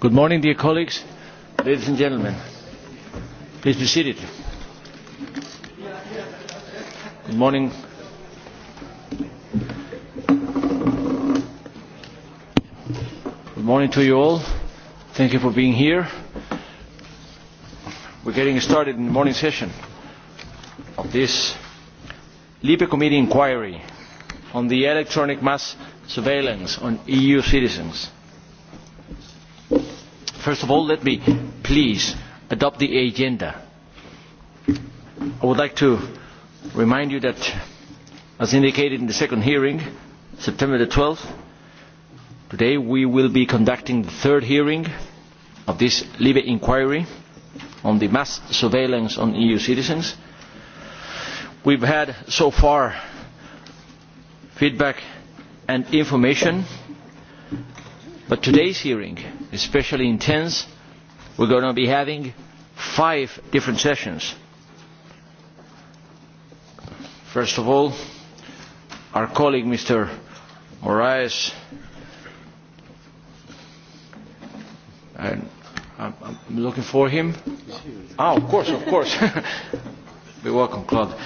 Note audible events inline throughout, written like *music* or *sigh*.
Good morning, dear colleagues, ladies and gentlemen. Please be seated. Good morning. Good morning to you all. Thank you for being here. We're getting started in the morning session of this LIBE Committee inquiry on the electronic mass surveillance on EU citizens First of all, let me please adopt the agenda. I would like to remind you that, as indicated in the second hearing, September the 12th, today we will be conducting the third hearing of this Libe inquiry on the mass surveillance on EU citizens. We've had so far feedback and information But today's hearing is especially intense. We're going to be having five different sessions. First of all, our colleague Mr. Moraes, and I'm, I'm looking for him. Ah, oh, of course, of course. Be *laughs* welcome, Claude.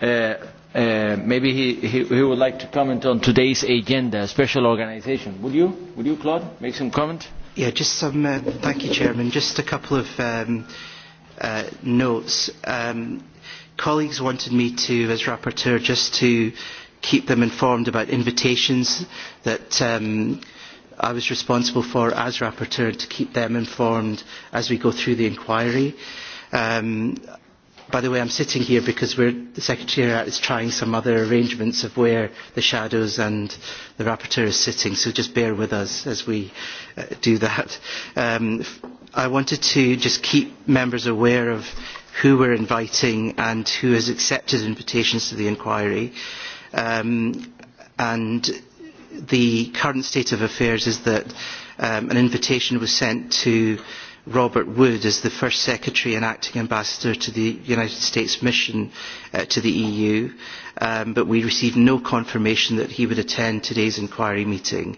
Uh, Uh, maybe he, he, he would like to comment on today's agenda, special organisation. Would you, would you, Claude, make some comment? Yeah, just some. Uh, thank you, Chairman. Just a couple of um, uh, notes. Um, colleagues wanted me to, as rapporteur, just to keep them informed about invitations that um, I was responsible for as rapporteur, to keep them informed as we go through the inquiry. Um, By the way, I'm sitting here because we're, the Secretariat is trying some other arrangements of where the shadows and the rapporteur is sitting, so just bear with us as we uh, do that. Um, I wanted to just keep members aware of who we're inviting and who has accepted invitations to the inquiry. Um, and the current state of affairs is that um, an invitation was sent to Robert Wood as the first secretary and acting ambassador to the United States mission uh, to the EU, um, but we received no confirmation that he would attend today's inquiry meeting.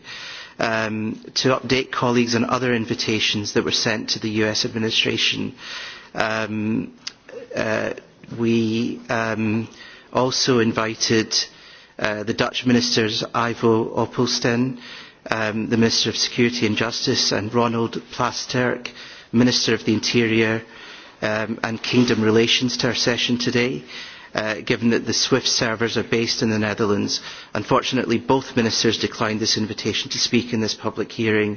Um, to update colleagues on other invitations that were sent to the US administration, um, uh, we um, also invited uh, the Dutch ministers Ivo Opelsten, um, the Minister of Security and Justice, and Ronald Plasterk, Minister of the Interior um, and Kingdom Relations to our session today. Uh, given that the SWIFT servers are based in the Netherlands. Unfortunately, both ministers declined this invitation to speak in this public hearing,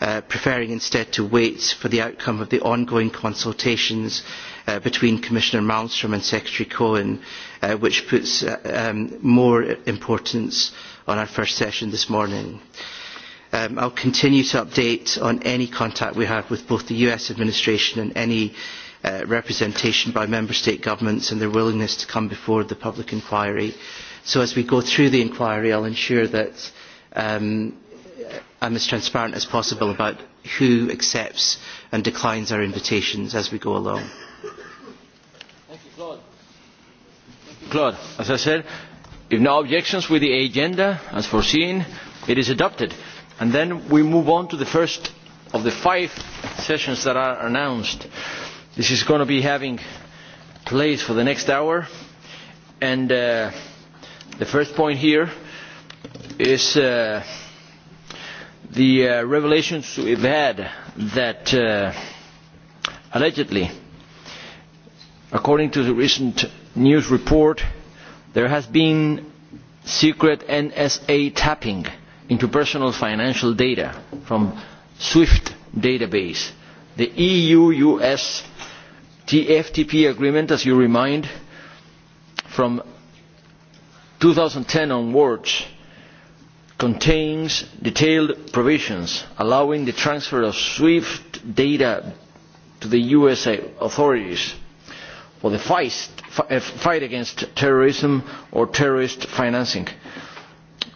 uh, preferring instead to wait for the outcome of the ongoing consultations uh, between Commissioner Malmstrom and Secretary Cohen, uh, which puts uh, um, more importance on our first session this morning. Uh, Um, I'll continue to update on any contact we have with both the US administration and any uh, representation by member state governments and their willingness to come before the public inquiry. So as we go through the inquiry, I'll ensure that um, I'm as transparent as possible about who accepts and declines our invitations as we go along. Thank you, Claude. Thank you. Claude, as I said, if no objections with the agenda as foreseen, it is adopted and then we move on to the first of the five sessions that are announced. This is going to be having place for the next hour, and uh, the first point here is uh, the uh, revelations we've had that uh, allegedly, according to the recent news report, there has been secret NSA tapping into personal financial data from SWIFT database. The EU-US TFTP agreement, as you remind, from 2010 onwards contains detailed provisions allowing the transfer of SWIFT data to the US authorities for the uh, fight against terrorism or terrorist financing.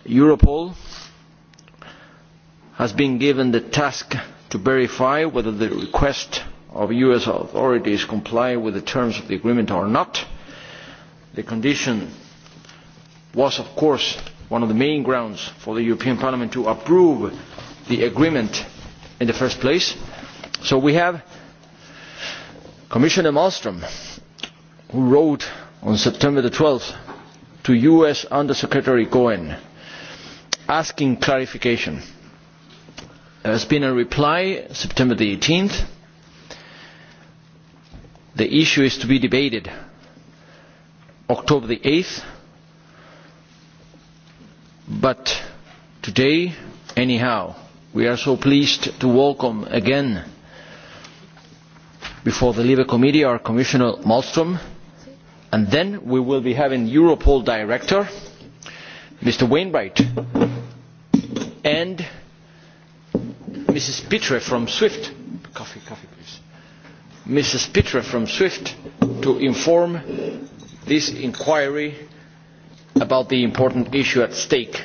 Europol has been given the task to verify whether the request of us authorities comply with the terms of the agreement or not. the condition was of course one of the main grounds for the european parliament to approve the agreement in the first place. so we have commissioner malmstrm who wrote on september twelve to us under secretary cohen asking clarification has uh, been a reply, September the 18th. The issue is to be debated October the 8th, but today, anyhow, we are so pleased to welcome again before the Libre Committee our Commissioner Malmström, and then we will be having Europol Director, Mr. Wainwright, and Mrs. Pitre from SWIFT, Mrs. from SWIFT to inform this inquiry about the important issue at stake.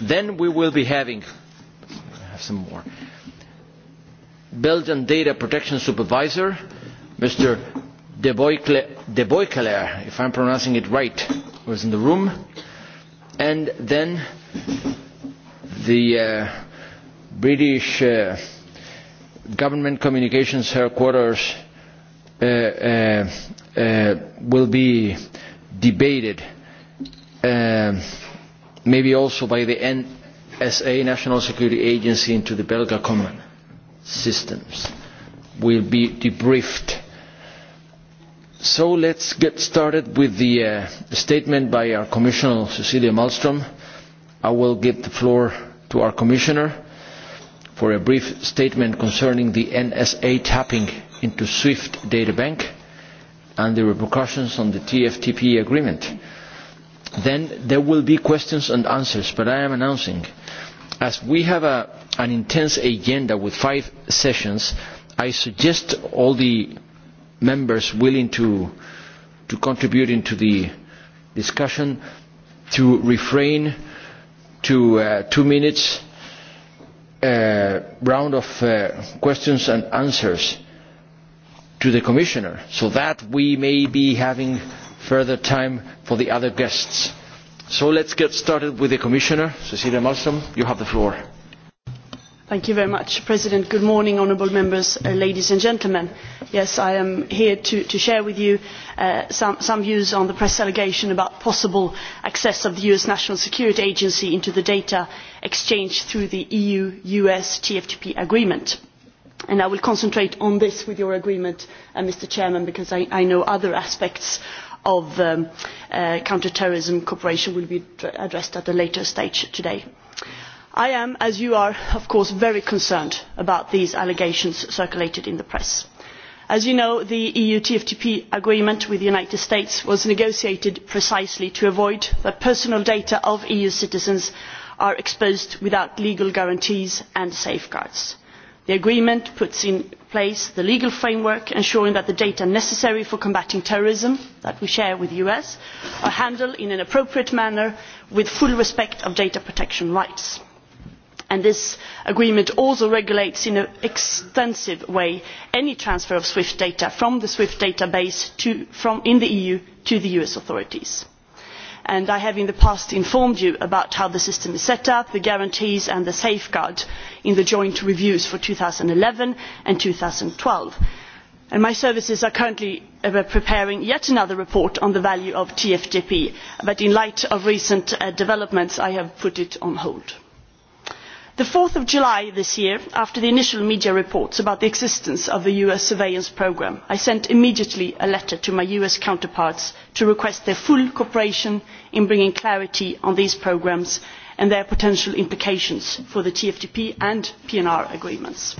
Then we will be having, the Belgian Data Protection Supervisor, Mr. De Boykeler, if I'm pronouncing it right, was in the room. And then the uh, British uh, government communications headquarters uh, uh, uh, will be debated uh, maybe also by the NSA, National Security Agency, into the Belgacom systems, will be debriefed. So let's get started with the uh, statement by our Commissioner, Cecilia Malmström. I will give the floor to our Commissioner for a brief statement concerning the NSA tapping into SWIFT data bank and the repercussions on the TFTP agreement. Then there will be questions and answers, but I am announcing. As we have a, an intense agenda with five sessions, I suggest all the members willing to, to contribute into the discussion to refrain to uh, two minutes Uh, round of uh, questions and answers to the commissioner so that we may be having further time for the other guests. So let's get started with the commissioner, Cecilia Malmström. You have the floor mr president good morning honourable members uh, ladies and gentlemen yes i am here to, share with you uh, some, views on the press allegation about possible access of the us national security agency into the data exchanged through the eu us tftp agreement and i will concentrate on this with your agreement uh, mr president because I, know other aspects of um, counter terrorism cooperation will be addressed at a later stage today i am as you are of course very concerned about these allegations circulated in the press. as you know the eu tftp agreement with the united states was negotiated precisely to avoid the personal data of eu citizens being exposed without legal guarantees and safeguards. the agreement puts in place the legal framework ensuring that the data necessary for combating terrorism that we share with the us are handled in an appropriate manner with full respect of data protection rights and this agreement also regulates in an extensive way any transfer of swift data from the swift database in the eu to the us authorities. i have in the past informed you about how the system is set up the guarantees and the safeguards in the joint reviews for two thousand and eleven and two thousand and twelve and my services are currently uh, preparing yet another report on the value of tftp but in light of recent uh, developments i have put it on hold four july this year after the initial media reports about the existence of a us surveillance programme i sent immediately a letter to my us counterparts to request their full cooperation in bringing clarity on these programmes and their potential implications for the tftp and pnr agreements.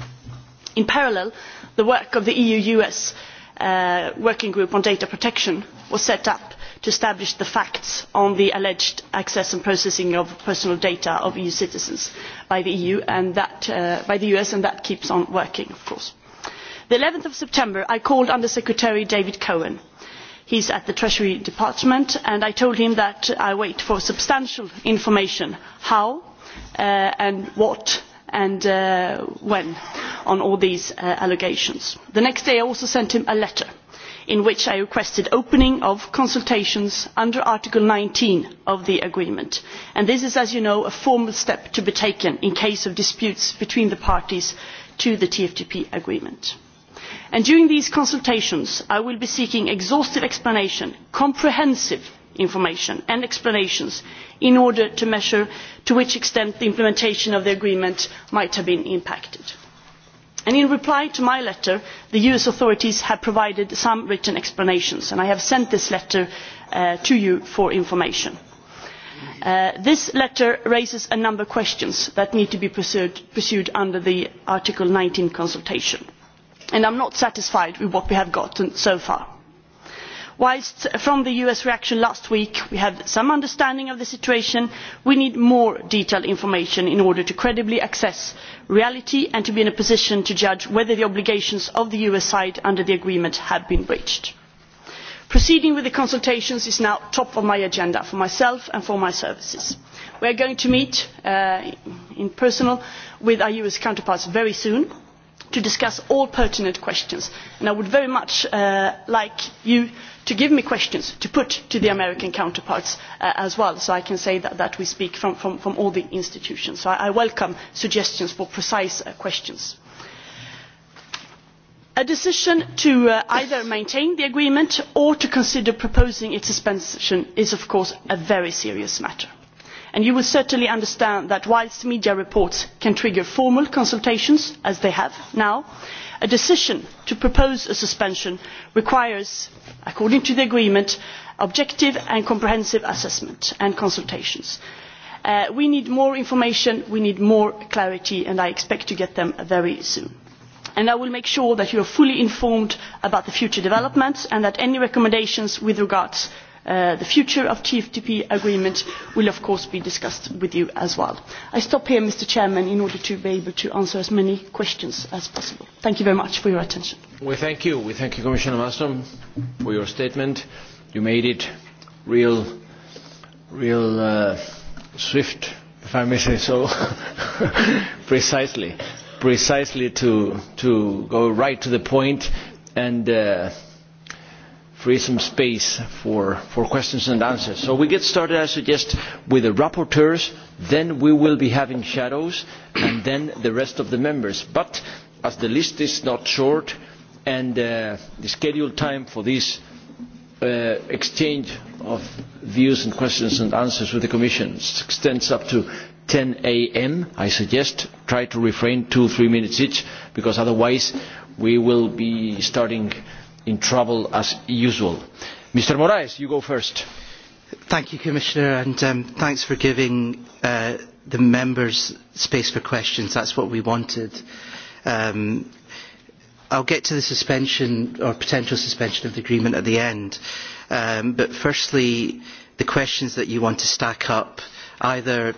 in parallel the work of the eu us uh, working group on data protection was set up to establish the facts on the alleged access and processing of personal data of eu citizens by the, e us uh, and that keeps on working of course. on eleven september i called under secretary david cohen he is at the treasury department and i told him that i wait for substantial information how uh, and what and uh, when on all these allegations. the next day i also sent him a letter in which i requested the opening of consultations under article nineteen of the agreement and this is as you know a formal step to be taken in case of disputes between the parties to the tftp agreement. during these consultations i will be seeking exhaustive explanation comprehensive information and explanations in order to measure to what extent the implementation of the agreement might have been impacted. And in reply to my letter the us authorities have provided some written explanations and i have sent this letter uh, to you for information. Uh, this letter raises a number of questions that need to be pursued, pursued under the article nineteen consultation and i am not satisfied with what we have got so far whilst from the us reaction last week we have some understanding of the situation we need more detailed information in order to credibly assess reality and to be in a position to judge whether the obligations of the us side under the agreement have been breached. proceeding with the consultations is now top of my agenda for myself and for my services. we are going to meet uh, in person with our us counterparts very soon to discuss all pertinent questions and i would very much uh, like you to give me questions to put to the american counterparts uh, as well so i can say that, we speak for all the institutions. so I, welcome suggestions for precise uh, questions. a decision to uh, either maintain the agreement or to consider proposing its suspension is of course a very serious matter and you will certainly understand that whilst media reports can trigger formal consultations as they have now a decision to propose a suspension requires according to the agreement objective and comprehensive assessment and consultations. Uh, we need more information we need more clarity and i expect to get that very soon. And i will make sure that you are fully informed about the future developments and that any recommendations with regard Uh, the future of the tftp agreement will of course be discussed with you as well. i stop here mr president in order to be able to answer as many questions as possible. thank you very much for your attention. we thank you. we thank you commissioner malmstrm for your statement. you made it real, real uh, swift, if i may say so, *laughs* precisely, precisely to, to go right to the point and uh, free some space for, for questions and answers. So we get started, I suggest, with the rapporteurs, then we will be having shadows, and then the rest of the members. But as the list is not short, and uh, the scheduled time for this uh, exchange of views and questions and answers with the Commission extends up to 10 a.m. I suggest try to refrain two, three minutes each, because otherwise we will be starting in trouble as usual. Mr Moraes, you go first. Thank you, Commissioner, and um, thanks for giving uh, the members space for questions. That's what we wanted. Um, I'll get to the suspension or potential suspension of the agreement at the end. Um, but firstly, the questions that you want to stack up, either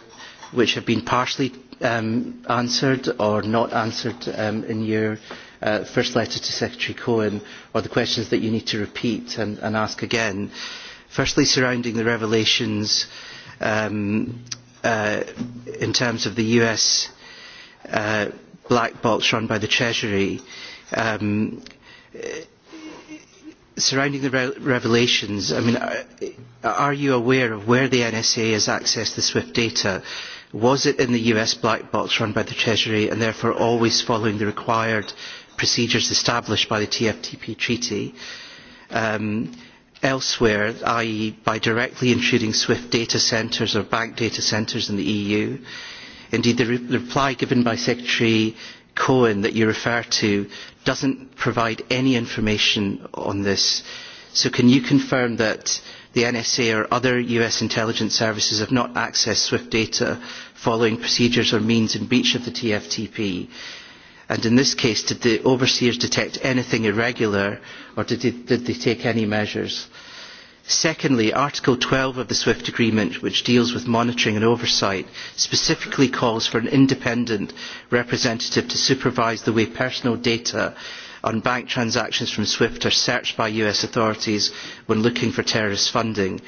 which have been partially um, answered or not answered um, in your uh, first letter to Secretary Cohen or the questions that you need to repeat and, and ask again. Firstly, surrounding the revelations um, uh, in terms of the US uh, black box run by the Treasury, um, surrounding the re revelations, I mean, are, uh, are you aware of where the NSA has accessed the SWIFT data? Was it in the US black box run by the Treasury and therefore always following the required procedures established by the TFTP treaty um, elsewhere, i.e. by directly intruding SWIFT data centres or bank data centres in the EU. Indeed, the, re the reply given by Secretary Cohen that you refer to doesn't provide any information on this. So can you confirm that the NSA or other US intelligence services have not accessed SWIFT data following procedures or means in breach of the TFTP? And in this case, did the overseers detect anything irregular or did they, did they take any measures? Secondly, Article 12 of the SWIFT agreement, which deals with monitoring and oversight, specifically calls for an independent representative to supervise the way personal data on bank transactions from SWIFT are searched by US authorities when looking for terrorist funding.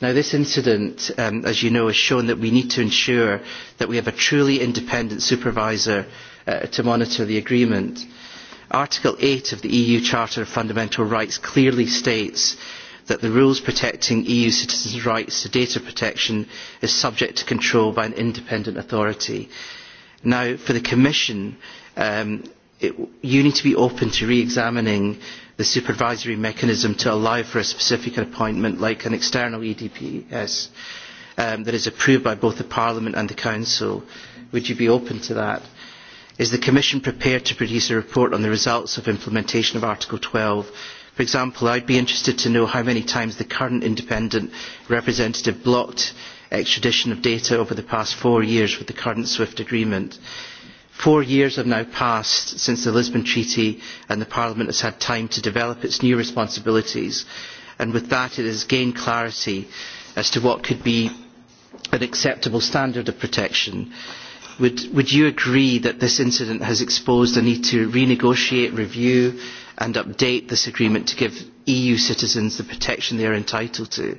Now, this incident, um, as you know, has shown that we need to ensure that we have a truly independent supervisor Uh, to monitor the agreement. Article 8 of the EU Charter of Fundamental Rights clearly states that the rules protecting EU citizens' rights to data protection is subject to control by an independent authority. Now, for the Commission, um, it, you need to be open to re-examining the supervisory mechanism to allow for a specific appointment like an external EDPS um, that is approved by both the Parliament and the Council. Would you be open to that? Is the Commission prepared to produce a report on the results of implementation of Article 12? For example, I'd be interested to know how many times the current independent representative blocked extradition of data over the past four years with the current SWIFT agreement. Four years have now passed since the Lisbon Treaty and the Parliament has had time to develop its new responsibilities and with that it has gained clarity as to what could be an acceptable standard of protection would, would you agree that this incident has exposed the need to renegotiate, review and update this agreement to give EU citizens the protection they are entitled to?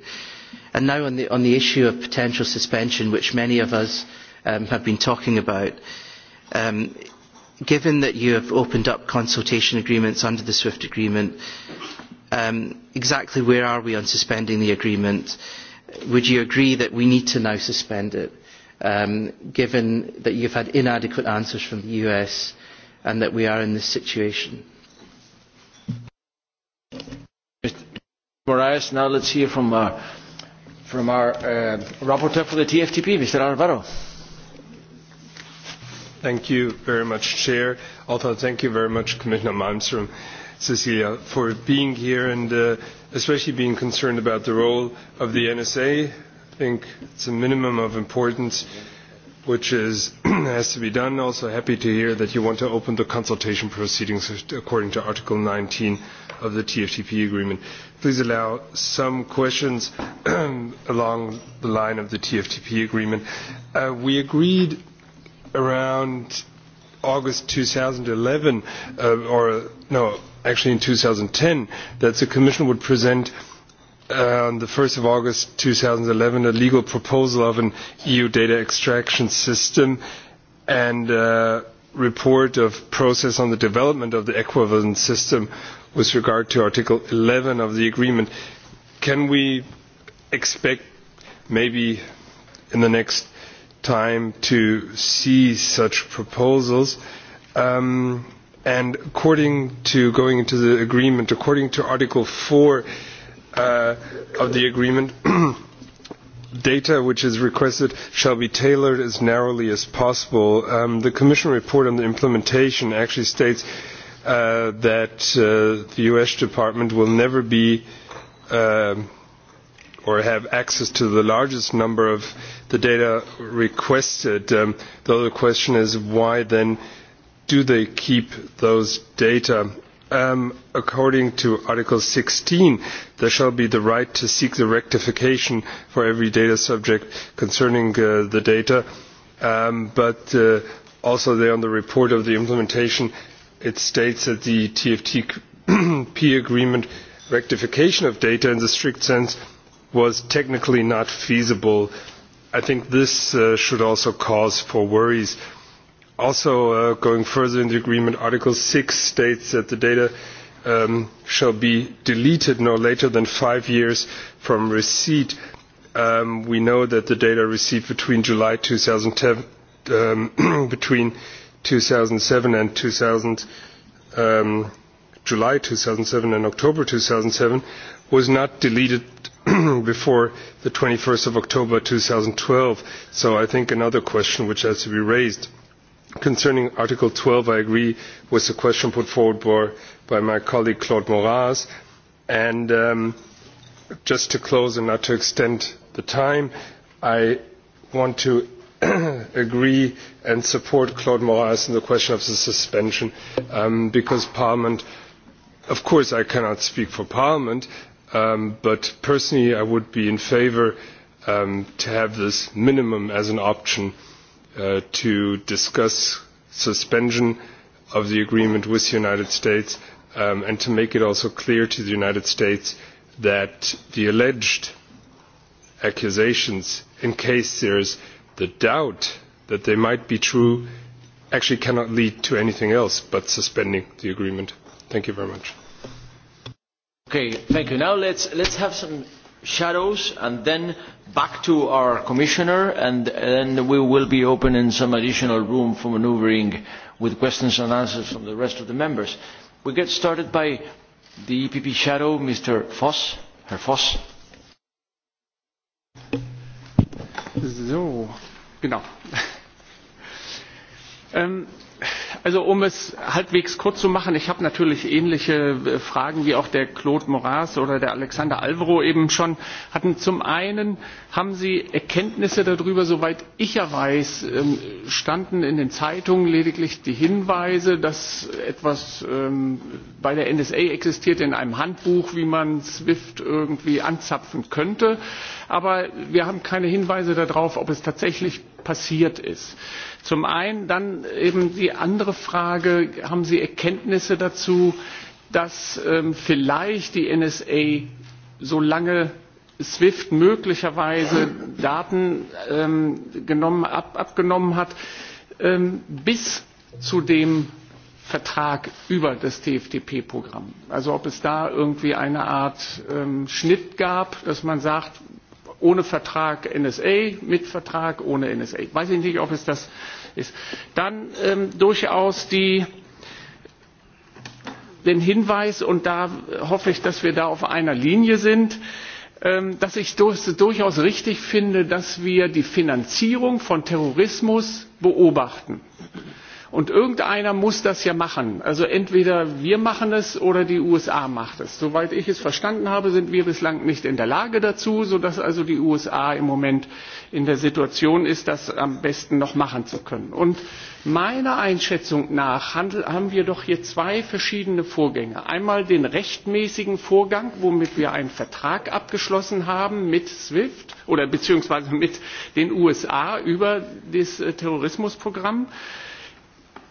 And now on the, on the issue of potential suspension, which many of us um, have been talking about, um, given that you have opened up consultation agreements under the SWIFT agreement, um, exactly where are we on suspending the agreement? Would you agree that we need to now suspend it? um, given that have had inadequate answers from the US and that we are in this situation. Mr. Moraes, now let's hear from our, uh, from our uh, rapporteur for the TFTP, Mr. Alvaro. Thank you very much, Chair. Also, thank you very much, Commissioner Malmström. Cecilia, for being here and uh, especially being concerned about the role of the NSA think it's a minimum of importance which is, *clears throat* has to be done. Also happy to hear that you want to open the consultation proceedings according to Article 19 of the TFTP agreement. Please allow some questions *clears throat* along the line of the TFTP agreement. Uh, we agreed around August 2011, uh, or no, actually in 2010, that the Commission would present Uh, on the 1st of August 2011 a legal proposal of an EU data extraction system and a uh, report of process on the development of the equivalent system with regard to Article 11 of the agreement. Can we expect maybe in the next time to see such proposals? Um, and according to going into the agreement, according to Article 4, uh, of the agreement. *clears throat* data which is requested shall be tailored as narrowly as possible. Um, the Commission report on the implementation actually states uh, that uh, the U.S. Department will never be uh, or have access to the largest number of the data requested. Um, the other question is why then do they keep those data? Um, according to Article 16, there shall be the right to seek the rectification for every data subject concerning uh, the data. Um, but uh, also there on the report of the implementation, it states that the TFTP *clears throat* agreement rectification of data in the strict sense was technically not feasible. I think this uh, should also cause for worries also uh, going further in the agreement article six states that the data um, shall be deleted no later than five years from receipt. Um, we know that the data received between July 2010, um, *clears throat* between 2007 and 2000, um, July 2007 and October 2007 was not deleted *clears throat* before the 21st of October 2012. So I think another question which has to be raised concerning Article twelve I agree with the question put forward by, by my colleague Claude Moraz. And um, just to close and not to extend the time, I want to *clears throat* agree and support Claude Moraes in the question of the suspension um, because Parliament, of course I cannot speak for Parliament, um, but personally I would be in favour um, to have this minimum as an option uh, Uh, to discuss suspension of the agreement with the United States um, and to make it also clear to the United States that the alleged accusations, in case there is the doubt that they might be true, actually cannot lead to anything else but suspending the agreement. Thank you very much. Okay, thank you. Now let's, let's have some shadows and then back to our commissioner and then we will be opening some additional room for manoeuvring with questions and answers from the rest of the members. We get started by the EPP shadow, Mr. Voss, Herr Voss. So, genau. *laughs* Ähm, Also um es halbwegs kurz zu machen, ich habe natürlich ähnliche äh, Fragen wie auch der Claude Moraes oder der Alexander Alvaro eben schon hatten. Zum einen haben Sie Erkenntnisse darüber, soweit ich ja weiß, ähm, standen in den Zeitungen lediglich die Hinweise, dass etwas ähm, bei der NSA existiert in einem Handbuch, wie man SWIFT irgendwie anzapfen könnte. Aber wir haben keine Hinweise darauf, ob es tatsächlich passiert ist zum einen dann eben die andere frage haben sie erkenntnisse dazu dass ähm, vielleicht die nsa solange swift möglicherweise daten ähm, genommen, ab, abgenommen hat ähm, bis zu dem vertrag über das tftp programm also ob es da irgendwie eine art ähm, schnitt gab dass man sagt ohne Vertrag NSA, mit Vertrag ohne NSA. Weiß ich nicht, ob es das ist. Dann ähm, durchaus die, den Hinweis, und da hoffe ich, dass wir da auf einer Linie sind, ähm, dass ich es durchaus richtig finde, dass wir die Finanzierung von Terrorismus beobachten. Und irgendeiner muss das ja machen. Also entweder wir machen es oder die USA macht es. Soweit ich es verstanden habe, sind wir bislang nicht in der Lage dazu, sodass also die USA im Moment in der Situation ist, das am besten noch machen zu können. Und meiner einschätzung nach haben wir doch hier zwei verschiedene vorgänge einmal den rechtmäßigen vorgang womit wir einen vertrag abgeschlossen haben mit swift oder beziehungsweise mit den usa über das äh, terrorismusprogramm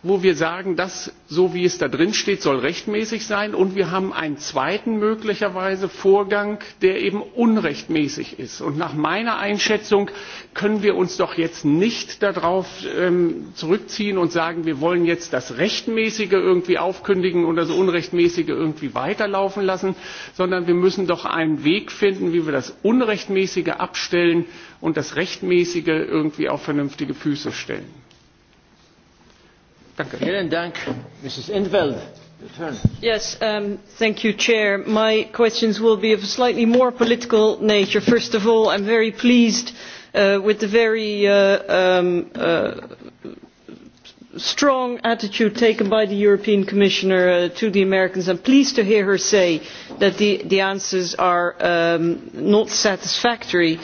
wo wir sagen das so wie es da drin steht soll rechtmäßig sein und wir haben einen zweiten möglicherweise vorgang der eben unrechtmäßig ist. nach meiner einschätzung können wir uns doch jetzt nicht darauf ähm, zurückziehen und sagen wir wollen jetzt das rechtmäßige irgendwie aufkündigen und das unrechtmäßige irgendwie weiterlaufen lassen sondern wir müssen doch einen weg finden wie wir das unrechtmäßige abstellen und das rechtmäßige irgendwie auf vernünftige füße stellen. Um, my questions will be of a slightly more political nature. first of all i am very pleased uh, with the very uh, um, uh, strong attitude taken by the european commissioner to the americans. i am pleased to hear her say that the, answers are um, not satisfactory.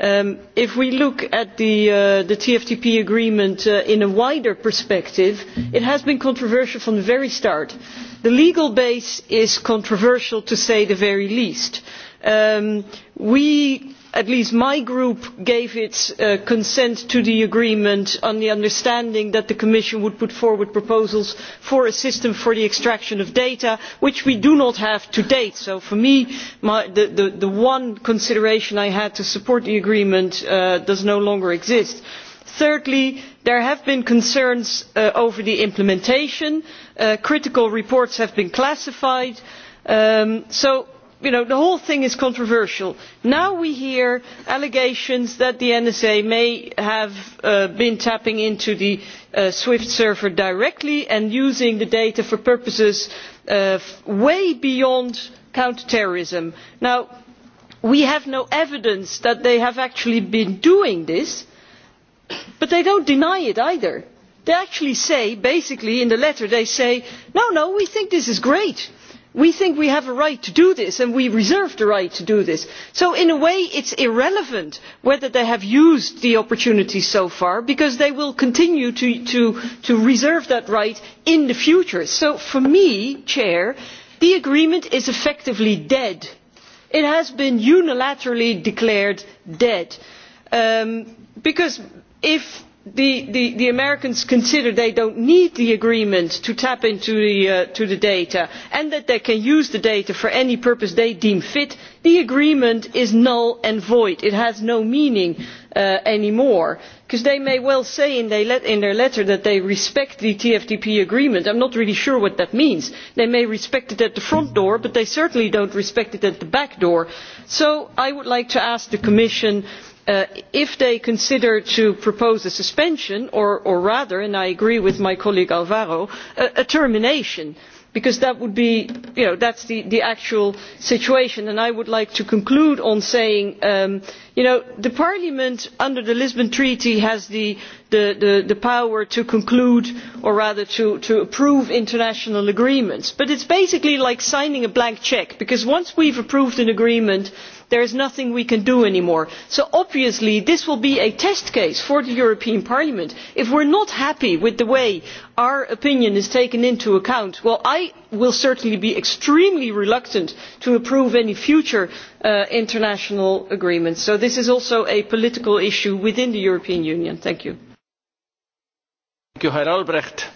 Um, if we look at the, uh, tftp agreement uh, in a wider perspective it has been controversial from the very start. the legal base is controversial to say the very least. Um, we at least my group gave its uh, consent to the agreement on the understanding that the commission would put forward proposals for a system for the extraction of data which we do not have to date so for me the, one consideration i had to support the agreement uh, does no longer exist. thirdly there have been concerns uh, over the implementation critical reports have been classified um, so the whole thing is controversial. now we hear allegations that the nsa may have uh, been tapping into the uh, swift server directly and using the data for purposes uh, way beyond counter terrorism. now we have no evidence that they have actually been doing this but they do not deny it either. they actually say basically in the letter they say no no we think this is great we think we have a right to do this and we reserve the right to do this so in a way it is irrelevant whether they have used the opportunity so far because they will continue to, reserve that right in the future. so for me chair, the agreement is effectively dead. it has been unilaterally declared dead um, because if The, americans consider they do not need the agreement to tap into uh, the, data and that they can use the data for any purpose they deem fit the agreement is null and void it has no meaning uh, any more because they may well say in, in their letter that they respect the tftp agreement i am not really sure what that means. they may respect it at the front door but they certainly do not respect it at the back door. so i would like to ask the commission to Uh, if they consider proposing a suspension or, rather and i agree with my colleague alvaro a, termination because that would be the, actual situation. i would like to conclude by saying um, that parliament under the lisbon treaty has the, power to conclude or rather to, to approve international agreements but it is basically like signing a blank cheque because once we have approved an agreement there is nothing we can do any more. so obviously this will be a test case for the european parliament. if we are not happy with the way our opinion is taken into account well i will certainly be extremely reluctant to approve any future uh, international agreements. so this is also a political issue within the european union. thank you. Albrecht.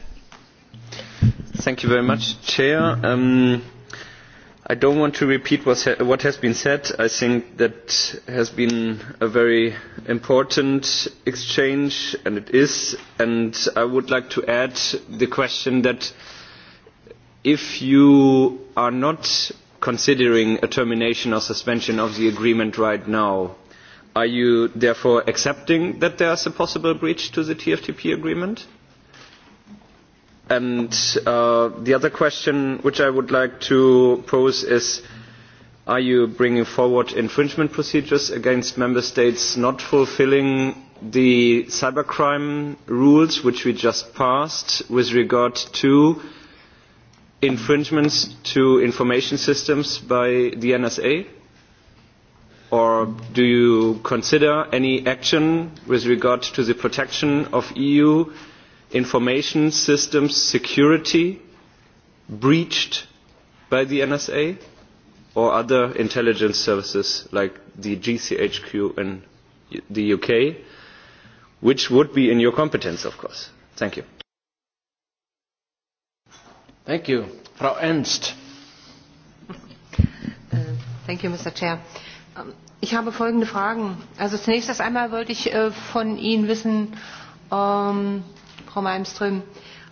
Thank you very much, Chair. Um, I don't want to repeat what has been said. I think that has been a very important exchange, and it is. And I would like to add the question that if you are not considering a termination or suspension of the agreement right now, are you therefore accepting that there is a possible breach to the TFTP agreement? And uh, the other question which I would like to pose is, are you bringing forward infringement procedures against member states not fulfilling the cybercrime rules which we just passed with regard to infringements to information systems by the NSA? Or do you consider any action with regard to the protection of EU information systems security breached by the NSA or other intelligence services like the GCHQ in the UK, which would be in your competence, of course. Thank you. Thank you. Frau Ernst. Äh, thank you, Mr. Chair. Ähm, ich habe folgende Fragen. Also zunächst einmal wollte ich äh, von Ihnen wissen, um Frau Malmström,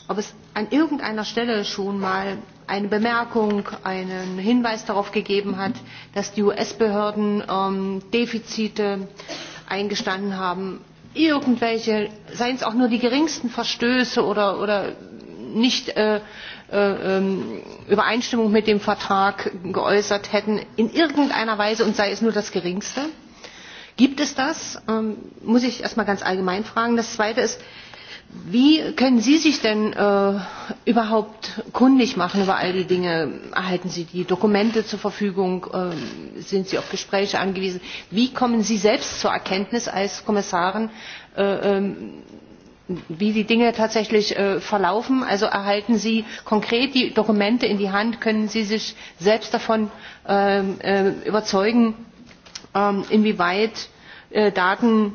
ob es an irgendeiner Stelle schon mal eine Bemerkung, einen Hinweis darauf gegeben hat, dass die US-Behörden ähm, Defizite eingestanden haben, irgendwelche, seien es auch nur die geringsten Verstöße oder, oder nicht äh, äh, ähm, Übereinstimmung mit dem Vertrag geäußert hätten, in irgendeiner Weise und sei es nur das Geringste? Gibt es das? Ähm, muss ich erstmal ganz allgemein fragen. Das Zweite ist, Wie können Sie sich denn äh, überhaupt kundig machen über all die Dinge? Erhalten Sie die Dokumente zur Verfügung? Äh, sind Sie auf Gespräche angewiesen? Wie kommen Sie selbst zur Erkenntnis als Kommissarin, äh, äh, wie die Dinge tatsächlich äh, verlaufen? Also erhalten Sie konkret die Dokumente in die Hand? Können Sie sich selbst davon äh, äh, überzeugen, äh, inwieweit äh, Daten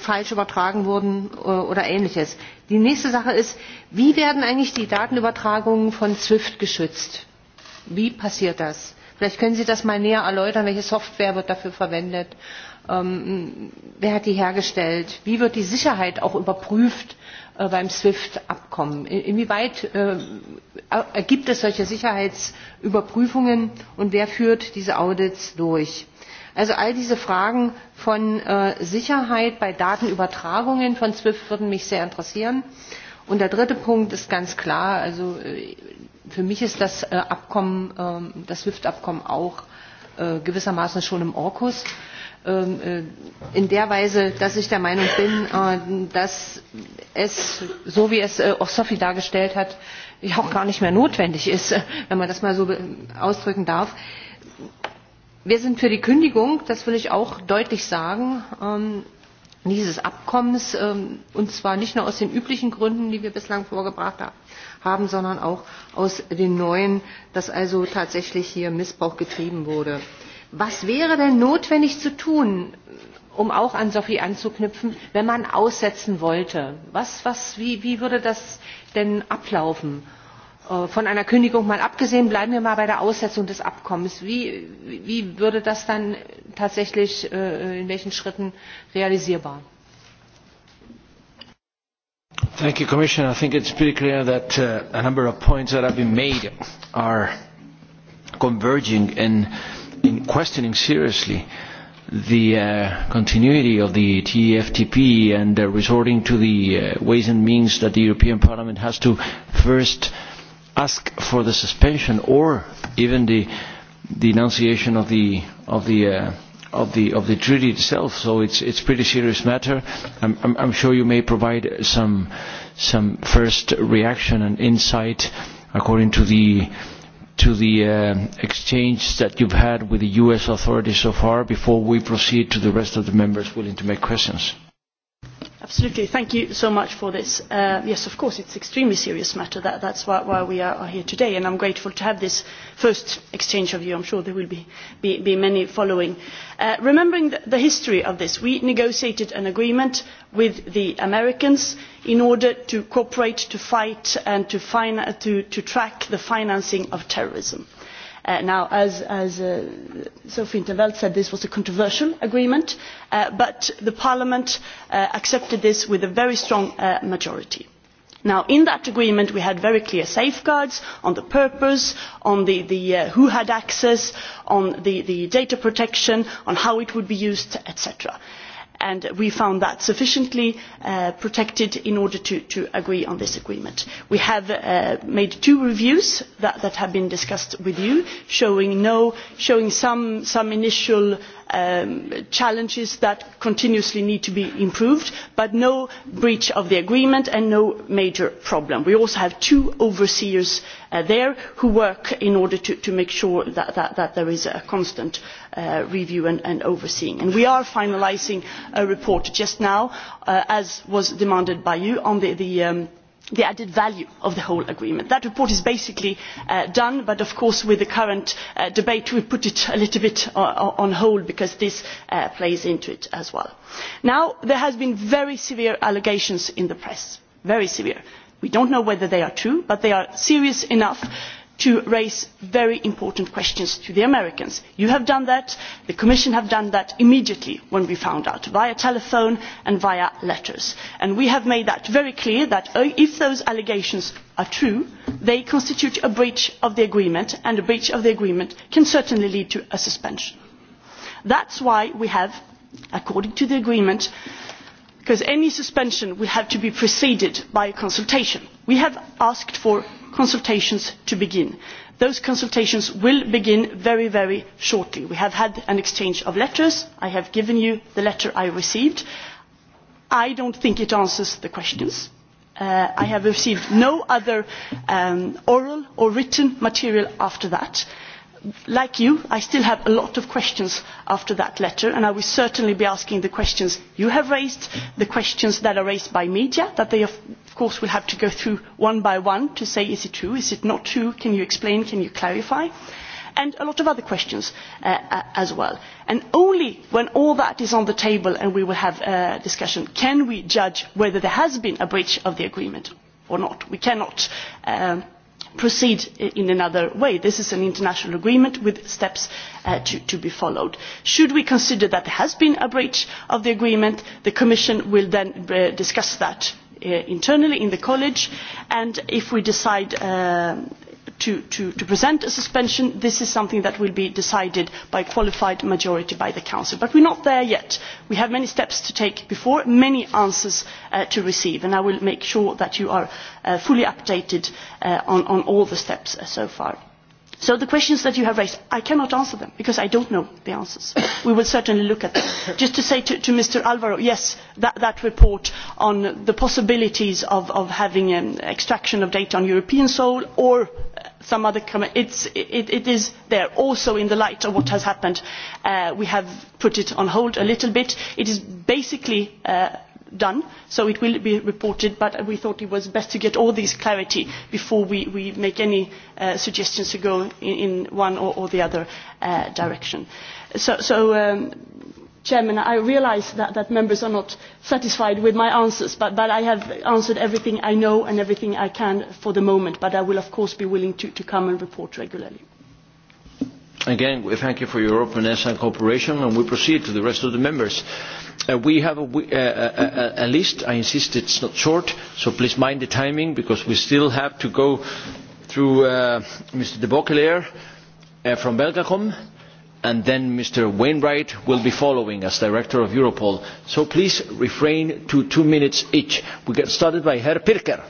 falsch übertragen wurden äh, oder ähnliches. die nächste sache ist wie werden eigentlich die datenübertragungen von swift geschützt? wie passiert das? vielleicht können sie das mal näher erläutern welche software wird dafür verwendet? Ähm, wer hat die hergestellt? wie wird die sicherheit auch überprüft äh, beim swift abkommen? inwieweit äh, er-, ergibt es solche sicherheitsüberprüfungen und wer führt diese audits durch? also all diese fragen von äh, sicherheit bei datenübertragungen von swift würden mich sehr interessieren. und der dritte punkt ist ganz klar also äh, für mich ist das äh, abkommen ähm, das swift abkommen auch gewissermaßen schon im orkus ähm, in der Weise, dass ich der Meinung bin, dass es, so wie es auch Sophie dargestellt hat, ja auch gar nicht mehr notwendig ist, wenn man das mal so ausdrücken darf wir sind für die kündigung das will ich auch deutlich sagen ähm, dieses abkommens ähm, und zwar nicht nur aus den üblichen gründen die wir bislang vorgebracht haben sondern auch aus den neuen dass also tatsächlich hier missbrauch getrieben wurde. was wäre denn notwendig zu tun um auch an sophie anzuknüpfen wenn man aussetzen wollte? wie würde das denn ablaufen? Äh, von einer kündigung mal abgesehen bleiben wir mal bei der aussetzung des abkommens wie, wie würde das dann tatsächlich äh, in welchen schritten realisierbar? thank you commissioner. i think it's pretty clear that uh, a number of points that have been made are converging in, in questioning seriously the uh, continuity of the TFTP and uh, resorting to the uh, ways and means that the European Parliament has to first uh, ask for the suspension or even the denunciation of the of the uh, of the of the treaty itself. So it's it's pretty serious matter. I'm, I'm, I'm sure you may provide some some first reaction and insight according to the to the uh, exchange that you've had with the U.S. authorities so far before we proceed to the rest of the members willing to make questions. Absolutely. Thank you so much for this. Uh, yes, of course, it's an extremely serious matter. That, that's why, why we are, are here today, and I'm grateful to have this first exchange of view. I'm sure there will be, be, be many following. Uh, remembering the, the history of this, we negotiated an agreement with the Americans in order to cooperate, to fight, and to, fin- to, to track the financing of terrorism Uh, now, as, uh, sophia in 't veld said, this was a controversial agreement, uh, but the Parliament accepted this with a very strong majority. in that agreement we had very clear safeguards on the purpose on who had access on data protection on how it would be used etcetera and we found that sufficiently uh, protected in order to, agree on this agreement. we have uh, made two reviews that, have been discussed with you showing, no, some, initial um, challenges that continuously need to be improved but no breach of the agreement and no major problem. we also have two overseers uh, there who work in order to, make sure that, that there is a constant Uh, review and, overseeing. And we are finalising a report just now uh, as was demanded by you on um, the, added value of the whole agreement. that report is basically uh, done but of course with the current debate we put it a little bit on hold because this plays into it as well. Now, there have been very severe allegations in the press very severe. we do not know whether they are true but they are serious enough to raise very important questions to the americans. you have done that the commission has done that immediately when we found out via telephone and via letters and we have made it very clear that uh, if those allegations are true they constitute a breach of the agreement and a breach of the agreement can certainly lead to a suspension. that is why we have according to the agreement because any suspension will have to be preceded by a consultation asked consultations to begin. those consultations will begin very, very shortly. we have had an exchange of letters i have given you the letter i received. i do not think it answers the questions. Uh, i have received no other um, oral or written material after that like you i still have a lot of questions after that letter and i will certainly be asking the questions you have raised the questions that are raised by the media that they of course will have to go through one by one to say is it true is it not true can you explain can you clarify and a lot of other questions uh, as well. only when all that is on the table and we have a discussion can we judge whether there has been a breach of the agreement or not. we cannot um, proceed in another way. this is an international agreement with steps uh, to, be followed. should we consider that there has been a breach of the agreement the commission will then uh, discuss that uh, internally in the college and if we decide to, present a suspension this is something that will be decided by a qualified majority by the council but we are not there yet. we have many steps to take before many answers uh, to receive and i will make sure that you are uh, fully updated uh, on, all the steps so far. so the questions that you have raised i cannot answer them because i do not know the answers. *coughs* we will certainly look at them. *coughs* just to say to, mr alvaro yes that, report on the possibilities of, having an extraction of data on european soil some other comments it, is there also in the light of what has happened uh, we have put it on hold a little bit. it is basically uh, done so it will be reported but we thought it was best to get all this clarity before we, make any uh, suggestions to go in, one or, the other direction. so, um, Chairman, I realise that, members are not satisfied with my answers, but, I have answered everything I know and everything I can for the moment, but I will of course be willing to, come and report regularly. Again, we thank you for your openness and cooperation, and we proceed to the rest of the members. Uh, we have a, uh, a, a, a list, I insist it's not short, so please mind the timing, because we still have to go through uh, Mr. de Bocquelaer uh, from Belgacom and then Mr. Wainwright will be following as Director of Europol. So please refrain to two minutes each. We get started by Herr Pirker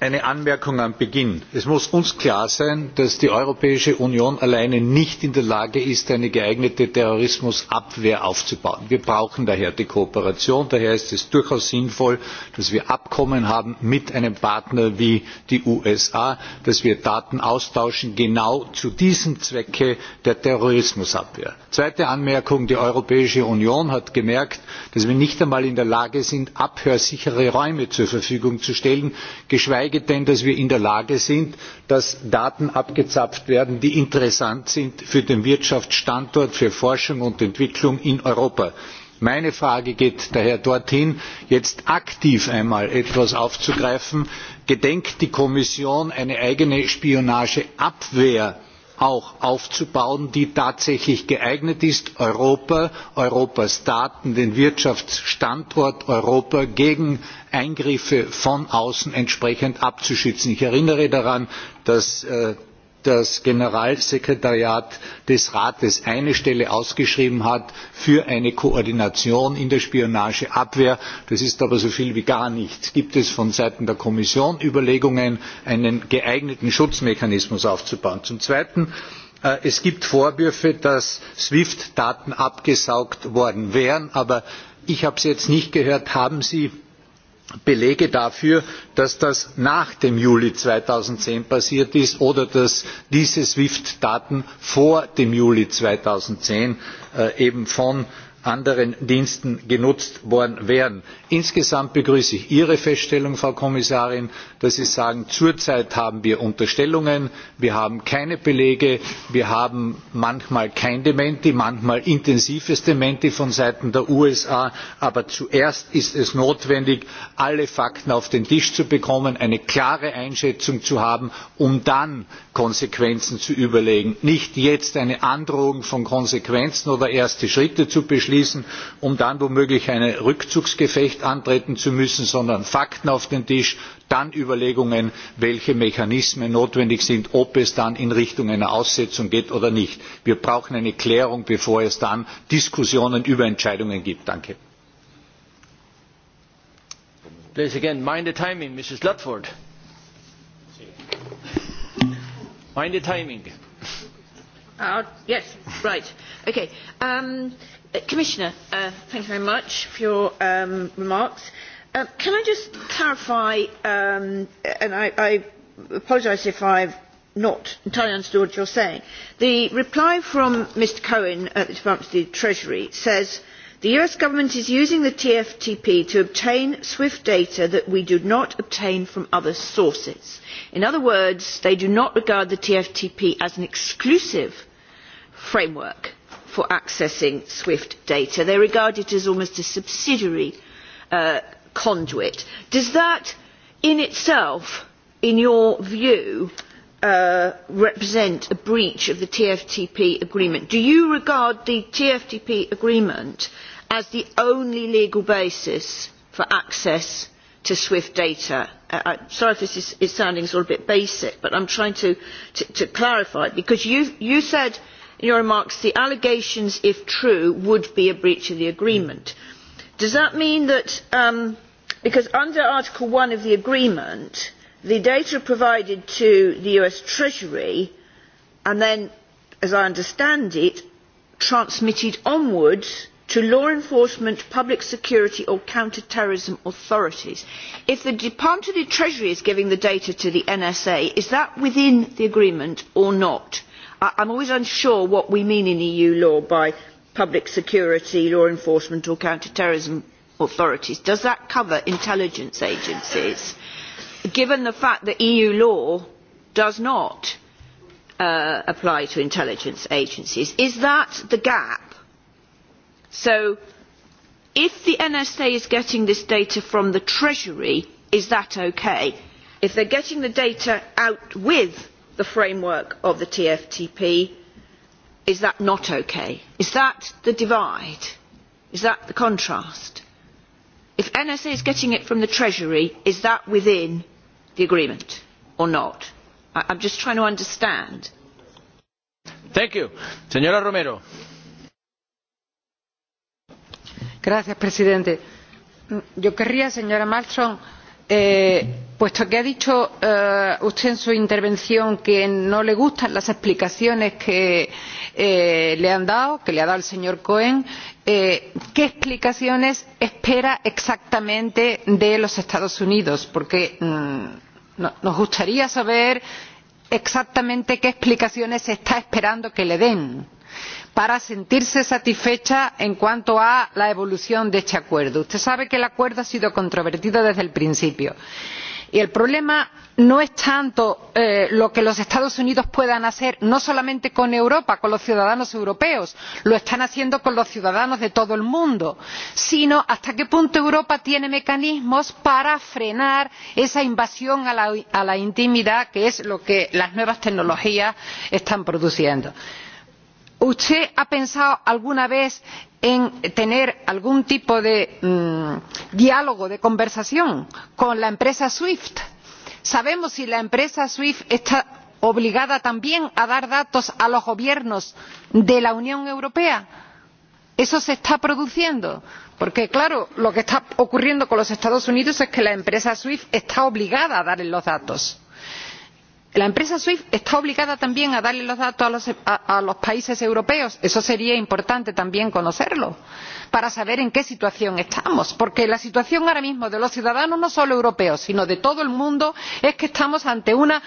eine anmerkung am beginn es muss uns klar sein dass die europäische union alleine nicht in der lage ist eine geeignete terrorismusabwehr aufzubauen. wir brauchen daher die kooperation. daher ist es durchaus sinnvoll dass wir abkommen haben mit einem partner wie den usa dass wir daten austauschen genau zu diesem zweck der terrorismusabwehr. zweite anmerkung die europäische union hat gemerkt dass wir nicht einmal in der lage sind abhörsichere räume zur verfügung zu stellen geschweige geschweige denn dass wir in der lage sind dass daten abgezapft werden die interessant sind für den wirtschaftsstandort für forschung und entwicklung in europa. meine frage geht daher dorthin jetzt aktiv einmal etwas aufzugreifen gedenkt die kommission eine eigene spionageabwehr auch aufzubauen die tatsächlich geeignet ist europa europas staaten den wirtschaftsstandort europa gegen eingriffe von außen entsprechend abzuschützen. ich erinnere daran dass äh, das generalsekretariat des rates eine stelle ausgeschrieben hat für eine koordination in der spionageabwehr. das ist aber so viel wie gar nichts. gibt es von seiten der kommission überlegungen einen geeigneten schutzmechanismus aufzubauen? zum zweiten äh, es gibt vorwürfe dass swift daten abgesaugt worden wären aber ich habe es jetzt nicht gehört haben sie belege dafür dass das nach dem juli zweitausendzehn passiert ist oder dass diese swift daten vor dem juli zweitausendzehn äh, eben von anderen diensten genutzt worden wären insgesamt begrüße ich ihre feststellung frau kommissarin dass sie sagen zurzeit haben wir unterstellungen wir haben keine belege wir haben manchmal kein dementi manchmal intensives dementi von seiten der usa aber zuerst ist es notwendig alle fakten auf den tisch zu bekommen eine klare einschätzung zu haben um dann konsequenzen zu überlegen nicht jetzt eine androhung von konsequenzen oder erste schritte zu beschließen um dann womöglich ein rückzugsgefecht nicht antreten zu müssen sondern fakten auf den tisch dann überlegungen welche mechanismen notwendig sind ob es dann in richtung einer aussetzung geht oder nicht. wir brauchen eine klärung bevor es dann diskussionen über entscheidungen gibt. Uh, Commissioner, uh, thank you very much for your um, remarks. Uh, can I just clarify, um, and I, apologise if i have not entirely understood what you are saying. The reply from Mr Cohen at the Department of the Treasury says the US government is using the TFTP to obtain SWIFT data that we do not obtain from other sources. In other words, they do not regard the TFTP as an exclusive framework for accessing SWIFT data. they regard regarded as almost a subsidiary uh, conduit. Does that in itself, in your view, uh, represent a breach of the TFTP agreement? Do you regard the TFTP agreement as the only legal basis for access to SWIFT data? Uh, I'm uh, sorry if this is, is sounding sort of a bit basic, but I'm trying to, to, to clarify, because you, you said in your remarks the allegations if true would be a breach of the agreement. does that mean that um, because under article one of the agreement the data are provided to the us treasury and then as i understand it transmitted onwards to law enforcement public security or counter terrorism authorities. if the department of the treasury is giving the data to the nsa is that within the agreement or not? I am always unsure what we mean in eu law by public security law enforcement or counter terrorism authorities. does that cover intelligence agencies given the fact that eu law does not uh, apply to intelligence agencies? is that the gap? so if the nsa is getting this data from the treasury is that okay? if they are getting the data out with the framework of the TFTP, is that not okay? Is that the divide? Is that the contrast? If NSA is getting it from the Treasury, is that within the agreement or not? I I'm just trying to understand. Thank you. Señora Romero. Gracias, presidente. Yo querría, señora Malmström, Eh, puesto que ha dicho eh, usted en su intervención que no le gustan las explicaciones que eh, le han dado que le ha dado el señor cohen qué explicaciones espera exactamente de los estados unidos? porque mm, no, nos gustaría saber exactamente qué explicaciones está esperando que le den para sentirse satisfecha en cuanto a la evolución de este acuerdo. usted sabe que el acuerdo ha sido controvertido desde el principio y el problema no es tanto eh, lo que los estados unidos puedan hacer no solamente con europa con los ciudadanos europeos lo están haciendo con los ciudadanos de todo el mundo sino hasta qué punto europa tiene mecanismos para frenar esa invasión a la, intimidad que es lo que las nuevas tecnologías están produciendo usted ha pensado alguna vez en tener algún tipo de mmm, diálogo de conversación con la empresa swift? sabemos si la empresa swift está obligada también a dar datos a los gobiernos de la unión europea? eso se está produciendo porque claro lo que está ocurriendo con los estados unidos es que la empresa swift está obligada a dar los datos la empresa swift está obligada también a darle los datos a los, países europeos eso sería importante también conocerlo para saber en qué situación estamos porque la situación ahora mismo de los ciudadanos no solo europeos sino de todo el mundo es que estamos ante una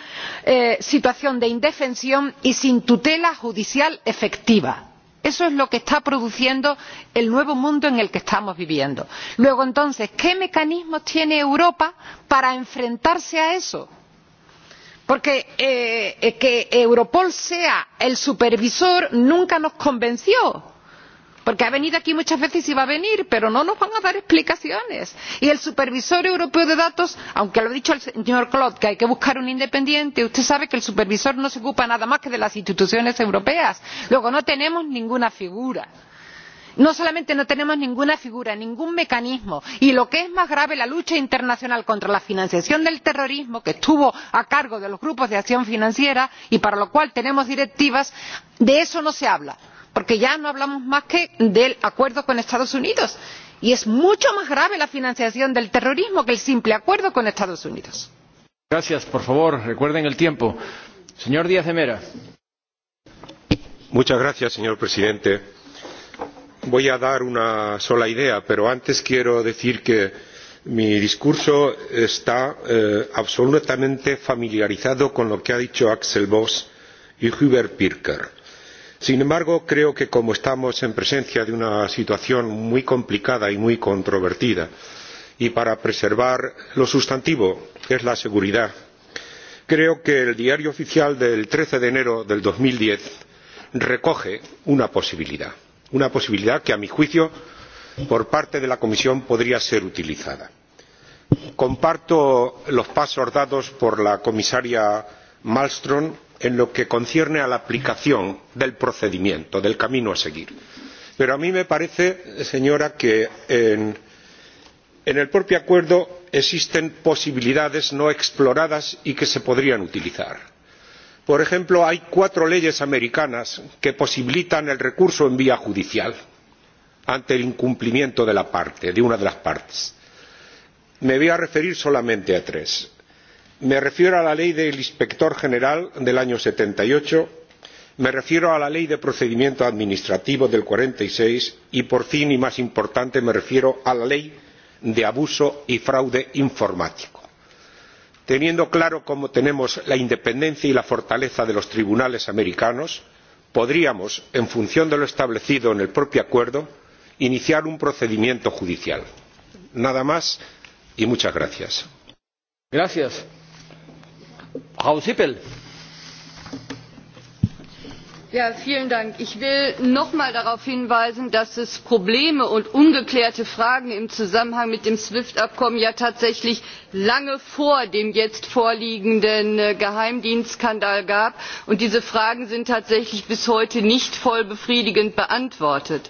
eh, situación de indefensión y sin tutela judicial efectiva eso es lo que está produciendo el nuevo mundo en el que estamos viviendo. luego entonces qué mecanismos tiene europa para enfrentarse a eso? porque eh, eh, que europol sea el supervisor nunca nos convenció porque ha venido aquí muchas veces y va a venir pero no nos van a dar explicaciones y el supervisor europeo de datos aunque lo ha dicho el señor claude que hay que buscar un independiente usted sabe que el supervisor no se ocupa nada más que de las instituciones europeas luego no tenemos ninguna figura no solamente no tenemos ninguna figura ningún mecanismo y lo que es más grave la lucha internacional contra la financiación del terrorismo que estuvo a cargo de los grupos de acción financiera y para lo cual tenemos directivas de eso no se habla porque ya no hablamos más que del acuerdo con los estados unidos y es mucho más grave la financiación del terrorismo que el simple acuerdo con los estados unidos. Gracias, por favor recuerden el tiempo. señor díaz de mera. Muchas gracias, señor presidente voy a dar una sola idea pero antes quiero decir que mi discurso está eh, absolutamente familiarizado con lo que han dicho axel voss y hubert pirker. sin embargo creo que como estamos en presencia de una situación muy complicada y muy controvertida y para preservar lo sustantivo que es la seguridad creo que el diario oficial del trece de enero de dos mil diez recoge una posibilidad una posibilidad que a mi juicio por parte de la comisión podría ser utilizada. comparto los pasos dados por la comisaria malmstrm en lo que concierne a la aplicación del procedimiento del camino a seguir pero a mí me parece señora que en, el propio acuerdo existen posibilidades no exploradas y que se podrían utilizar por ejemplo hay cuatro leyes americanas que posibilitan el recurso en vía judicial ante el incumplimiento de una de las partes. me voy a referir solamente a tres. me refiero a la ley del inspector general del año setenta y ocho me refiero a la ley de procedimiento administrativo del cuarenta y seis y por fin y más importante me refiero a la ley de abuso y fraude informático teniendo claro cómo tenemos la independencia y la fortaleza de los tribunales americanos podríamos en función de lo establecido en el propio acuerdo iniciar un procedimiento judicial. nada más y muchas gracias. Ja, vielen ich will noch einmal darauf hinweisen dass es probleme und ungeklärte fragen im zusammenhang mit dem swift abkommen ja tatsächlich lange vor dem jetzt vorliegenden äh, geheimdienstskandal gab und diese fragen sind tatsächlich bis heute nicht voll befriedigend beantwortet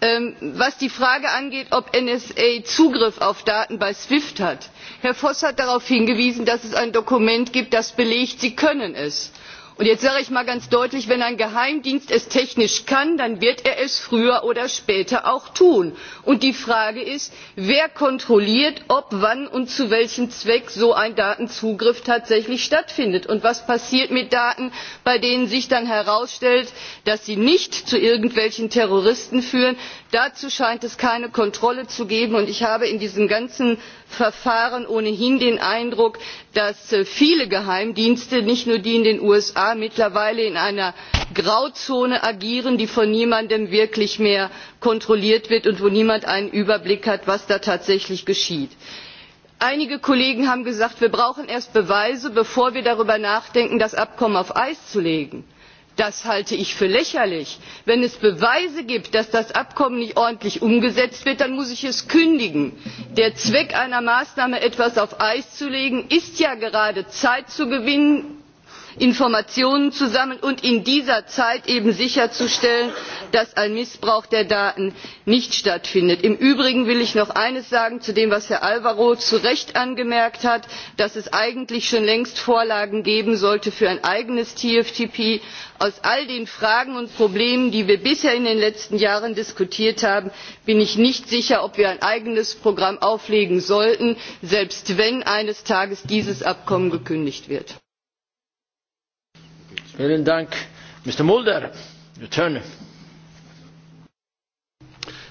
ähm, was die frage angeht ob die nsa zugriff auf daten bei swift hat herr voss hat darauf hingewiesen dass es ein dokument gibt das belegt sie können es und jetzt sage ich mal ganz deutlich wenn ein geheimdienst es technisch kann dann wird er es früher oder später auch tun. und die frage ist wer kontrolliert ob wann und zu welchem zweck so ein datenzugriff tatsächlich stattfindet und was passiert mit daten bei denen sich dann herausstellt dass sie nicht zu irgendwelchen terroristen führen? dazu scheint es keine kontrolle zu geben und ich habe in diesem ganzen verfahren ohnehin den eindruck dass äh, viele geheimdienste nicht nur die in den usa mittlerweile in einer grauzone agieren die von niemandem wirklich mehr kontrolliert wird und wo niemand einen überblick hat was da tatsächlich geschieht. einige kollegen haben gesagt wir brauchen erst beweise bevor wir darüber nachdenken das abkommen auf eis zu legen das halte ich für lächerlich. wenn es beweise gibt dass das abkommen nicht ordentlich umgesetzt wird dann muss ich es kündigen. der zweck einer maßnahme etwas auf eis zu legen ist ja gerade zeit zu gewinnen informationen zu sammeln und in dieser zeit eben sicherzustellen dass ein missbrauch der daten nicht stattfindet. im übrigen will ich noch eines sagen zu dem was herr alvaro zu recht angemerkt hat dass es eigentlich schon längst vorlagen geben sollte für ein eigenes tftp. aus all den fragen und problemen die wir bisher in den letzten jahren diskutiert haben bin ich nicht sicher ob wir ein eigenes programm auflegen sollten selbst wenn eines tages dieses abkommen gekündigt wird. Mr. Mulder, your turn.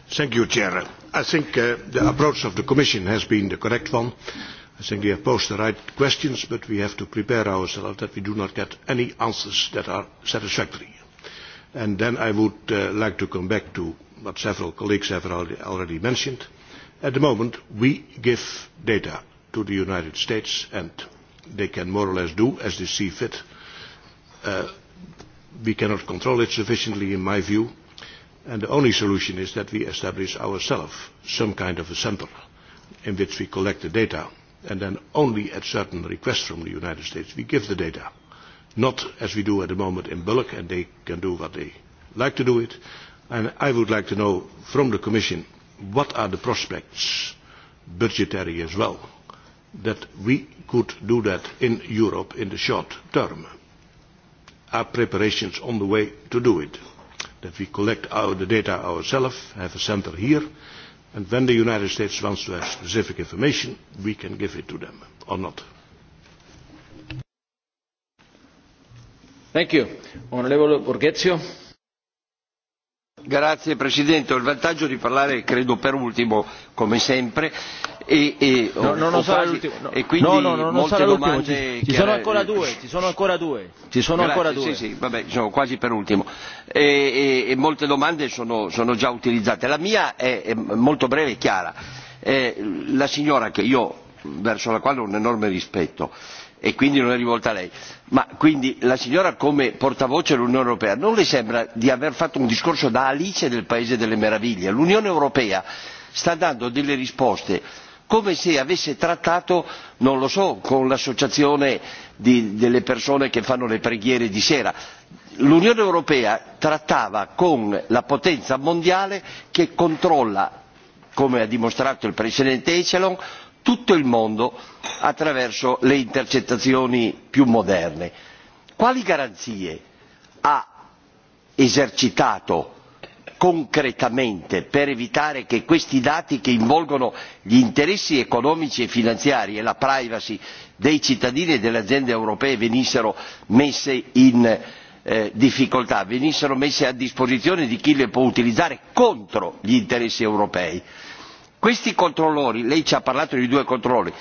Thank you, Chair. I think uh, the approach of the Commission has been the correct one. I think we have posed the right questions, but we have to prepare ourselves that we do not get any answers that are satisfactory. And then I would uh, like to come back to what several colleagues have already mentioned. At the moment, we give data to the United States, and they can more or less do as they see fit Uh, we cannot control it sufficiently, in my view, and the only solution is that we establish ourselves some kind of a centre in which we collect the data, and then only at certain requests from the United States we give the data, not as we do at the moment in bulk, and they can do what they like to do it. And I would like to know from the Commission what are the prospects, budgetary as well, that we could do that in Europe in the short term are preparations on the way to do it. That we collect our, the data ourselves, have a center here, and when the United States wants to have specific information, we can give it to them or not. Thank you. Onorevole Borghezio. Grazie Presidente, ho il vantaggio di parlare credo per ultimo, come sempre e, e, no, no non sarà quasi, no. e quindi no, no, no, non sarà domande ci, ci sono ancora due ci sono ancora due ci sono Grazie, ancora due sì, sì, vabbè, sono quasi per ultimo e, e, e molte domande sono, sono già utilizzate la mia è, è molto breve e chiara eh, la signora che io verso la quale ho un enorme rispetto e quindi non è rivolta a lei ma quindi la signora come portavoce dell'unione europea non le sembra di aver fatto un discorso da alice del paese delle meraviglie l'unione europea sta dando delle risposte come se avesse trattato non lo so con l'associazione delle persone che fanno le preghiere di sera l'unione europea trattava con la potenza mondiale che controlla come ha dimostrato il presidente echelon tutto il mondo attraverso le intercettazioni più moderne. quali garanzie ha esercitato concretamente per evitare che questi dati che involgono gli interessi economici e finanziari e la privacy dei cittadini e delle aziende europee venissero messi in eh, difficoltà venissero messi a disposizione di chi li può utilizzare contro gli interessi europei. questi controllori lei ci ha parlato di due controllori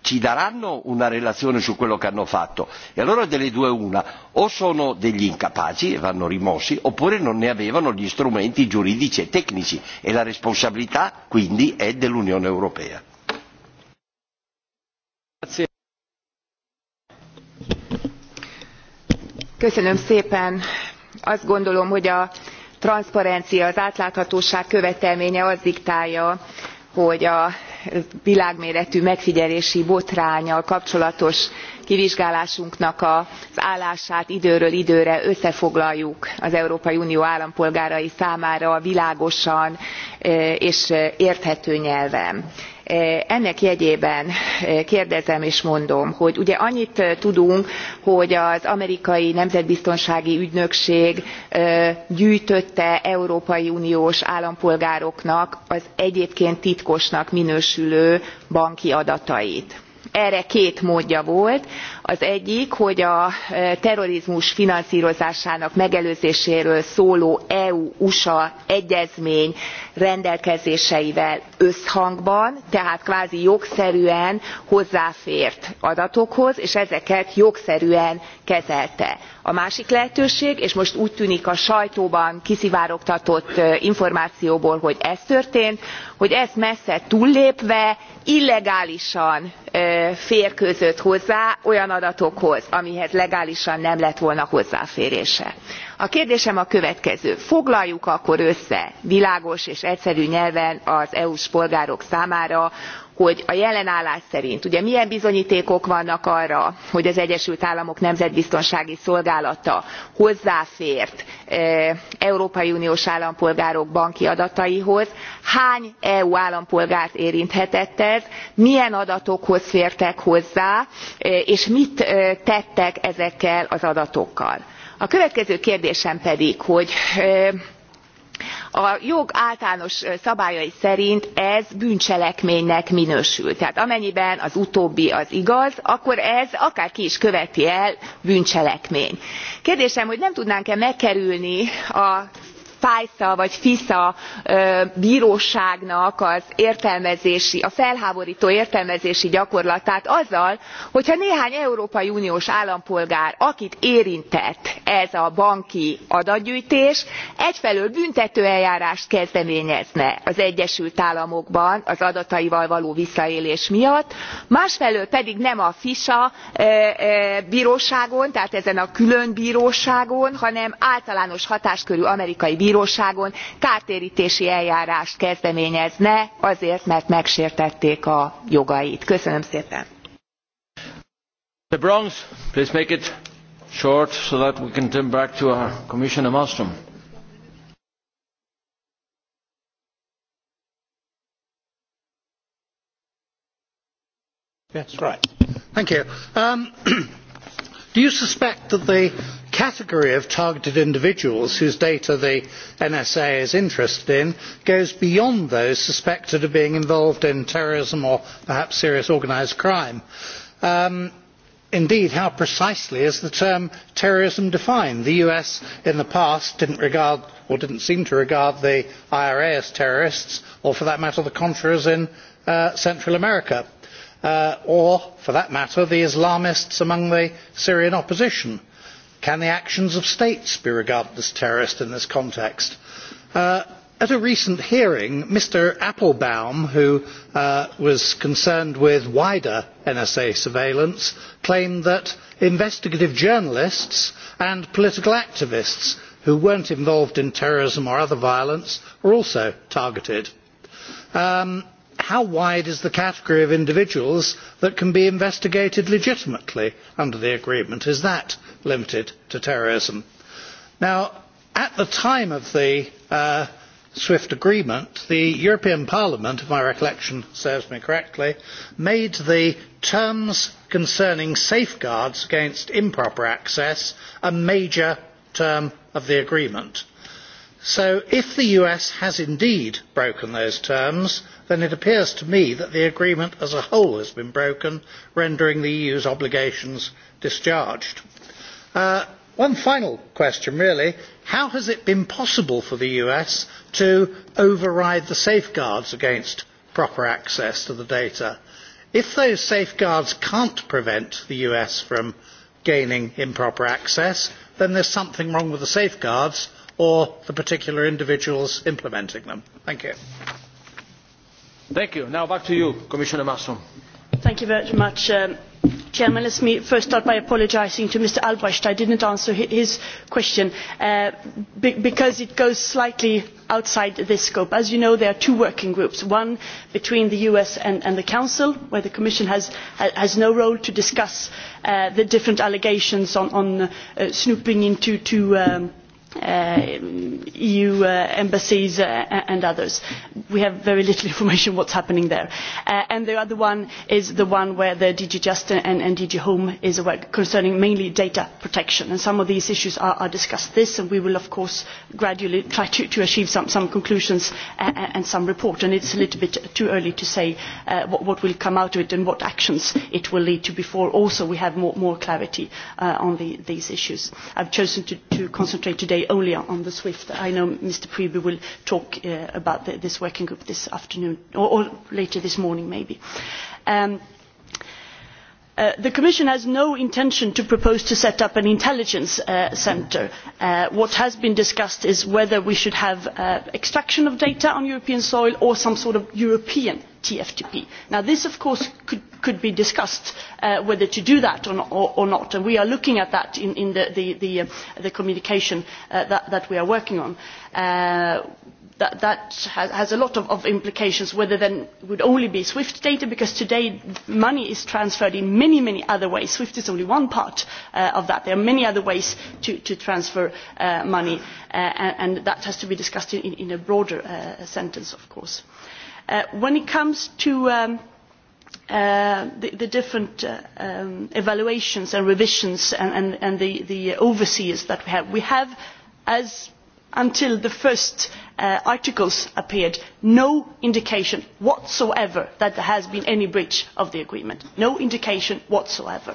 ci daranno una relazione su quello che hanno fatto e allora delle due una o sono degli incapaci e vanno rimossi oppure non ne avevano gli strumenti giuridici e tecnici e la responsabilità quindi è dell'Unione Europea. Köszönöm szépen. Azt gondolom, hogy a transzparencia, az átláthatóság követelménye az diktálja, hogy a világméretű megfigyelési botránnyal kapcsolatos kivizsgálásunknak az állását időről időre összefoglaljuk az európai unió állampolgárai számára világosan eh, és eh, érthető nyelven. Eh, ennek jegyében eh, kérdezem és mondom hogy ugye annyit eh, tudunk hogy az amerikai nemzetbiztonsági ügynökség gyűjtötte európai uniós állampolgároknak az egyébként titkosnak minősülő banki adatait. erre két módja volt az egyik hogy a e, terrorizmus finanszrozásának megelőzéséről szóló eu usa egyezmény rendelkezéseivel összhangban tehát kvázi jogszerűen hozzáfért adatokhoz és ezeket jogszerűen kezelte. a másik lehetőség és most úgy tűnik a sajtóban kiszivárogtatott e, információból hogy ez történt hogy ezt messze túllépve illegálisan e, férkőzött hozzá olyan adatokhoz amihez legálisan nem lett volna hozzáférése. a kérdésem a következő foglaljuk akkor össze világos és egyszerű nyelven az eu s polgárok számára hogy a jelen állás szerint ugye milyen bizonytékok vannak arra hogy az egyesült államok nemzetbiztonsági szolgálata hozzáfért e, európai uniós állampolgárok banki adataihoz hány eu állampolgárt érinthetett ez milyen adatokhoz fértek hozzá e, és mit e, tettek ezekkel az adatokkal? a következő kérdésem pedig hogy a jog általános szabályai szerint ez bűncselekménynek minősül tehát amennyiben az utóbbi az igaz akkor ez akárki is követi el bűncselekmény. kérdésem hogy nem tudnánk e megkerülni a fajsza vagy fisza bróságnak az értelmezési a felhábortó értelmezési gyakorlatát azzal hogyha néhány európai uniós állampolgár akit érintett ez a banki adatgyűjtés egyfelől büntetőeljárást kezdeményezne az egyesült államokban az adataival való visszaélés miatt másfelől pedig nem a fisa bróságon tehát ezen a külön bróságon hanem általános hatáskörű amerikai bróságon kártértési eljárást kezdeményezne azért mert megsértették a jogait. köszönöm szépen! do you suspect that the category of targeted individuals whose data the nsa is interested in goes beyond those suspected of being involved in terrorism or perhaps serious organised crime? Um, indeed how precisely is the term terrorism' defined? the us in the past did not regard or did not seem to regard the ira as terrorists or for that matter the contras in uh, central america. Uh, or for that matter the islamists among the syrian opposition? can the actions of states be regarded as terrorist in this context? Uh, at a recent hearing mr applebaum who uh, was concerned with wider nsa surveillance claimed that investigative journalists and political activists who were not involved in terrorism or other violence were also targeted. Um, how wide is the category of individuals that can be investigated legitimately under the agreement? is that limited to terrorism? Now, at the time of the uh, swift agreement the european parliament if my recollection serves me correctly made the terms concerning safeguards against improper access a major term of the agreement so if the us has indeed broken those terms then it appears to me that the agreement as a whole has been broken rendering the eu's obligations discharged. Uh, one final question really how has it been possible for the us to override the safeguards against proper access to the data? if those safeguards cannot prevent the us from gaining improper access then there is something wrong with the safeguards or the particular individuals implementing them. Thank you. Thank you. Now back to you, Commissioner Masson. Thank you very much. Um, Chairman, let me first start by apologising to mr albrecht i did not answer his question uh, because it goes slightly outside this scope. as you know there are two working groups one between the us and, and the council where the commission has, has no role to discuss uh, the different allegations on, on uh, snooping into to, um, Uh, eu uh, embassies uh, and others. we have very little *laughs* information on what is happening there. And the other one is the one where the dg just and dg home is concerning mainly data protection and some of these issues are discussed in this and we will of course gradually try to achieve some conclusions and some report and it is a little bit too early to say what will come out of it and what actions it will lead to before also we have more clarity on these issues. i have chosen to concentrate today today only on the SWIFT. I know Mr. Priebe will talk uh, about this working group this afternoon, or, later this morning maybe. Um, Uh, the commission has no intention of proposing set up an intelligence uh, centre. Uh, what has been discussed is whether we should have extraction of data on european soil or some sort of european tftp. Now, this of course could, be discussed whether to do that or, not and we are looking at that in, the, communication that, that we are working on that, has a lot of, implications whether then it would only be swift data because today money is transferred in many many other ways swift is only one part uh, of that there are many other ways to, transfer uh, money uh, and, that has to be discussed in, a broader sense, of course. when it comes to um, the, different um, evaluations and revisions and, the overseers that we have we have as until the first uh, articles appeared no indication whatsoever that there had been any breach of the agreement no indication whatsoever.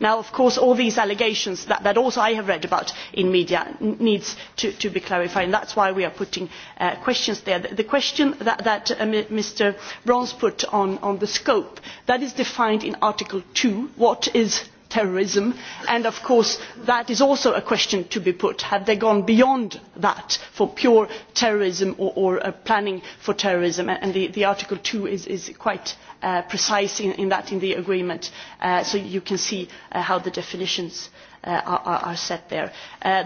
now of course all these allegations that, that also i have read about in the media need to, be clarified and that is why we are putting uh, questions there. the question that, uh, mr brons put on, on the scope that is defined in article two what is terrorism and of course that is also a question to be put have they gone beyond that for pure terrorism or uh, planning for terrorism and article two is quite uh, precise in that in the agreement uh, so you can see how the definitions are set there.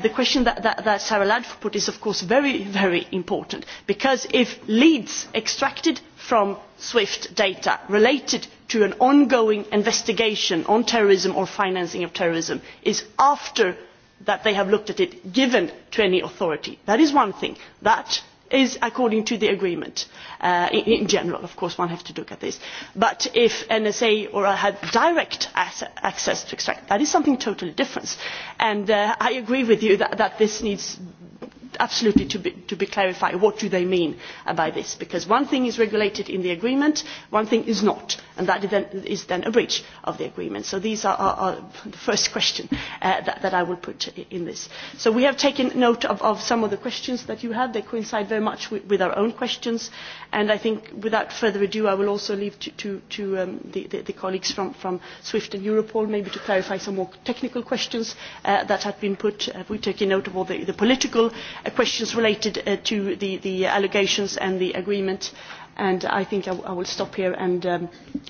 the question that sarah ludford put is of course very important because if leads extracted from swift data related to an ongoing investigation on terrorism or financing of terrorism is after they have looked at it given to any authority. that is one thing. that is according to the agreement uh, in general of course one has to look at this but if the nsa had direct access to extract that is something totally different and uh, i agree with you that this needs absolutely to be, clarified what they mean uh, by this because one thing is regulated in the agreement one thing is not and that is then a breach of the agreement. so these are, the first questions uh, that, i will put in this. so we have taken note of, some of the questions that you have. they coincide very much with, our own questions and i think without further ado i will also leave to, to, um, the, colleagues from, swift and europol maybe to clarify some more technical questions uh, that have been put. we have taken note of all the political Uh, questions related uh, to the, allegations and the agreement and i think i, will stop here um,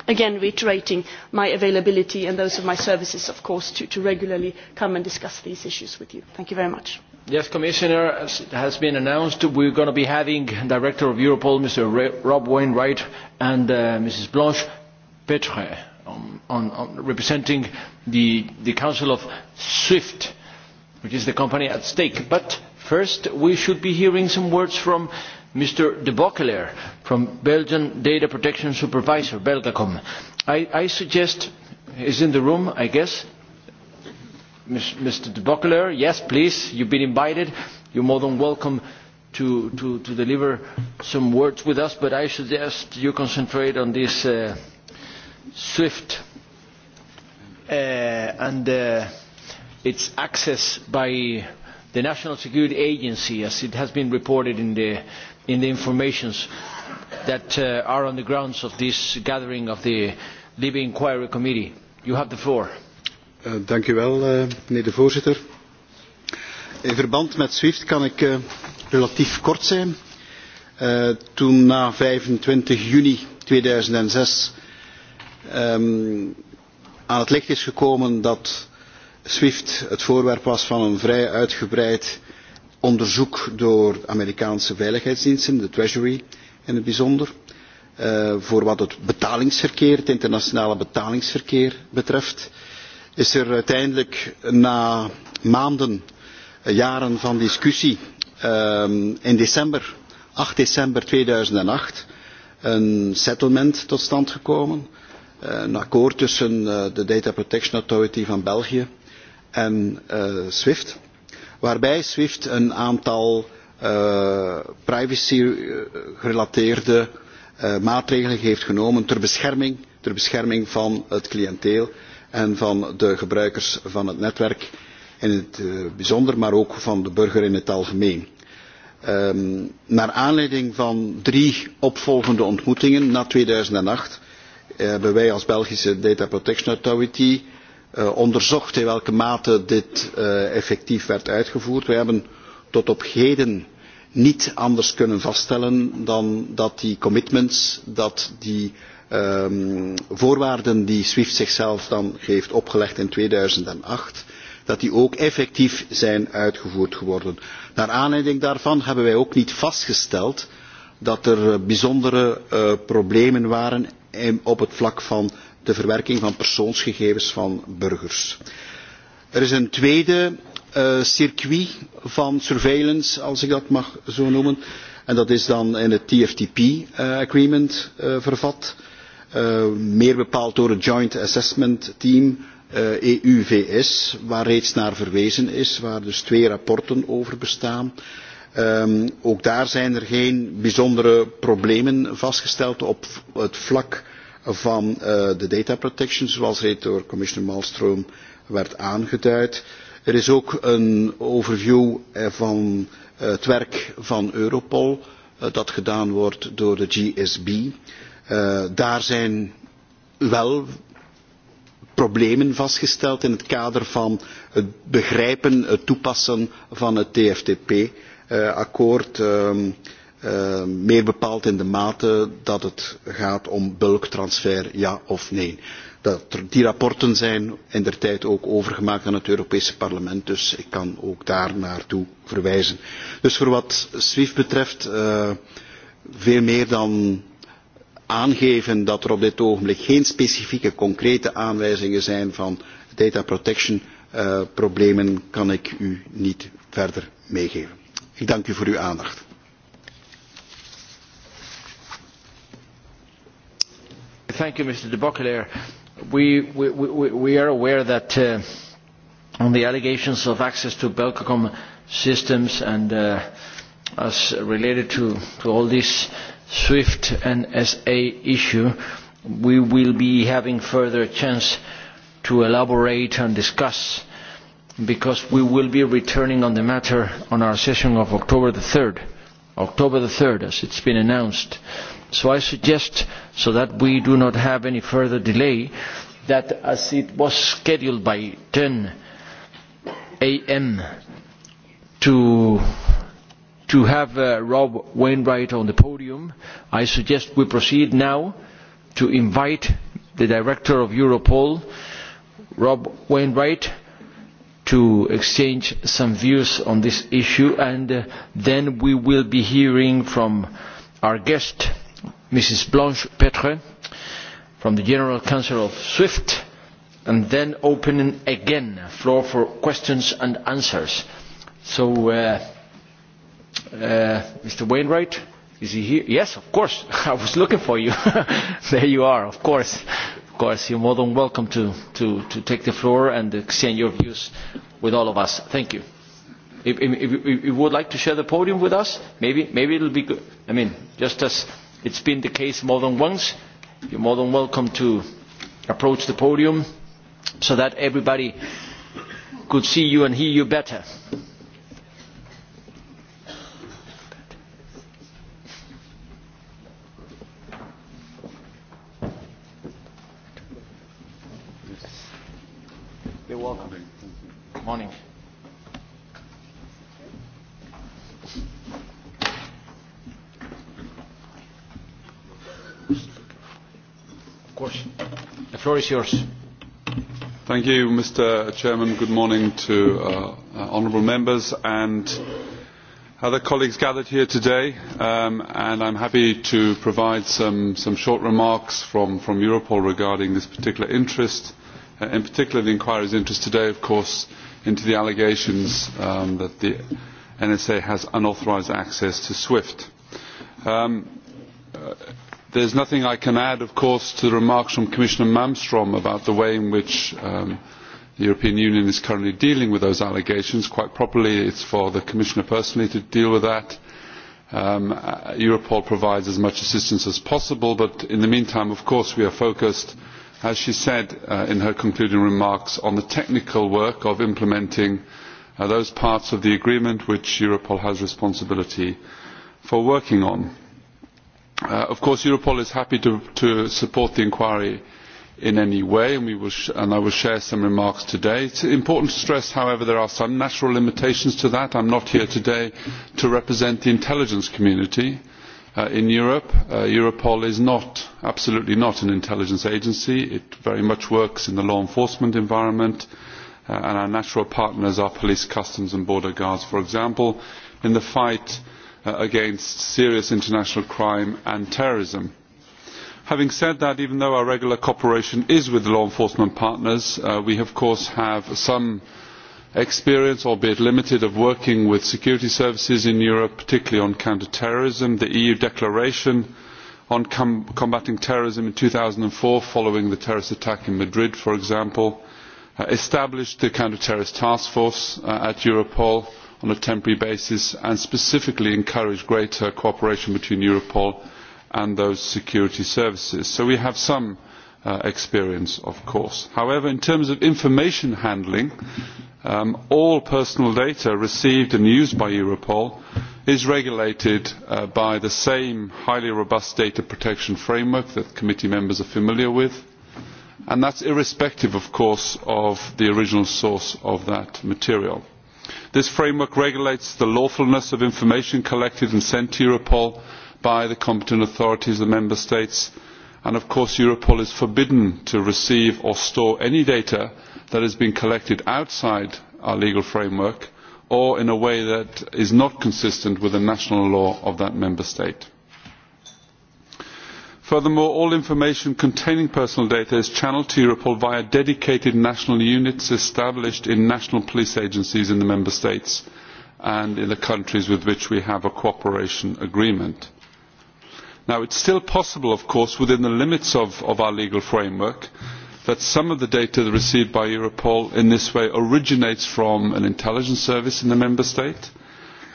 again reiterating my availability and those of my services of course to, regularly come and discuss these issues with you. thank you very much. yes commissioner as has been announced we are going to be having director of europol mr rob wainwright and uh, mrs blanche petre um, on, on representing the, the council of swift which is the company at stake but first we should be hearing some words from mr de Bockeler from the belgian data protection supervisor belgacom. i, suggest he is in the room i guess mr de Bockeler, yes please you have been invited you are more than welcome to, to, to deliver some words with us but i suggest you concentrate on this uh, swift uh, and uh, its access by the National Security Agency, as it has been reported in the, information that is uh, on the grounds of this gathering of the libe Inquiry Committee. You have the floor. Eh, eh, voorzitter. In verband met SWIFT kan ik eh, relatief kort zijn. toen na 25 juni 2006 ehm, aan het licht is gekomen dat swift het voorwerp was van een vrij uitgebreid onderzoek door de amerikaanse veiligheidsdiensten de treasury in het bijzonder eh, voor wat het betalingsverkeer het internationale betalingsverkeer betreft is er uiteindelijk na maanden eh, jaren van discussie ehm, in december acht december tweeduizendacht een settlement tot stand gekomen eh, een akkoord tussen de data protection authority van belgië en eh, SWIFT. Waarbij SWIFT een aantal eh, privacy-gerelateerde eh, maatregelen heeft genomen ter bescherming, ter bescherming van het cliënteel en van de gebruikers van het netwerk in het bijzonder, maar ook van de burger in het algemeen. Um, naar aanleiding van drie opvolgende ontmoetingen na 2008 hebben wij als Belgische Data Protection Authority Eh, onderzocht in welke mate dit eh, effectief werd uitgevoerd. We hebben tot op heden niet anders kunnen vaststellen dan dat die commitments, dat die ehm, voorwaarden die SWIFT zichzelf dan heeft opgelegd in 2008, dat die ook effectief zijn uitgevoerd geworden. Naar aanleiding daarvan hebben wij ook niet vastgesteld dat er eh, bijzondere problemen waren op het vlak van de verwerking van persoonsgegevens van burgers. Er is een tweede uh, circuit van surveillance, als ik dat mag zo noemen. En dat is dan in het TFTP-agreement eh, uh, eh, vervat. Uh, meer bepaald door het Joint Assessment Team uh, EU-VS, waar reeds naar verwezen is, waar dus twee rapporten over bestaan. Um, ook daar zijn er geen bijzondere problemen vastgesteld op het vlak van eh, de data protection, zoals reeds door commissioner Malmström werd aangeduid. Er is ook een overview eh, van eh, het werk van Europol dat gedaan wordt door de GSB. Daar zijn wel problemen vastgesteld in het kader van het begrijpen, het toepassen van het TFTP-akkoord. Ehm, Eh, meer bepaald in de mate dat het gaat om bulktransfer, ja of nee. Dat, er, die rapporten zijn in der tijd ook overgemaakt aan het Europese parlement, dus ik kan ook daar naartoe verwijzen. Dus voor wat SWIFT betreft, uh, veel meer dan aangeven dat er op dit ogenblik geen specifieke concrete aanwijzingen zijn van data protection uh, problemen, kan ik u niet verder meegeven. Ik dank u voor uw aandacht. thank you, Mr. de Buccleuch. We, are aware that uh, on the allegations of access to Belcom systems and uh, as related to, all this SWIFT nsa issue, we will be having further chance to elaborate and discuss because we will be returning on the matter on our session of October the October the 3rd as it's been announced So I suggest, so that we do not have any further delay, that as it was scheduled by 10 a.m. to to have uh, Rob Wainwright on the podium, I suggest we proceed now to invite the Director of Europol, Rob Wainwright, to exchange some views on this issue, and uh, then we will be hearing from our guest, Mrs. Blanche Petre from the General Council of SWIFT, and then opening again the floor for questions and answers. So, uh, uh, Mr. Wainwright, is he here? Yes, of course. *laughs* I was looking for you. *laughs* there you are, of course. Of course, are more than welcome to, to, to take the floor and exchange your views with all of us. Thank you. If, if, if you would like to share the podium with us, maybe, maybe it'll be good. I mean, just as It's been the case more than once. You're more than welcome to approach the podium so that everybody could see you and hear you better. You're welcome. Morning. course. The floor is yours. Thank you, Mr. Chairman. Good morning to uh, uh, honourable members and other colleagues gathered here today. Um, and I'm happy to provide some, some short remarks from, from Europol regarding this particular interest, uh, in particular the inquiry's interest today, of course, into the allegations um, that the NSA has unauthorised access to SWIFT. Um, uh, there is nothing i can add of course to the remarks from commissioner malmstrm about the way in which um, the european union is currently dealing with those allegations. quite properly it is for the commissioner personally to deal with that. Um, uh, europol provides as much assistance as possible but in the meantime of course we are focused as she said uh, in her concluding remarks on the technical work of implementing uh, those parts of the agreement which europol has responsibility for working on Uh, of course europol is happy to, support the inquiry in any way and, i will share some remarks today. it is important to stress however that there are some natural limitations to that. i am not here today to represent the intelligence community uh, in europe. Uh, europol is absolutely not an intelligence agency. it very much works in the law enforcement environment and our natural partners are police customs and border guards for example in the fight Uh, against serious international crime and terrorism. Having said that, even though our regular cooperation is with law enforcement partners, uh, we of course have some experience, albeit limited, of working with security services in Europe, particularly on counter-terrorism. The EU declaration on com combating terrorism in 2004, following the terrorist attack in Madrid, for example, uh, established the counter-terrorist task force uh, at Europol, on a temporary basis and specifically encourage greater cooperation between Europol and those security services. So we have some uh, experience, of course. However, in terms of information handling, um, all personal data received and used by Europol is regulated uh, by the same highly robust data protection framework that committee members are familiar with and that is irrespective of course of the original source of that material this framework regulates the lawfulness of information collected and sent to europol by the competent authorities of the member states and of course europol is forbidden to receive or store any data that has been collected outside our legal framework or in a way that is not consistent with the national law of that member state furthermore all information containing personal data is channelled to europol via dedicated national units established in national police agencies in the member states and in the countries with which we have a cooperation agreement. Now, it is still possible of course within the limits of, of our legal framework that some of the data received by europol in this way originates from an intelligence service in the member state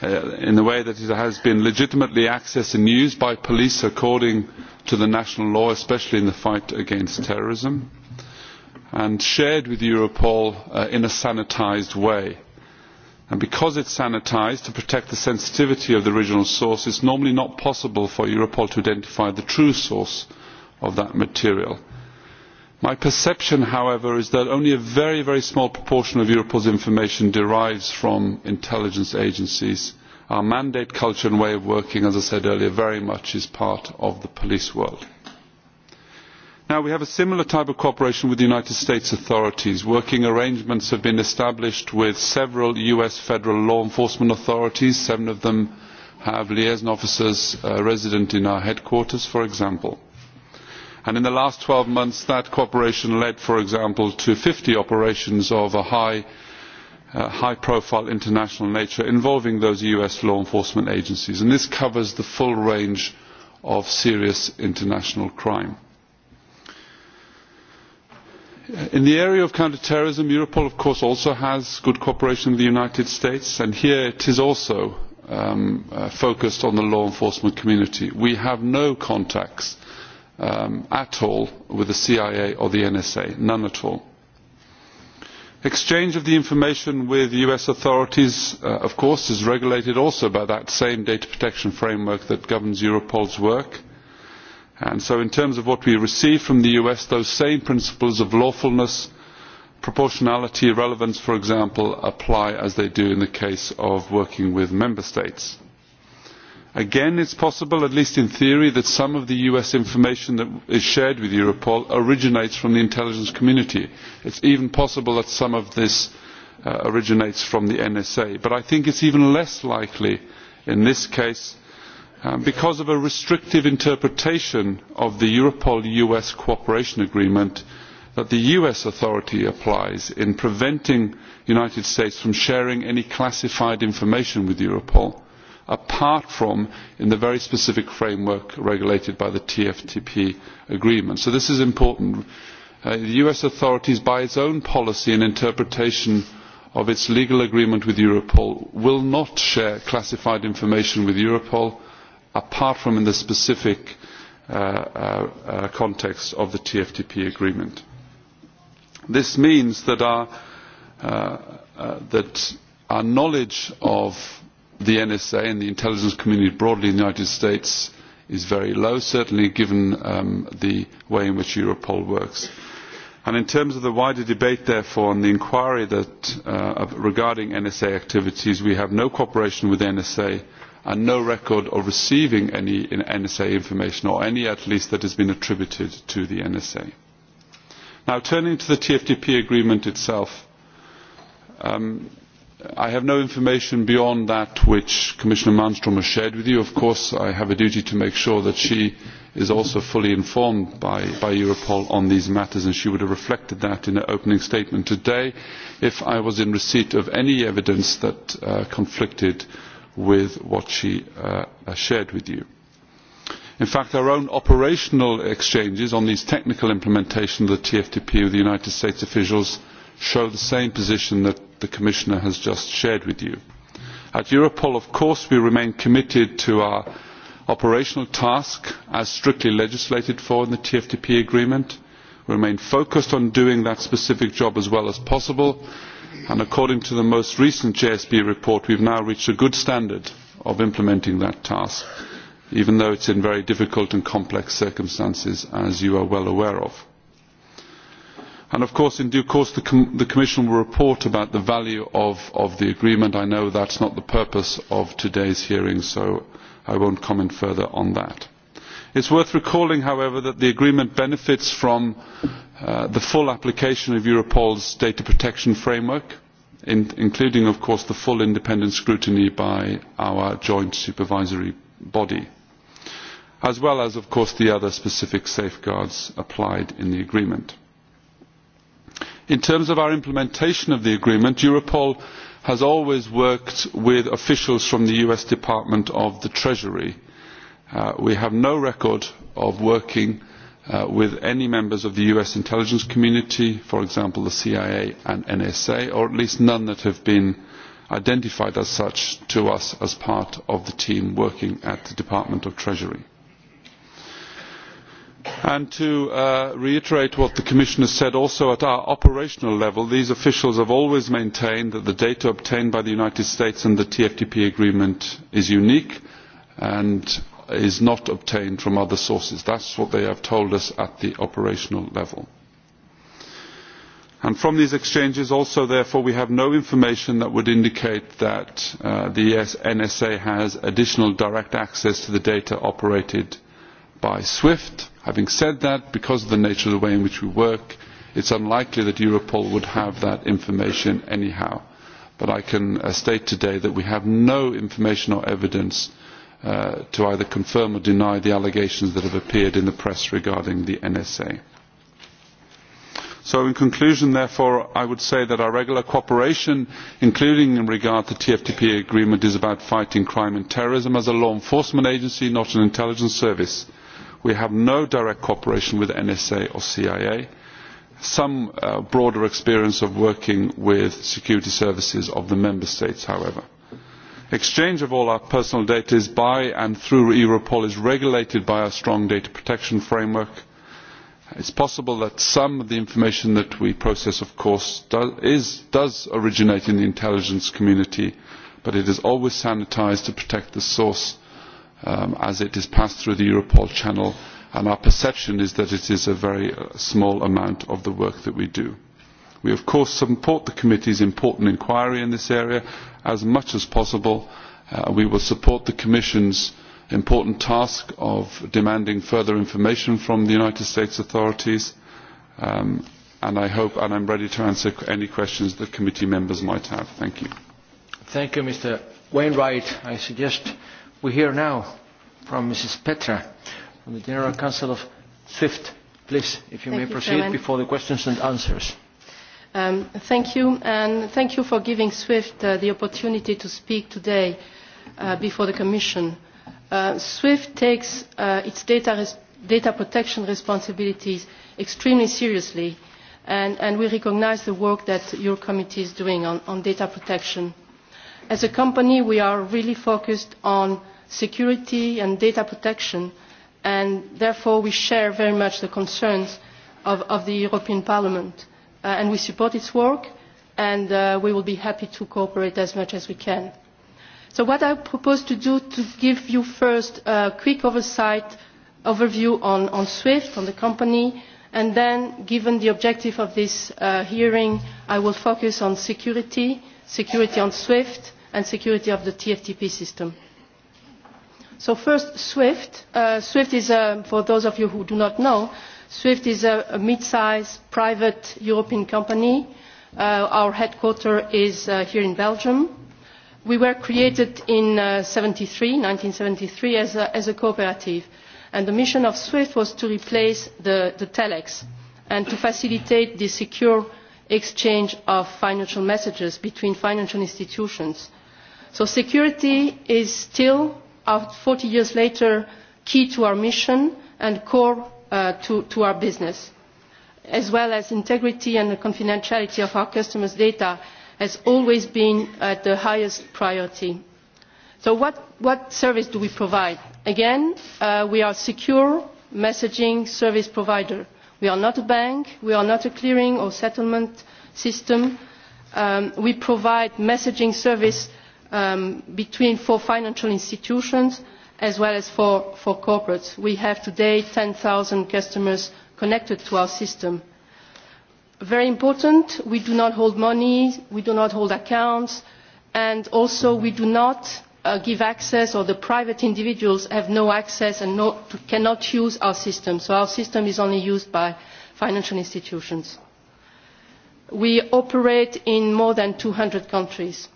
Uh, in a way that it has been legitimately accessed and used by police according to the national law, especially in the fight against terrorism, and shared with Europol uh, in a sanitised way. And because it's sanitised to protect the sensitivity of the original source, it's normally not possible for Europol to identify the true source of that material my perception however is that only a very very small proportion of europol's information derives from intelligence agencies. our mandate culture and way of working as i said earlier is very much part of the police world. we have a similar type of cooperation with the united states authorities. working arrangements have been established with several us federal law enforcement authorities seven of them have liaison officers uh, resident in our headquarters for example and in the last twelve months that cooperation led for example to fifty operations of a high, uh, profile international nature involving those us law enforcement agencies and this covers the full range of serious international crime. in the area of counter terrorism europol of course also has good cooperation with the united states and here it is also um, uh, focused on the law enforcement community. we have no contacts um, at all with the CIA or the NSA, none at all. Exchange of the information with US authorities, uh, of course, is regulated also by that same data protection framework that governs Europol's work. And so in terms of what we receive from the US, those same principles of lawfulness, proportionality, relevance, for example, apply as they do in the case of working with member states again it is possible at least in theory that some of the us information that is shared with europol originates from the intelligence community. it is even possible that some of this uh, originates from the nsa but i think it is even less likely in this case uh, because of a restrictive interpretation of the europol us cooperation agreement that the us authority applies in preventing the united states from sharing any classified information with europol apart from in the very specific framework regulated by the TFTP agreement. So this is important. Uh, the US authorities, by its own policy and interpretation of its legal agreement with Europol, will not share classified information with Europol apart from in the specific uh, uh, uh context of the TFTP agreement. This means that our, uh, uh, that our knowledge of the NSA and the intelligence community broadly in the United States is very low, certainly given um, the way in which Europol works. And in terms of the wider debate, therefore, and the inquiry that, uh, regarding NSA activities, we have no cooperation with NSA and no record of receiving any NSA information, or any at least that has been attributed to the NSA. Now, turning to the TFTP agreement itself, um, i have no information beyond that which commissioner malmstrm has shared with you. of course i have a duty to make sure that she is also fully informed by, europol on these matters and she would have reflected that in her opening statement today if i was in receipt of any evidence that uh, conflicted with what she uh, shared with you. in fact our own operational exchanges on these technical implementation of the tftp with the united states officials show the same position that the Commissioner has just shared with you. At Europol, of course, we remain committed to our operational task as strictly legislated for in the TFTP agreement. We remain focused on doing that specific job as well as possible and according to the most recent JSB report we have now reached a good standard of implementing that task even though it is in very difficult and complex circumstances as you are well aware of of course in due course the, commission will report about the value of, the agreement. i know that is not the purpose of today's hearing so i will not comment further on that. it is worth recalling however that the agreement benefits from uh, the full application of europol's data protection framework including of course the full independent scrutiny by our joint supervisory body as well as of course the other specific safeguards applied in the agreement in terms of our implementation of the agreement europol has always worked with officials from the us department of the treasury. Uh, we have no record of working uh, with any members of the us intelligence community for example the cia and nsa or at least none that have been identified as such to us as part of the team working at the department of treasury and to uh, reiterate what the commissioner said also at our operational level these officials have always maintained that the data obtained by the united states and the tftp agreement is unique and is not obtained from other sources. that is what they have told us at the operational level. And from these exchanges also therefore we have no information that would indicate that uh, the e nsa has additional direct access to the data operated by swift Having said that, because of the nature of the way in which we work, it's unlikely that Europol would have that information anyhow. But I can uh, state today that we have no information or evidence uh, to either confirm or deny the allegations that have appeared in the press regarding the NSA. So in conclusion, therefore, I would say that our regular cooperation, including in regard to the TFTP agreement, is about fighting crime and terrorism as a law enforcement agency, not an intelligence service. We have no direct cooperation with NSA or CIA. Some uh, broader experience of working with security services of the member states, however. Exchange of all our personal data is by and through Europol is regulated by our strong data protection framework. It's possible that some of the information that we process, of course, do, is, does originate in the intelligence community, but it is always sanitized to protect the source um, as it is passed through the Europol channel and our perception is that it is a very uh, small amount of the work that we do. We of course support the committee's important inquiry in this area as much as possible. Uh, we will support the Commission's important task of demanding further information from the United States authorities um, and I hope and I'm ready to answer any questions that committee members might have. Thank you. Thank you, Mr. Wainwright. I suggest We hear now from Mrs. Petra, from the General Council of SWIFT. Please, if you thank may you, proceed Chairman. before the questions and answers. Um, thank you, and thank you for giving SWIFT uh, the opportunity to speak today uh, before the Commission. Uh, SWIFT takes uh, its data, res data protection responsibilities extremely seriously, and, and we recognise the work that your committee is doing on, on data protection. As a company, we are really focused on security and data protection and therefore we share very much the concerns of, of the European Parliament uh, and we support its work and uh, we will be happy to cooperate as much as we can. So what I propose to do to give you first a quick oversight overview on, on SWIFT, on the company, and then given the objective of this uh, hearing, I will focus on security, security on SWIFT, and security of the TFTP system. So first, SWIFT. Uh, SWIFT is, uh, for those of you who do not know, SWIFT is a, a mid-sized private European company. Uh, our headquarters is uh, here in Belgium. We were created in uh, 73, 1973 as a, as a cooperative. And the mission of SWIFT was to replace the, the telex and to facilitate the secure exchange of financial messages between financial institutions. So security is still forty years later key to our mission and core uh, to, our business as well as the integrity and the confidentiality of our customers' data has always been at the highest priority. so what, service do we provide? again uh, we are a secure messaging service provider. we are not a bank we are not a clearing or settlement system. Um, we provide messaging services Um, between four financial institutions as well as for, corporates. We have today 10,000 customers connected to our system. Very important, we do not hold money, we do not hold accounts, and also we do not uh, give access or the private individuals have no access and no, cannot use our system. So our system is only used by financial institutions. We operate in more than 200 countries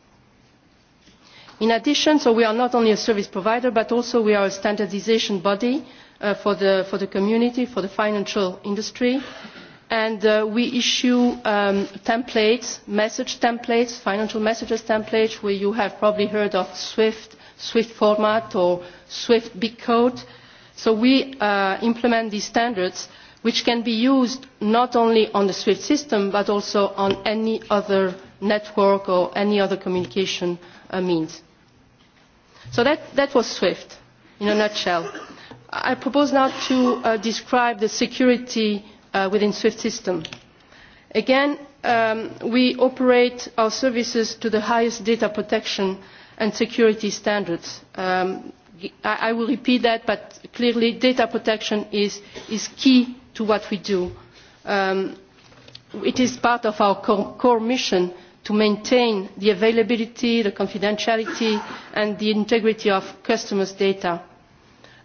in addition we are not only a service provider but also a standardisation body uh, for, the, community for the financial industry and uh, we issue um, templates message templates financial messages templates where you have probably heard of swift swift format or swift big code so we uh, implement these standards which can be used not only on the swift system but also on any other network or any other communication means so that, that was swift in a nutshell. i propose now to uh, describe the security uh, within swift system. again um, we operate our services to the highest data protection and security standards. Um, I, i will repeat that but clearly data protection is, is key to what we do. Um, it is part of our core, core mission to maintain the availability the confidentiality and the integrity of customers' data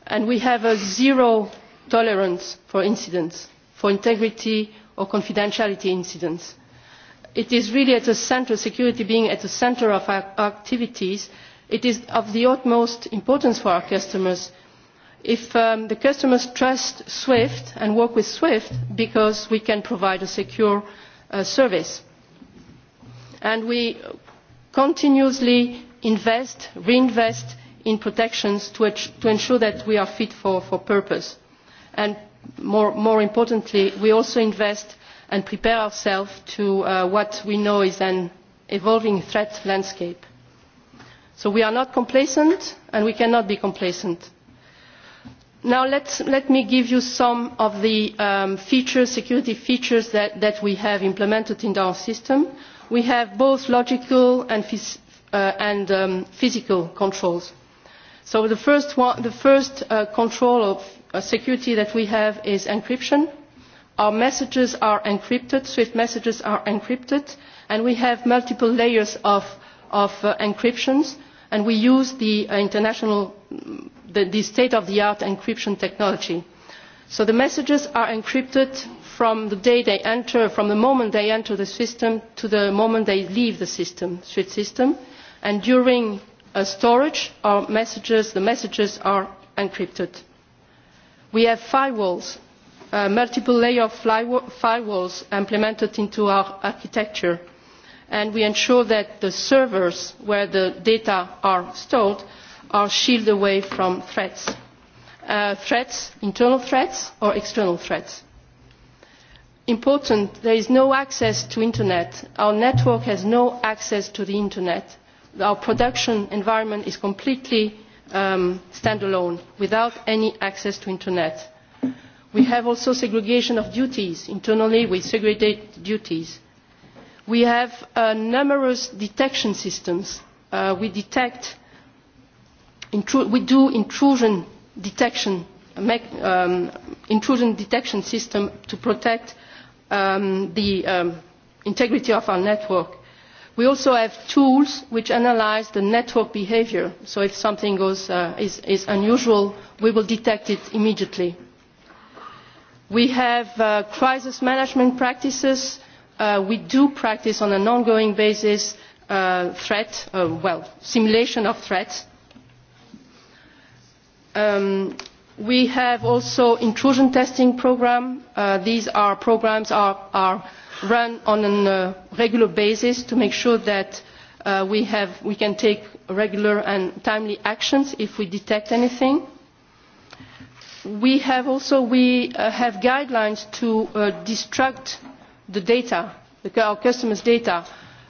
and we have a zero tolerance for incidents for integrity or confidentiality incidents. it is really at the centre security being at the centre of our activities it is of the utmost importance for our customers if um, the customers trust swift and work with swift because we can provide a secure uh, service and we continuously invest and reinvest in protection to ensure that we are fit for, purpose more, importantly we also invest and prepare ourselves for uh, what we know is an evolving threat landscape. so we are not complacent and we cannot be complacent. now let me give you some of the um, security features that, that we have implemented in our system we have both logical and, uh, um, physical controls. so the first, uh, control of uh, security that we have is encryption. our messages are encrypted swift messages are encrypted and we have multiple layers of, encryption and we use the international the state of the art encryption technology. so the messages are encrypted from the day they enter from the moment they enter the system to the moment they leave the system, SWIFT system and during uh, storage our messages, the messages are encrypted. We have firewalls, uh, multiple layer of firewalls implemented into our architecture and we ensure that the servers where the data are stored are shielded away from threats, uh, threats internal threats or external threats important there is no access to the internet our network has no access to the internet our production environment is completely um, stand alone without any access to the internet. we have also segregation of duties internally we segregate duties. we have uh, numerous detection systems uh, we detect we do intrusion detection um, intrusion detection system to protect Um, the um, integrity of our network. We also have tools which analyse the network behaviour, so if something uh, is, unusual, we will detect it immediately. We have uh, crisis management practices. Uh, we do practice on an ongoing basis threat, well, simulation of threats. Um, we have also an intrusion testing programme. Uh, these are programmes that are, run on a regular basis to make sure that uh, we, can take regular and timely action if we detect anything. we have also uh, have guidelines to destruct the data our customers'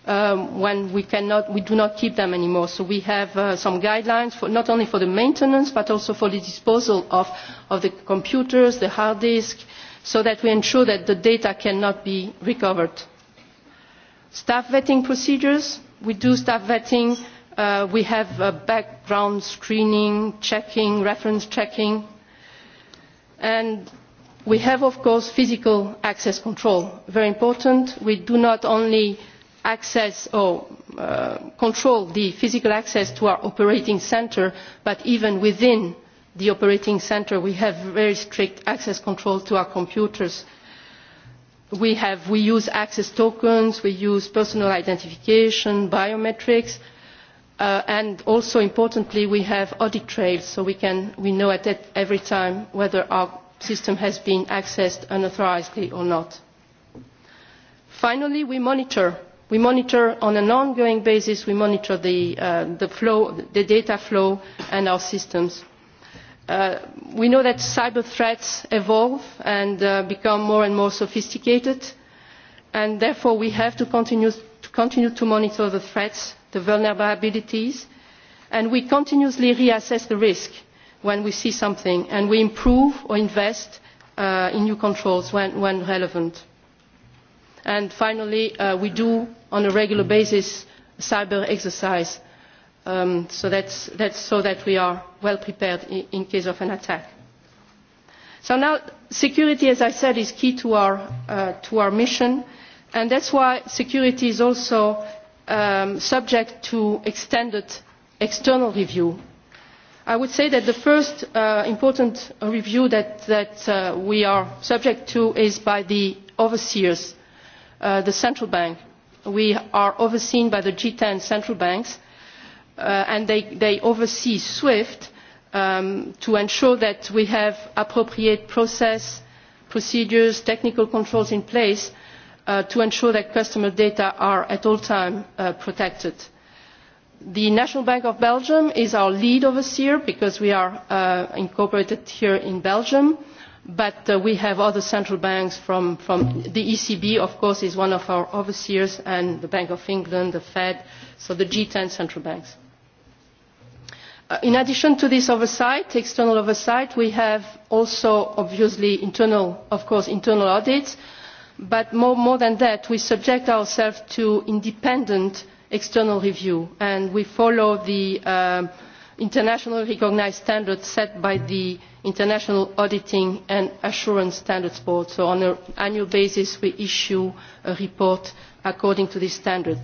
um, when we, cannot, we do not keep them anymore. So we have uh, some guidelines for, not only for the maintenance but also for the disposal of, of the computers, the hard disk, so that we ensure that the data cannot be recovered. Staff vetting procedures. We do staff vetting. Uh, we have uh, background screening, checking, reference checking. And we have, of course, physical access control. Very important. We do not only uh, access or uh, control the physical access to our operating centre but even within the operating centre we have very strict access control to our computers. We, use access tokens we use personal identification biometrics uh, and also importantly we have audit trails so we know at every time whether our system has been accessed unauthorisedly or not. finally we monitor we monitor on an ongoing basis the, uh, the, data flow and our systems. Uh, we know that cyber threats evolve and uh, become more and more sophisticated and therefore we have to continue to, monitor the threats the vulnerabilities and we continuously reassess the risk when we see something and we improve or invest in new controls when, when relevant. And finally we do on a regular basis a cyber exercise um, so, that we are well prepared in, case of an attack. So now security, as I said, is key to our, uh, mission and that is why security is also um, subject to extended external review. I would say that the first uh, important review that, uh, we are subject to is by the overseers, the central bank, we are overseen by the g ten central banks uh, and they, oversee swift um, to ensure that we have appropriate process procedures technical controls in place uh, to ensure that customer data are at all times uh, protected. the national bank of belgium is our lead overseer because we are incorporated here in belgium but uh, we have other central banks from, from the ECB, of course, is one of our overseers, and the Bank of England, the Fed, so the G10 central banks. Uh, in addition to this oversight, external oversight, we have also, obviously, internal, of course, internal audits, but more, more than that, we subject ourselves to independent external review, and we follow the um, internationally recognized standards set by the international auditing and assurance standards board so on an annual basis we issue a report according to this standard.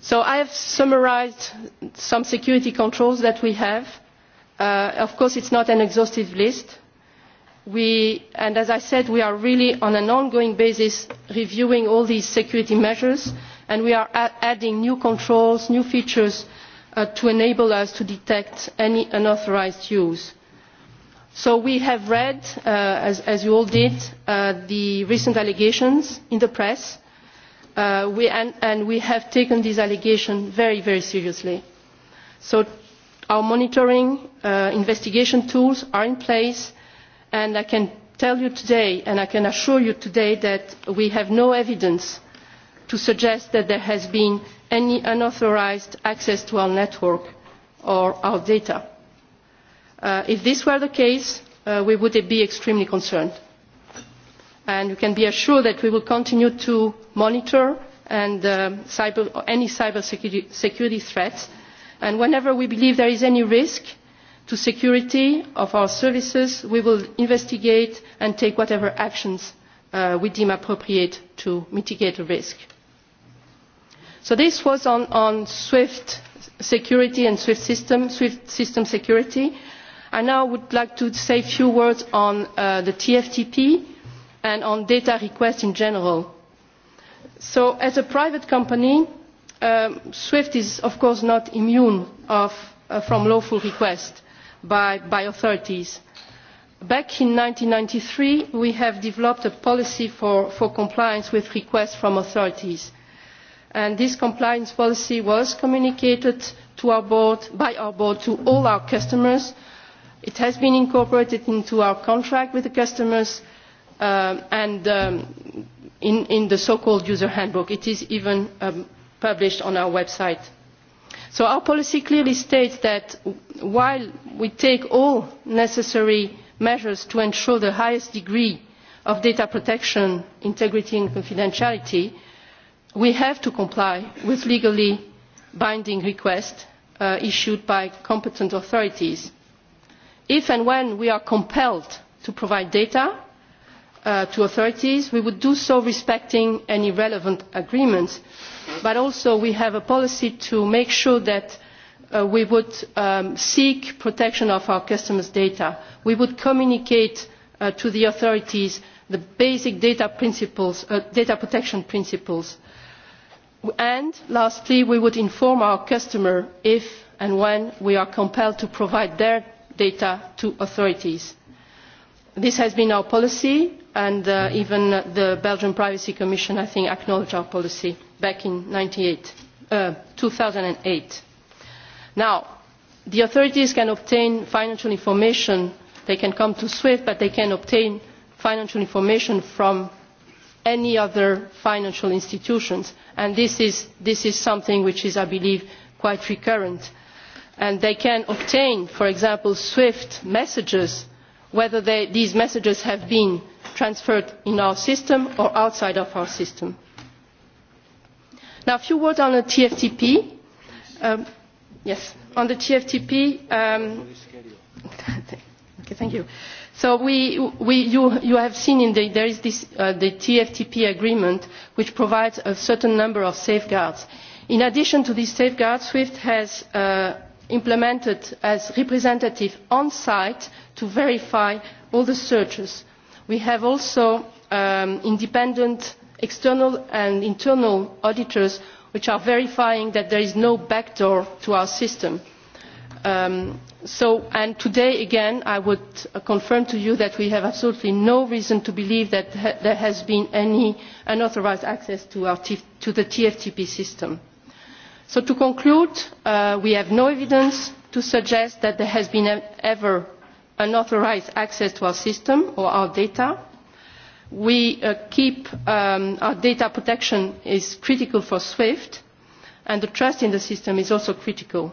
so i have summarised some security controls that we have. Uh, of course it is not an exhaustive list we, and as i said we are really on an ongoing basis reviewing all these security measures and we are adding new controls new features Uh, to enable us to detect any unauthorised use. so we have read uh, as, you all did uh, the recent allegations in the press and, we have taken these allegations very very seriously. so our monitoring and investigation tools are in place and i can tell you today and i can assure you today that we have no evidence to suggest that there has any unauthorised access to our network or our data. Uh, if this were the case uh, we would be extremely concerned and you can be assured that we will continue to monitor and, uh, cyber, any cyber security, threats and whenever we believe there is any risk to security of our services we will investigate and take whatever actions uh, we deem appropriate to mitigate the risk so this was on, swift security and swift system, security. i now would like to say a few words on uh, the tftp and on data requests in general. so as a private company um, swift is of course not immune uh, from lawful requests by, authorities. back in one thousand nine hundred and ninety three we developed a policy for compliance with requests from authorities and this compliance policy was communicated by our board to all our customers. it has been incorporated into our contract with the customers uh, and um, in, the so called user handbook. it is even um, published on our website. so our policy clearly states that while we take all necessary measures to ensure the highest degree of data protection integrity and confidentiality we have to comply with legally binding requests uh, issued by competent authorities. if and when we are compelled to provide data uh, to authorities we would do so respecting any relevant agreements but also we have a policy to make sure that uh, we would um, seek protection of our customers' data. we would communicate to the authorities the basic data protection principles and lastly we would inform our customer if and when we are compelled to provide their data to authorities. this has been our policy and uh, even the belgian privacy commission i think acknowledged our policy back in uh, two thousand and eight now the authorities can obtain financial information they can come to swift but they can obtain financial information from any other financial institutions and this is, something which is i believe quite recurrent and they can obtain for example swift messages whether these messages have been transferred in our system or outside of our system. now a few words on the tftp. Um, yes on the tftp um, *laughs* thank you so you, have seen that there is this, uh, the tftp agreement which provides a certain number of safeguards. in addition to these safeguards swift has uh, implemented a representative on site to verify all the searches. we have also um, independent external and internal auditors which are verifying that there is no back door to our system. Um, and today again i would uh, confirm to you that we have absolutely no reason to believe that there has been any unauthorised access to, the tftp system. so to conclude uh, we have no evidence to suggest that there has e, ever been unauthorised access to our system or our data. Uh, um, our data protection is critical for swift and the trust in the system is also critical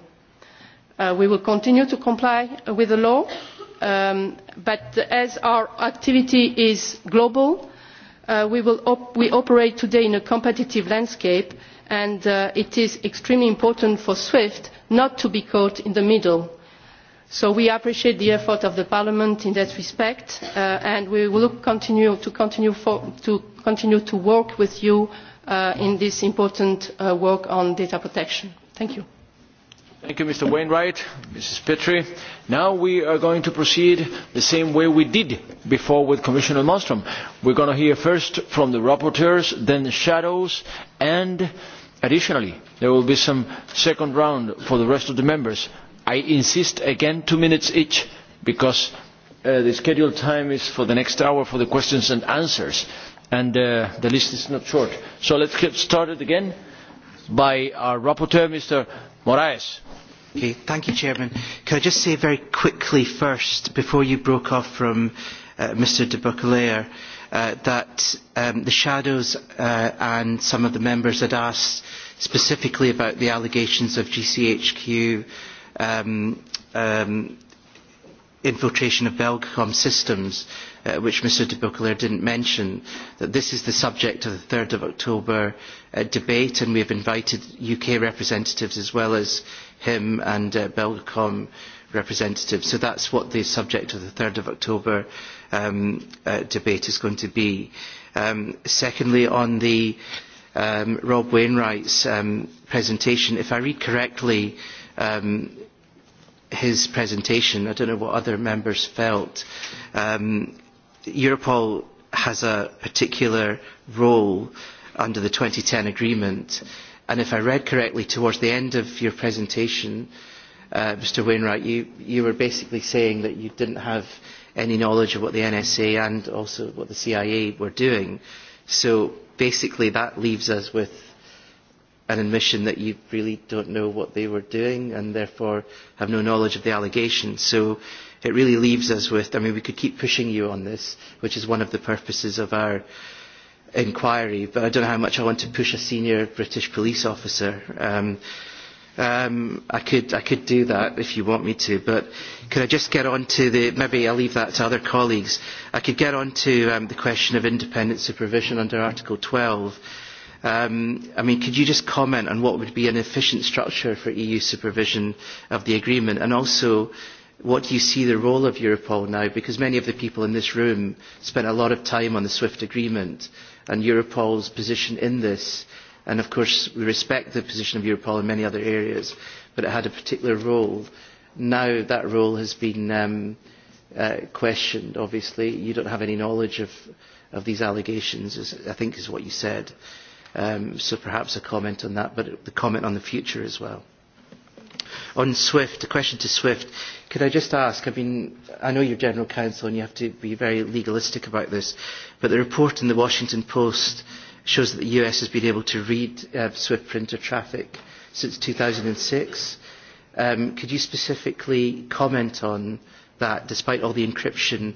Uh, we will continue to comply with the law um, but as our activity is global uh, we, operate today in a competitive landscape and uh, it is extremely important for swift not to be caught in the middle. so we appreciate the effort of the parliament in that respect and we will continue to, continue to work with you in this important work on data protection. thank you. Thank you, Mr. Wainwright, Mrs. Petrie. Now we are going to proceed the same way we did before with Commissioner Malmström. We're going to hear first from the rapporteurs, then the shadows, and additionally, there will be some second round for the rest of the members. I insist again, two minutes each, because uh, the scheduled time is for the next hour for the questions and answers, and uh, the list is not short. So let's get started again by our rapporteur, Mr. Moraes. Okay, thank you, Chairman. Can I just say very quickly first, before you broke off from uh, Mr de Buccleuer, uh, that um, the shadows uh, and some of the members had asked specifically about the allegations of GCHQ um, um, infiltration of Belgacom systems, uh, which Mr de Beauclair didn't mention, that this is the subject of the 3rd of October uh, debate, and we have invited UK representatives as well as him and uh, Belgacom representatives. So that's what the subject of the 3rd of October um, uh, debate is going to be. Um, secondly, on the um, Rob Wainwright's um, presentation, if I read correctly, um, his presentation. I don't know what other members felt. Um, Europol has a particular role under the 2010 agreement. And if I read correctly, towards the end of your presentation, uh, Mr. Wainwright, you, you were basically saying that you didn't have any knowledge of what the NSA and also what the CIA were doing. So basically that leaves us with an admission that you really don't know what they were doing and therefore have no knowledge of the allegations. So it really leaves us with, I mean, we could keep pushing you on this, which is one of the purposes of our inquiry, but I don't know how much I want to push a senior British police officer. Um, um, I, could, I could do that if you want me to, but could I just get on to the, maybe I'll leave that to other colleagues, I could get on to um, the question of independent supervision under Article 12 Um, I mean, could you just comment on what would be an efficient structure for EU supervision of the agreement? And also, what do you see the role of Europol now? Because many of the people in this room spent a lot of time on the SWIFT agreement and Europol's position in this. And of course, we respect the position of Europol in many other areas, but it had a particular role. Now that role has been um, uh, questioned, obviously. You don't have any knowledge of, of these allegations, is, I think is what you said. Um, so perhaps a comment on that, but the comment on the future as well. On SWIFT, a question to SWIFT. Could I just ask, I mean, I know you're general counsel and you have to be very legalistic about this, but the report in the Washington Post shows that the US has been able to read uh, SWIFT printer traffic since 2006. Um, could you specifically comment on that, despite all the encryption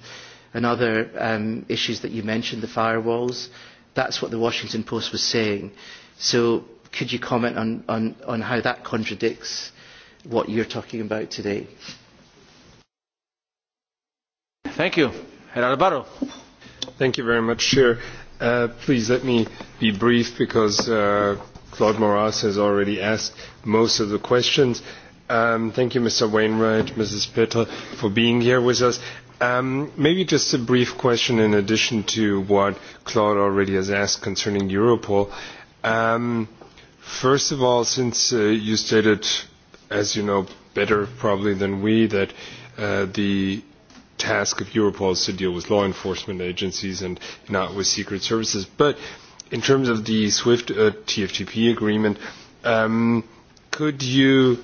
and other um, issues that you mentioned, the firewalls? That's what the Washington Post was saying. So could you comment on, on, on how that contradicts what you're talking about today? Thank you. Herr Albaro. Thank you very much, Chair. Uh, please let me be brief because uh, Claude Moras has already asked most of the questions. Um, thank you, Mr. Wainwright, Mrs. Petter, for being here with us. Um, maybe just a brief question in addition to what Claude already has asked concerning Europol. Um, first of all, since uh, you stated, as you know better probably than we, that uh, the task of Europol is to deal with law enforcement agencies and not with secret services. But in terms of the SWIFT uh, TFTP agreement, um, could you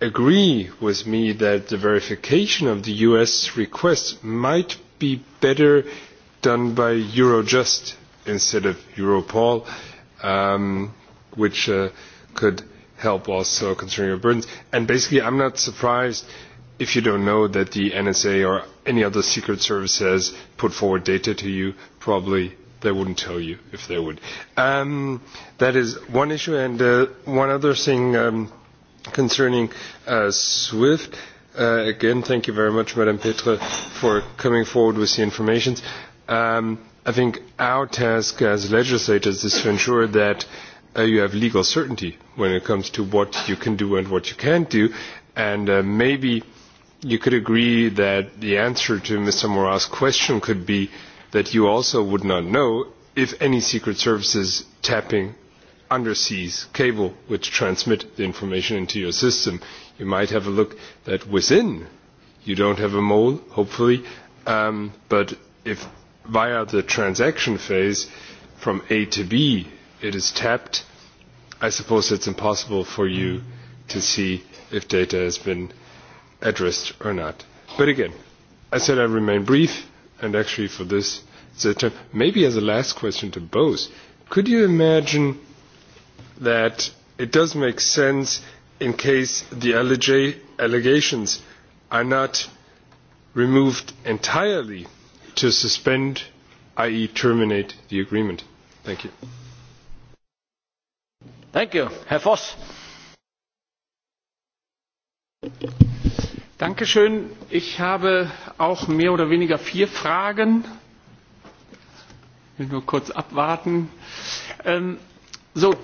agree with me that the verification of the US request might be better done by Eurojust instead of Europol, um, which uh, could help also concerning your burdens. And basically, I'm not surprised if you don't know that the NSA or any other secret service has put forward data to you. Probably they wouldn't tell you if they would. Um, that is one issue. And uh, one other thing. Um, concerning uh, SWIFT, uh, again, thank you very much, Madam Petre, for coming forward with the information. Um, I think our task as legislators is to ensure that uh, you have legal certainty when it comes to what you can do and what you can't do, and uh, maybe you could agree that the answer to Mr. Morat's question could be that you also would not know if any Secret Services tapping undersea cable which transmit the information into your system. You might have a look that within you don't have a mole, hopefully, um, but if via the transaction phase from A to B it is tapped, I suppose it's impossible for you to see if data has been addressed or not. But again, I said I remain brief, and actually for this, maybe as a last question to both, could you imagine that it does make sense in case the allegations are not removed entirely to suspend, i.e. terminate the agreement. Thank you. Thank you. Herr Voss. Danke schön. Ich habe auch mehr oder weniger vier Fragen. Ich will nur kurz abwarten. Ähm,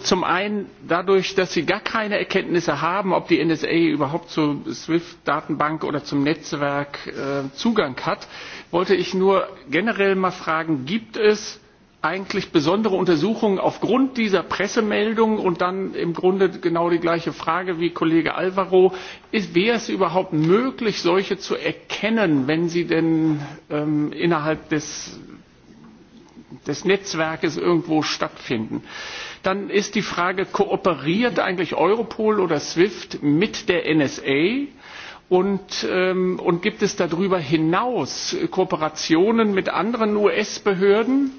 zum einen dadurch, dass sie gar keine Erkenntnisse haben, ob die NSA überhaupt zur SWIFT-Datenbank oder zum Netzwerk äh, Zugang hat, wollte ich nur generell mal fragen, gibt es eigentlich besondere Untersuchungen aufgrund dieser Pressemeldung und dann im Grunde genau die gleiche Frage wie Kollege Alvaro. Ist, wäre es überhaupt möglich, solche zu erkennen, wenn sie denn ähm, innerhalb des, des Netzwerkes irgendwo stattfinden? Dann ist die Frage, kooperiert eigentlich Europol oder SWIFT mit der NSA? Und, ähm, und gibt es darüber hinaus Kooperationen mit anderen US-Behörden?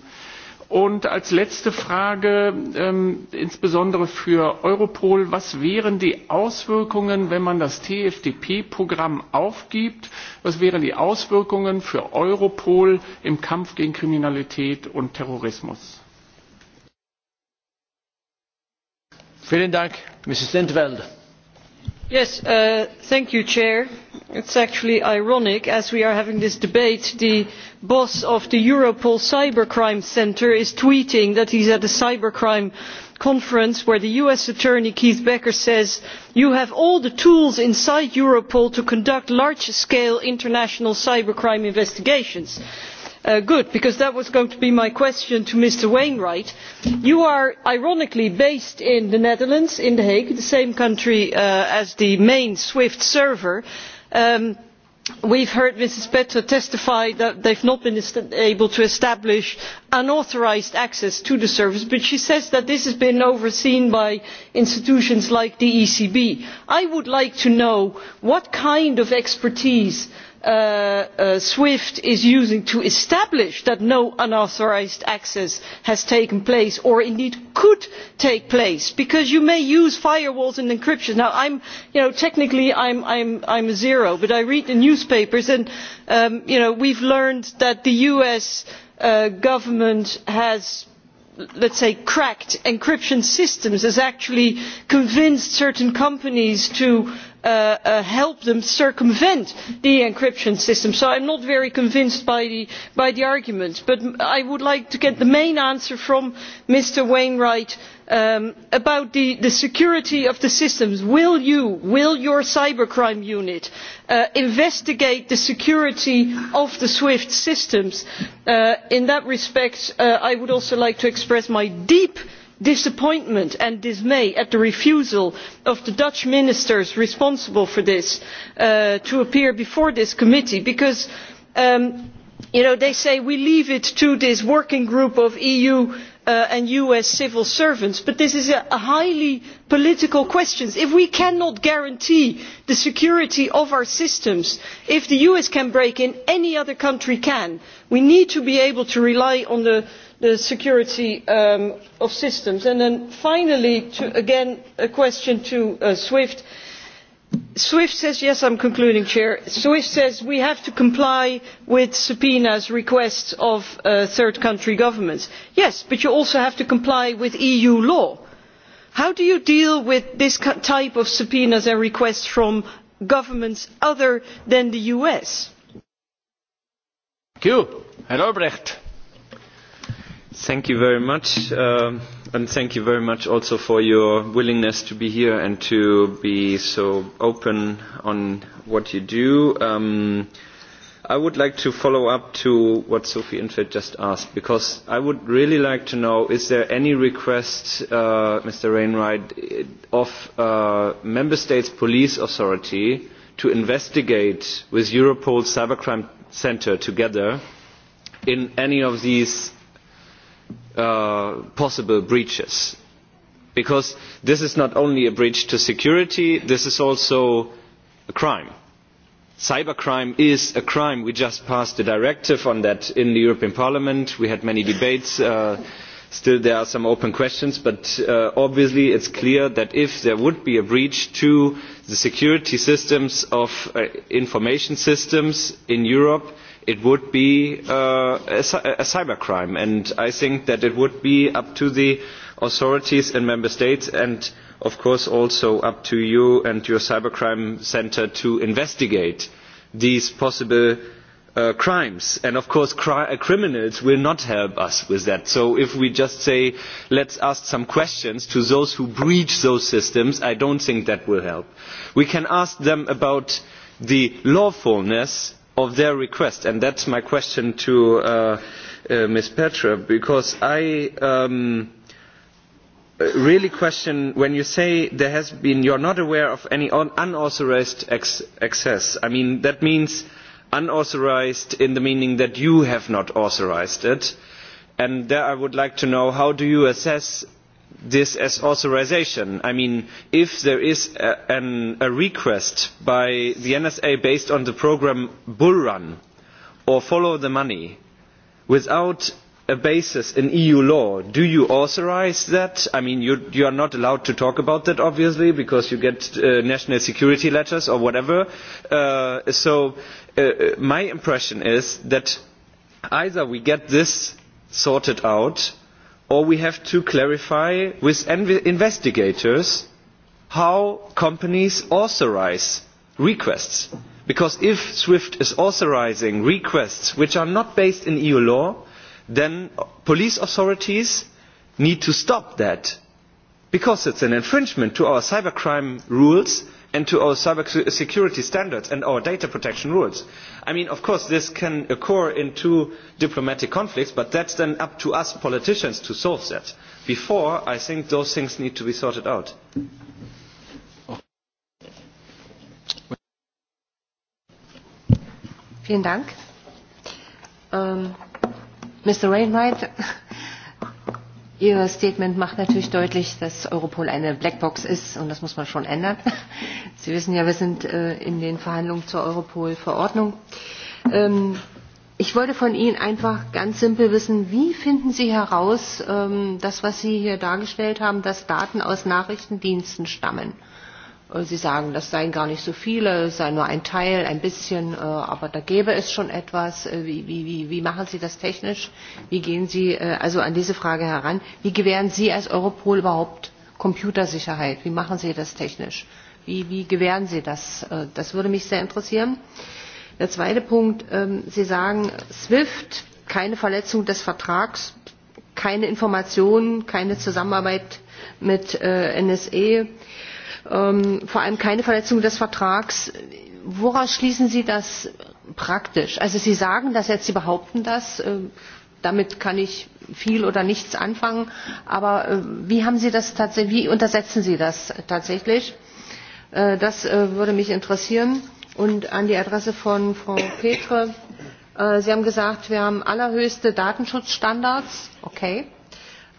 Und als letzte Frage, ähm, insbesondere für Europol, was wären die Auswirkungen, wenn man das tftp programm aufgibt? Was wären die Auswirkungen für Europol im Kampf gegen Kriminalität und Terrorismus? Uh, it is actually ironic that as we are having this debate the boss of the europol cybercrime centre is tweeting that he is at a cybercrime conference where the us attorney keith becker says you have all the tools inside europol to conduct large scale international cybercrime investigations'. Uh, good because that was going to be my question to mr wainwright. you are ironically based in the netherlands in the hague the same country uh, as the main swift server. Um, we have heard mrs petre testify that they have not been able to establish unauthorised access to the service but she says that this has been overseen by institutions like the ecb. i would like to know what kind of expertise Uh, uh, swift is using to establish that no unauthorised access has taken place or indeed could take place because you may use firewalls and encryption. now technically i am a zero but i read the newspapers and um, we have learned that the us uh, government has let us say cracked encryption systems and has actually convinced certain companies to Uh, uh, help them circumvent the encryption system so i am not very convinced by the, argument but i would like to get the main answer from mr wainwright um, about the, security of the systems will you will your cybercrime unit uh, investigate the security of the swift systems? in that respect i would also like to express my deep disappointment and dismay at the refusal of the dutch ministers responsible for this uh, to appear before this committee because um, they say we leave it to this working group of eu uh, and us civil servants but this is a highly political question. if we cannot guarantee the security of our systems if the us can break in any other country can we need to be able to rely on the the security um, of systems. finally again a question to uh, swift swift says yes i am concluding chair swift says we have to comply with subpoenas requests of uh, third country governments. yes but you also have to comply with eu law. how do you deal with this type of subpoenas and requests from governments other than the us? Thank you very much, um, and thank you very much also for your willingness to be here and to be so open on what you do. Um, I would like to follow up to what Sophie Infeld just asked, because I would really like to know, is there any request, uh, Mr. Rainwright, of uh, Member States Police Authority to investigate with Europol Cybercrime Center together in any of these Uh, possible breaches because this is not only a breach to security this is also a crime cybercrime is a crime we just passed a directive on that in the european parliament we had many debates uh, still there are some open questions but uh, obviously it's clear that if there would be a breach to the security systems of uh, information systems in europe it would be uh, a, a cybercrime. And I think that it would be up to the authorities in member states and of course also up to you and your cybercrime centre to investigate these possible uh, crimes and of course cri uh, criminals will not help us with that so if we just say let's ask some questions to those who breach those systems i don't think that will help we can ask them about the lawfulness of their request and that's my question to uh, uh, Ms. Petra because I um, really question when you say there has been are not aware of any unauthorized access I mean that means unauthorized in the meaning that you have not authorized it and there I would like to know how do you assess this as authorisation. I mean, if there is a, request by the NSA based on the programme Bull Run or Follow the Money without a basis in EU law, do you authorise that? I mean, you, you, are not allowed to talk about that, obviously, because you get uh, national security letters or whatever. Uh, so uh, my impression is that either we get this sorted out or we have to clarify with investigators how companies authorise requests because if swift is authorising requests which are not based in eu law then police authorities need to stop that because it's an infringement to our cybercrime rules and to our cybersecurity standards and our data protection rules. I mean, of course, this can occur in two diplomatic conflicts, but is then up to us politicians to solve that. Before, I think those things need to be sorted out. Vielen Dank. Um, ähm, Mr. Wainwright, Ihr Statement macht natürlich deutlich, dass Europol eine Blackbox ist und das muss man schon ändern. *laughs* Sie wissen ja, wir sind äh, in den Verhandlungen zur Europol-Verordnung. Ähm, ich wollte von Ihnen einfach ganz simpel wissen, wie finden Sie heraus, ähm, das, was Sie hier dargestellt haben, dass Daten aus Nachrichtendiensten stammen? Sie sagen, das seien gar nicht so viele, es sei nur ein Teil, ein bisschen, äh, aber da gäbe es schon etwas. Äh, wie, wie, wie machen Sie das technisch? Wie gehen Sie äh, also an diese Frage heran? Wie gewähren Sie als Europol überhaupt Computersicherheit? Wie machen Sie das technisch? Wie, wie gewähren Sie das? Das würde mich sehr interessieren. Der zweite Punkt, ähm, Sie sagen, SWIFT, keine Verletzung des Vertrags, keine Informationen, keine Zusammenarbeit mit NSE Ähm, vor allem keine verletzung des vertrags woraus schließen sie das praktisch? also sie sagen das jetzt sie behaupten das ähm, damit kann ich viel oder nichts anfangen aber äh, wie haben sie das tatsächlich wie untersetzen sie das tatsächlich? Äh, das äh, würde mich interessieren. und an die adresse von frau petre sie haben gesagt wir haben allerhöchste datenschutzstandards okay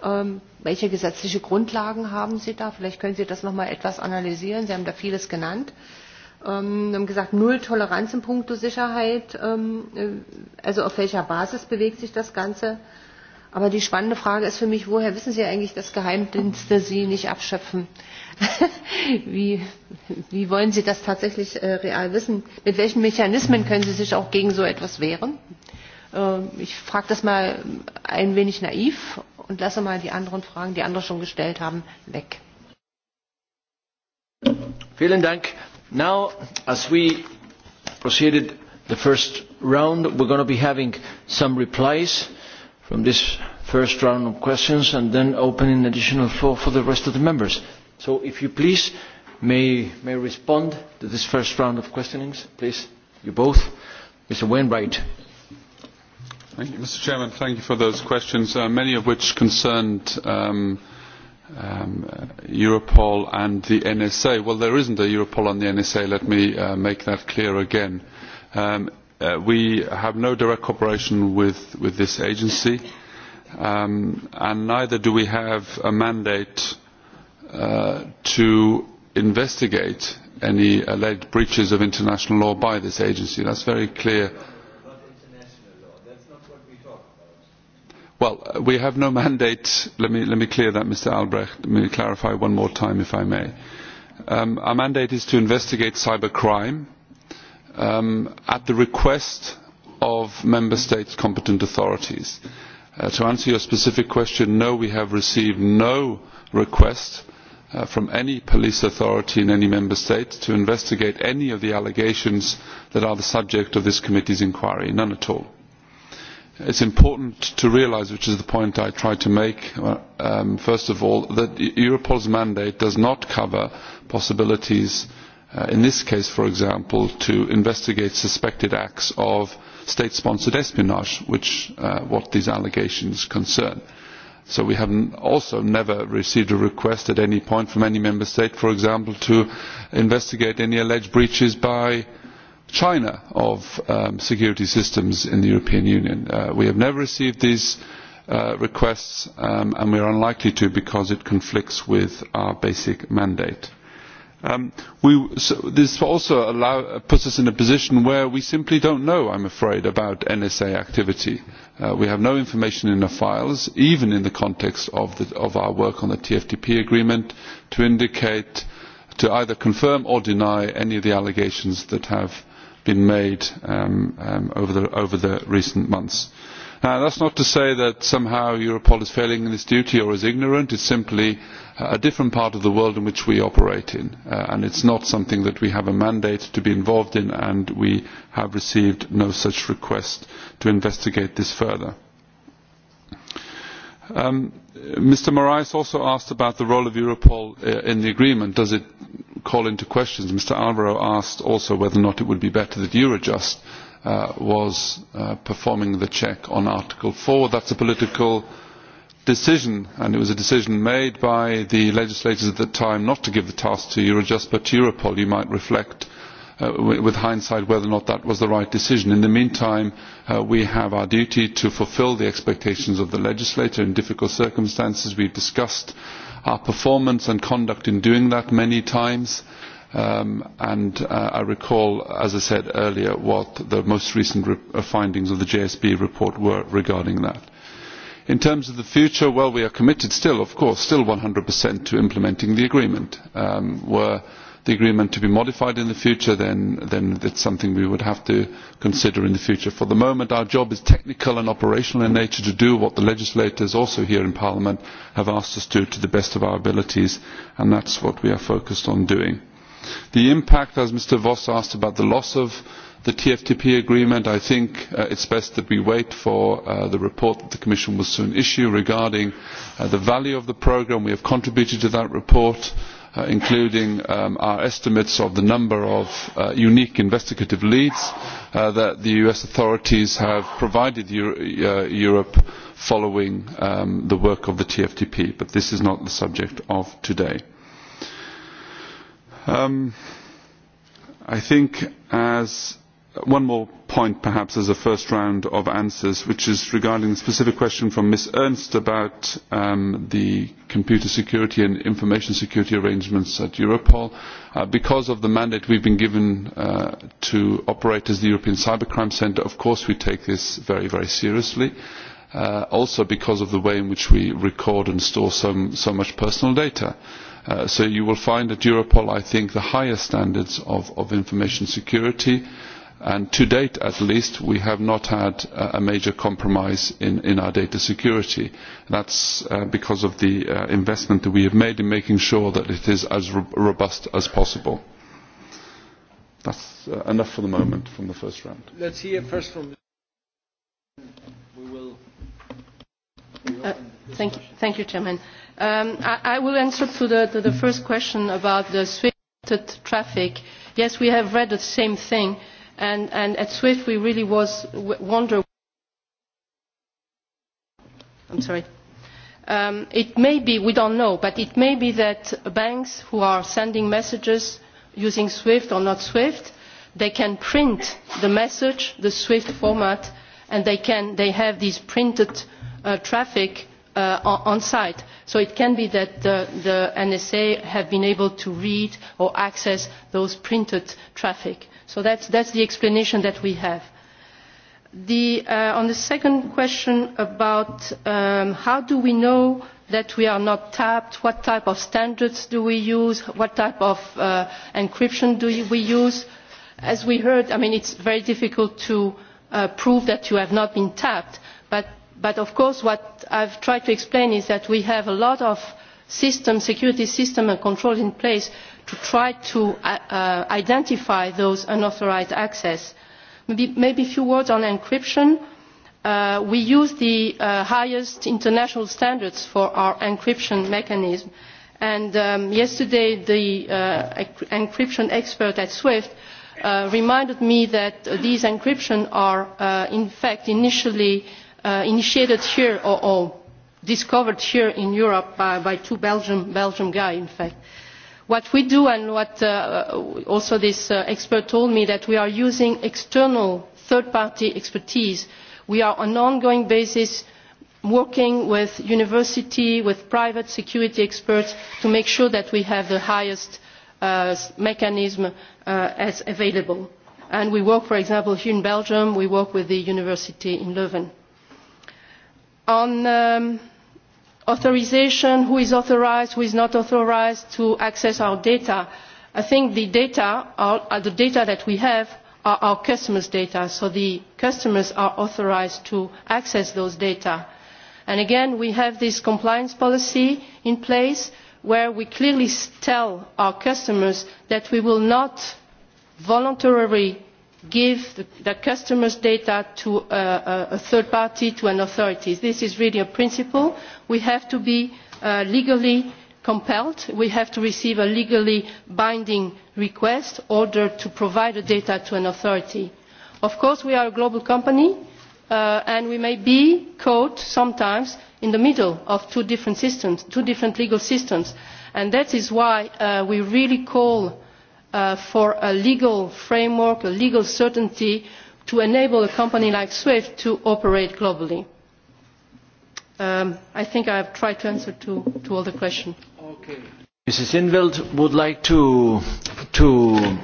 Ähm, welche gesetzliche Grundlagen haben Sie da? Vielleicht können Sie das noch mal etwas analysieren. Sie haben da vieles genannt. Ähm, haben gesagt, null Toleranz in puncto Sicherheit. Ähm, äh, also auf welcher Basis bewegt sich das Ganze? Aber die spannende Frage ist für mich, woher wissen Sie eigentlich, dass Geheimdienste Sie nicht abschöpfen? *laughs* wie, wie wollen Sie das tatsächlich äh, real wissen? Mit welchen Mechanismen können Sie sich auch gegen so etwas wehren? Ähm, ich frage das mal ein wenig naiv und lasse mal die anderen Fragen, die andere schon gestellt haben, weg. Vielen Dank. Now, as we proceeded the first round, we're going to be having some replies from this first round of questions and then open an additional floor for the rest of the members. So if you please may, may respond to this first round of questionings, please, you both. Mr. Wainwright, Thank you, Mr. Chairman. Thank you for those questions, uh, many of which concerned um, um, Europol and the NSA. Well, there isn't a Europol and the NSA. Let me uh, make that clear again. Um, uh, we have no direct cooperation with, with this agency, um, and neither do we have a mandate uh, to investigate any alleged breaches of international law by this agency. That's very clear Well, we have no mandate. Let me, let me clear that, Mr. Albrecht. Let me clarify one more time, if I may. Um, our mandate is to investigate cybercrime um, at the request of member states' competent authorities. Uh, to answer your specific question, no, we have received no request uh, from any police authority in any member state to investigate any of the allegations that are the subject of this committee's inquiry. None at all it is important to realise which is the point i tried to make uh, um, first of all that e-, europol's mandate does not cover possibilities uh, in this case for example to investigate suspected acts of state sponsored espionage which is uh, what these allegations concern so we have also never received a request at any point from any member state for example to investigate any alleged breaches by China of um, security systems in the European Union. Uh, we have never received these uh, requests um, and we are unlikely to because it conflicts with our basic mandate. Um, we, so this also allow, uh, puts us in a position where we simply don't know, I'm afraid, about NSA activity. Uh, we have no information in the files, even in the context of, the, of our work on the TFTP agreement, to indicate, to either confirm or deny any of the allegations that have been made um, um, over, the, over the recent months. Now, that's not to say that somehow Europol is failing in its duty or is ignorant. It's simply a different part of the world in which we operate in. Uh, and it's not something that we have a mandate to be involved in, and we have received no such request to investigate this further. Um, mr moraes also asked about the role of europol uh, in the agreement does it call into question? mr alvaro asked also whether or not it would be better that eurojust uh, was uh, performing the check on article. four that is a political decision and it was a decision made by the legislators at the time not to give the task to eurojust but to europol. you might reflect uh, with hindsight whether or not that was the right decision. In the meantime, uh, we have our duty to fulfil the expectations of the legislator in difficult circumstances. We've discussed our performance and conduct in doing that many times. Um, and uh, I recall, as I said earlier, what the most recent uh, findings of the JSB report were regarding that. In terms of the future, well, we are committed still, of course, still 100% to implementing the agreement. Um, we're the agreement to be modified in the future, then, then it's something we would have to consider in the future. For the moment, our job is technical and operational in nature to do what the legislators also here in Parliament have asked us to to the best of our abilities, and that's what we are focused on doing. The impact, as Mr Voss asked about the loss of the TFTP agreement, I think uh, it's best that we wait for uh, the report that the Commission will soon issue regarding uh, the value of the programme. We have contributed to that report uh, including um, our estimates of the number of uh, unique investigative leads uh, that the US authorities have provided Euro uh, Europe following um, the work of the TFTP. But this is not the subject of today. Um, I think as one more point perhaps as a first round of answers which is regarding the specific question from ms ernst about um, the computer security and information security arrangements at europol. Uh, because of the mandate we have been given uh, to operate as the european cybercrime centre of course we take this very very seriously. Uh, also because of the way in which we record and store so much personal data. Uh, so you will find at europol i think the highest standards of, of information security and to date at least we have not had a major compromise in, in our data security. That's uh, because of the uh, investment that we have made in making sure that it is as robust as possible. That's uh, enough for the moment from the first round. Let's hear first from... Uh, thank, you, thank you, Chairman. Um, I, I will answer to the, to the first question about the swift traffic. Yes, we have read the same thing. Uh, and, and at SWIFT we really was wonder. I'm sorry. Um, it may be, we don't know, but it may be that banks who are sending messages using SWIFT or not SWIFT, they can print the message, the SWIFT format, and they, can, they have these printed uh, traffic uh, on site. So it can be that the, the NSA have been able to read or access those printed traffic so that's, that's the explanation that we have. Uh, on the second question about um, how do we know that we are not tapped, what type of standards do we use, what type of uh, encryption do we use, as we heard, I mean, it's very difficult to uh, prove that you have not been tapped, but, of course what I've tried to explain is that we have a lot of system, security system and controls in place to try to uh, uh identify those unauthorised access. Maybe, maybe a few words on encryption. Uh, we use the uh, highest international standards for our encryption mechanism. And um, yesterday, the uh, encryption expert at SWIFT uh, reminded me that these encryption are, uh, in fact, initially uh, initiated here or, or discovered here in Europe by, two Belgium, guys, in fact. What we do and what uh, also this uh, expert told me that we are using external third-party expertise. We are on an ongoing basis working with university, with private security experts to make sure that we have the highest uh, mechanism as available. And we work, for example, here in Belgium, we work with the university in Leuven. On... Um, authorisation who is authorised who is not authorised to access our data i think the data, our, the data that we have are our customers' data so the customers are authorised to access those data. And again we have this compliance policy in place where we clearly tell our customers that we will not voluntarily give the, customer's data to uh, uh, a third party, to an authority. This is really a principle. We have to be uh, legally compelled. We have to receive a legally binding request order to provide the data to an authority. Of course, we are a global company and we may be caught sometimes in the middle of two different systems, two different legal systems. And that is why we really call Uh, for a legal framework, a legal certainty to enable a company like SWIFT to operate globally. Um, I think I have tried to answer to, to all the questions. Okay. Mrs. Inveld would like to, to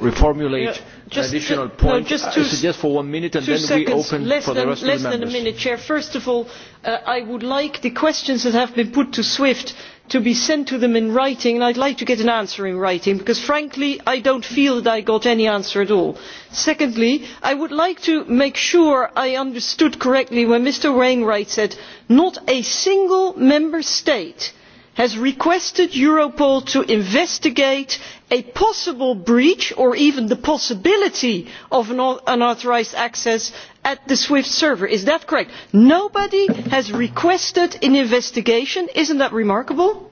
reformulate yeah just additional no, point. just I suggest for one minute and then we open for the rest of the members. First of all, uh, I would like the questions that have been put to SWIFT to be sent to them in writing, and I'd like to get an answer in writing, because frankly, I don't feel that I got any answer at all. Secondly, I would like to make sure I understood correctly when Mr. Wainwright said, not a single member state has requested Europol to investigate a possible breach or even the possibility of unauthorised access at the swift server is that correct? nobody has requested an investigation is that not remarkable?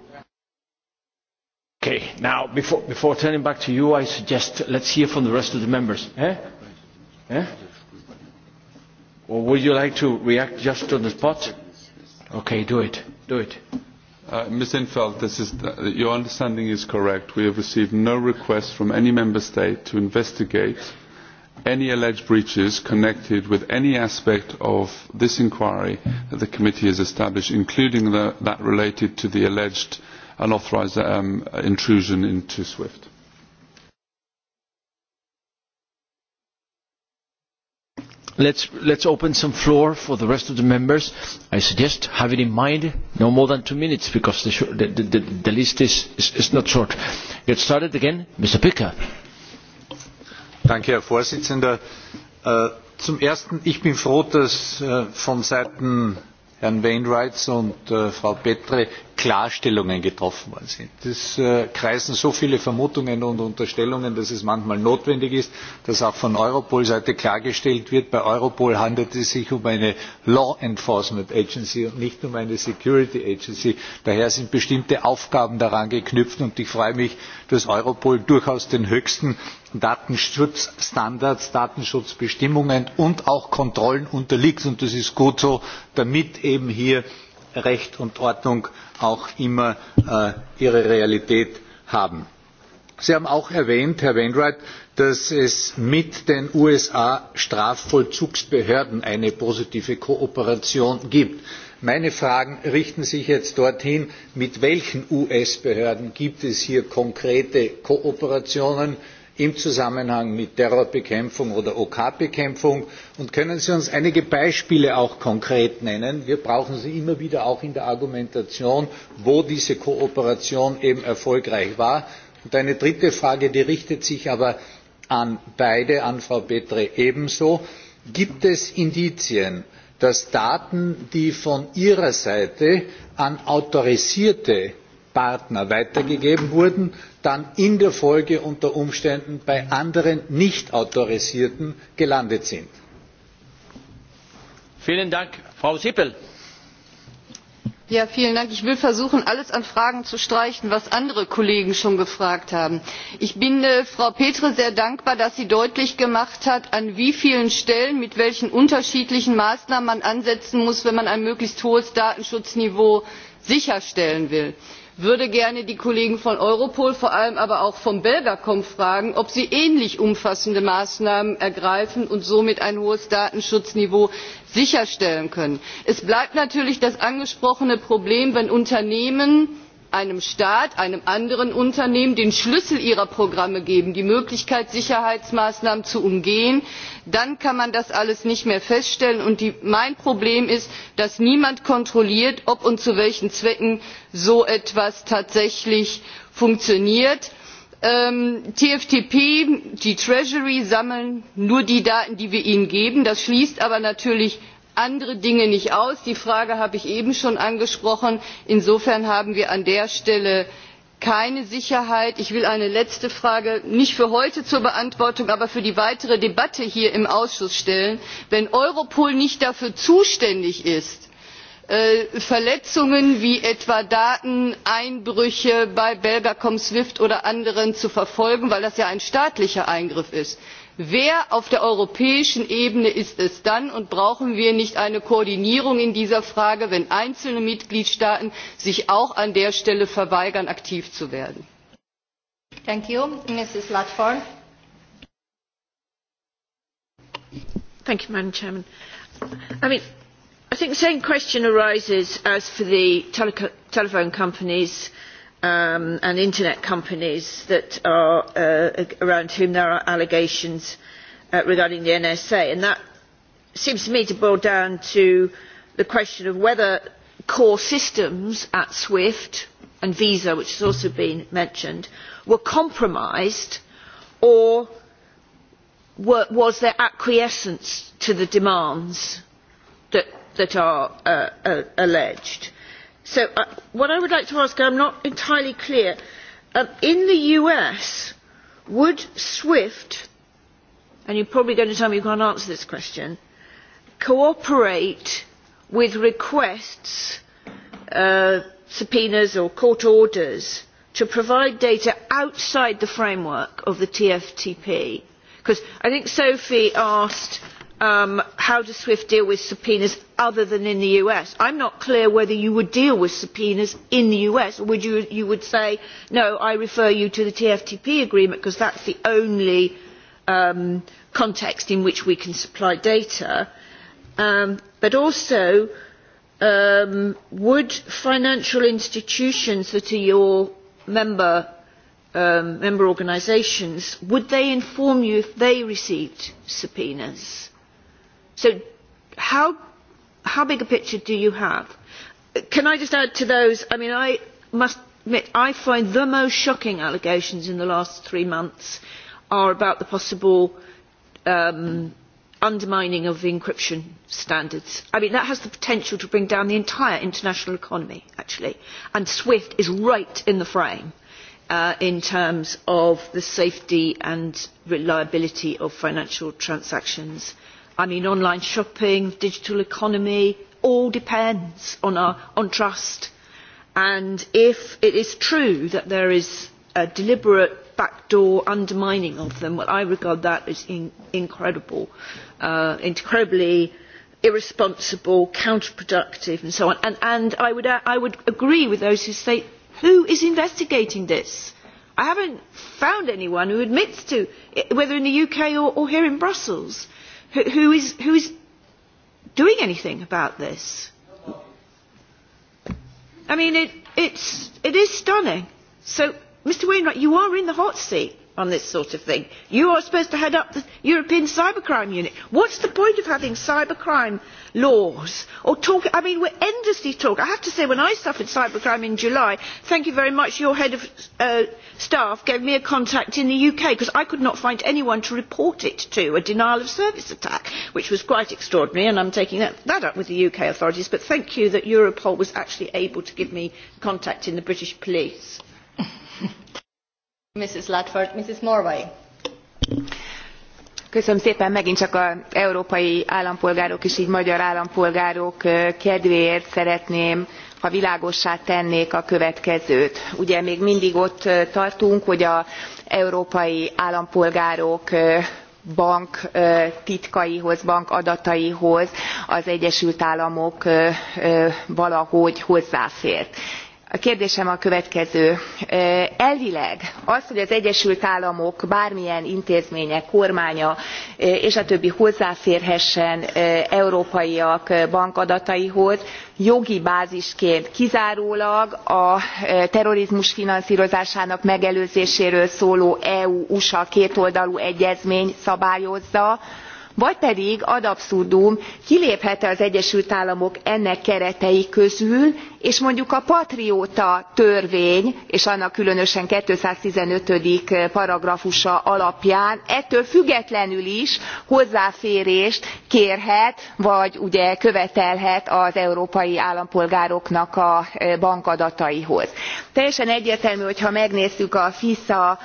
Okay, now before, before turning back to you i suggest let's hear from the rest of the members. Eh? Eh? or would you like to react just on the spot? okay do it do it. Uh, Ms. Infeld, this is your understanding is correct. We have received no request from any member state to investigate any alleged breaches connected with any aspect of this inquiry that the committee has established, including the, that related to the alleged unauthorised um, intrusion into SWIFT. let's let's open some floor for the rest of the members. I suggest have it in mind, no more than two minutes, because the, the, the, the list is, is, is not short. Get started again, Mr. Picker. Danke, Herr Vorsitzender. Äh, zum Ersten, ich bin froh, dass äh, von Seiten Herrn wainwright und äh, Frau Petre Klarstellungen getroffen worden sind. Es äh, kreisen so viele Vermutungen und Unterstellungen, dass es manchmal notwendig ist, dass auch von Europol-Seite klargestellt wird, bei Europol handelt es sich um eine Law Enforcement Agency und nicht um eine Security Agency. Daher sind bestimmte Aufgaben daran geknüpft und ich freue mich, dass Europol durchaus den höchsten datenschutzstandards datenschutzbestimmungen und auch kontrollen unterliegt und das ist gut so damit eben hier recht und ordnung auch immer äh, ihre realität haben. sie haben auch erwähnt herr wainwright dass es mit den usa strafvollzugsbehörden eine positive kooperation gibt. meine fragen richten sich jetzt dorthin mit welchen us behörden gibt es hier konkrete kooperationen? im zusammenhang mit terrorbekämpfung oder ok bekämpfung? und können sie uns einige beispiele auch konkret nennen wir brauchen sie immer wieder auch in der argumentation wo diese kooperation eben erfolgreich war? und eine dritte frage die richtet sich aber an beide an frau petre ebenso gibt es indizien dass daten die von ihrer seite an autorisierte partner weitergegeben wurden dann in der folge unter umständen bei anderen nicht autorisierten gelandet sind. frau sippel ich will versuchen alles an fragen zu streichen was andere kollegen schon gefragt haben. ich bin äh, frau petre sehr dankbar dass sie deutlich gemacht hat an wie vielen stellen mit welchen unterschiedlichen maßnahmen man ansetzen muss wenn man ein möglichst hohes datenschutzniveau sicherstellen will würde gerne die kollegen von europol vor allem aber auch von belgacom fragen ob sie ähnlich umfassende maßnahmen ergreifen und somit ein hohes datenschutzniveau sicherstellen können. es bleibt natürlich das angesprochene problem wenn unternehmen einem staat einem anderen unternehmen den schlüssel ihrer programme geben die möglichkeit sicherheitsmaßnahmen zu umgehen dann kann man das alles nicht mehr feststellen. mein problem ist dass niemand kontrolliert ob und zu welchen zwecken so etwas tatsächlich funktioniert. Ähm, tftp die treasury sammeln nur die daten die wir ihnen geben das schließt aber natürlich andere dinge nicht aus die frage habe ich eben schon angesprochen. insofern haben wir an der stelle keine sicherheit. ich will eine letzte frage nicht für heute zur beantwortung aber für die weitere debatte hier im ausschuss stellen wenn europol nicht dafür zuständig ist äh, verletzungen wie etwa dateneinbrüche bei belgacom swift oder anderen zu verfolgen weil das ja ein staatlicher eingriff ist wer auf der europäischen ebene ist es dann und brauchen wir nicht eine koordinierung in dieser frage wenn einzelne mitgliedstaaten sich auch an der stelle verweigern aktiv zu werden? i think the same question arises as for the telephone companies um, and internet companies that are, uh, around whom there are allegations uh, regarding the NSA. And that seems to me to boil down to the question of whether core systems at SWIFT and Visa, which has also been mentioned, were compromised or were, was there acquiescence to the demands that, that are uh, uh, alleged? Uh, what I would like to ask, i am not entirely clear. Um, in the US, would SWIFT, and you are probably going to tell me you cannot answer this question, cooperate with requests, uh, subpoenas or court orders to provide data outside the framework of the TFTP? Because I think Sophie asked Um, how does swift deal with subpoenas other than in the us? i am not clear whether you would deal with subpoenas in the us or would you, would say no i refer you to the tftp agreement because that is the only um, context in which we can supply data. Um, but also would financial institutions that are your member member organisations would they inform you if they received subpoenas? So how, how big a picture do you have? Can I just add to those, I mean, I must admit, I find the most shocking allegations in the last three months are about the possible um, undermining of encryption standards. I mean, that has the potential to bring down the entire international economy, actually. And SWIFT is right in the frame uh, in terms of the safety and reliability of financial transactions I mean, online shopping, the digital economy, all depends on, our, uh, on trust. And if it is true that there is a deliberate backdoor undermining of them, well, I regard that as in, incredible, uh, incredibly irresponsible, counterproductive, and so on. And, and I, would, uh, I would agree with those who say, who is investigating this? I haven't found anyone who admits to, whether in the UK or, or here in Brussels Who, who, is, who is doing anything about this? I mean, it, it's, it is stunning. So, Mr Wainwright, you are in the hot seat on this sort of thing. You are supposed to head up the European Cybercrime Unit. What's the point of having cybercrime laws? Or talk, I mean, we're endlessly talking. I have to say, when I suffered cybercrime in July, thank you very much, your head of uh, staff gave me a contact in the UK because I could not find anyone to report it to, a denial of service attack, which was quite extraordinary, and I'm taking that, that up with the UK authorities. But thank you that Europol was actually able to give me contact in the British police megint csak az európai állampolgárok és gy magyar állampolgárok kedvéért szeretném ha világossá tennék a következőt ugye még mindig ott tartunk hogy az európai állampolgárok banktitkaihoz bankadataihoz az egyesült államok valahogy hozzáfért a kérdésem a következő elvileg az hogy az egyesült államok bármilyen intézménye kormánya és a többi hozzáférhessen európaiak bankadataihoz jogi bázisként kizárólag a terrorizmus finanszrozásának megelőzéséről szóló eu usa kétoldalú egyezmény szabályozza vagy pedig ad absurdum kiléphet e az egyesült államok ennek keretei közül és mondjuk a patrióta törvény és annak különösen two hundred and fifteen paragrafusa alapján ettől függetlenül is hozzáférést kérhet vagy ugye követelhet az európai állampolgároknak a bankadataihoz. teljesen egyértelmű hogy ha megnézzük a fisza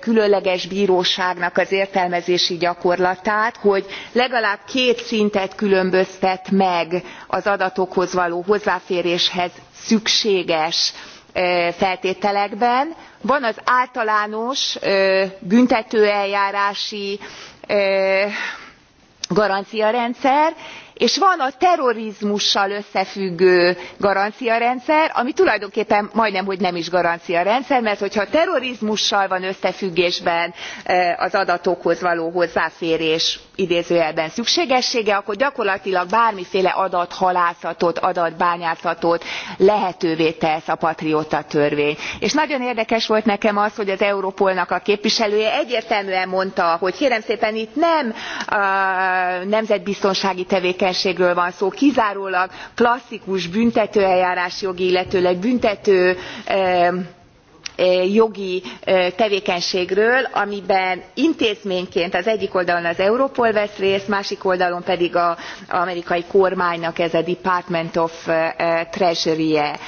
különleges bróságnak az értelmezési gyakorlatát hogy legalább két szintet különböztet meg az adatokhoz való hozzáférés működéshez szükséges feltételekben van az általános büntetőeljárási garanciarendszer és van a terrorizmussal összefüggő garanciarendszer ami tulajdonképpen majdnem hogy nem is garanciarendszer mert hogyha a terrorizmussal van összefüggésben az adatokhoz való hozzáférés idézőjelben szükségessége akkor gyakorlatilag bármiféle adathalászatot adatbányászatot lehetővé tesz a patrióta törvény. és nagyon érdekes volt nekem az hogy az europolnak a képviselője egyértelműen mondta hogy kérem szépen itt nem nemzetbiztonsági tevékenységről van szó kizárólag klasszikus büntetőeljárásjogi illetőleg büntető jogi tevékenységről amiben intézményként az egyik oldalon az europol vesz részt másik oldalon pedig az amerikai kormánynak ez a department of treasury je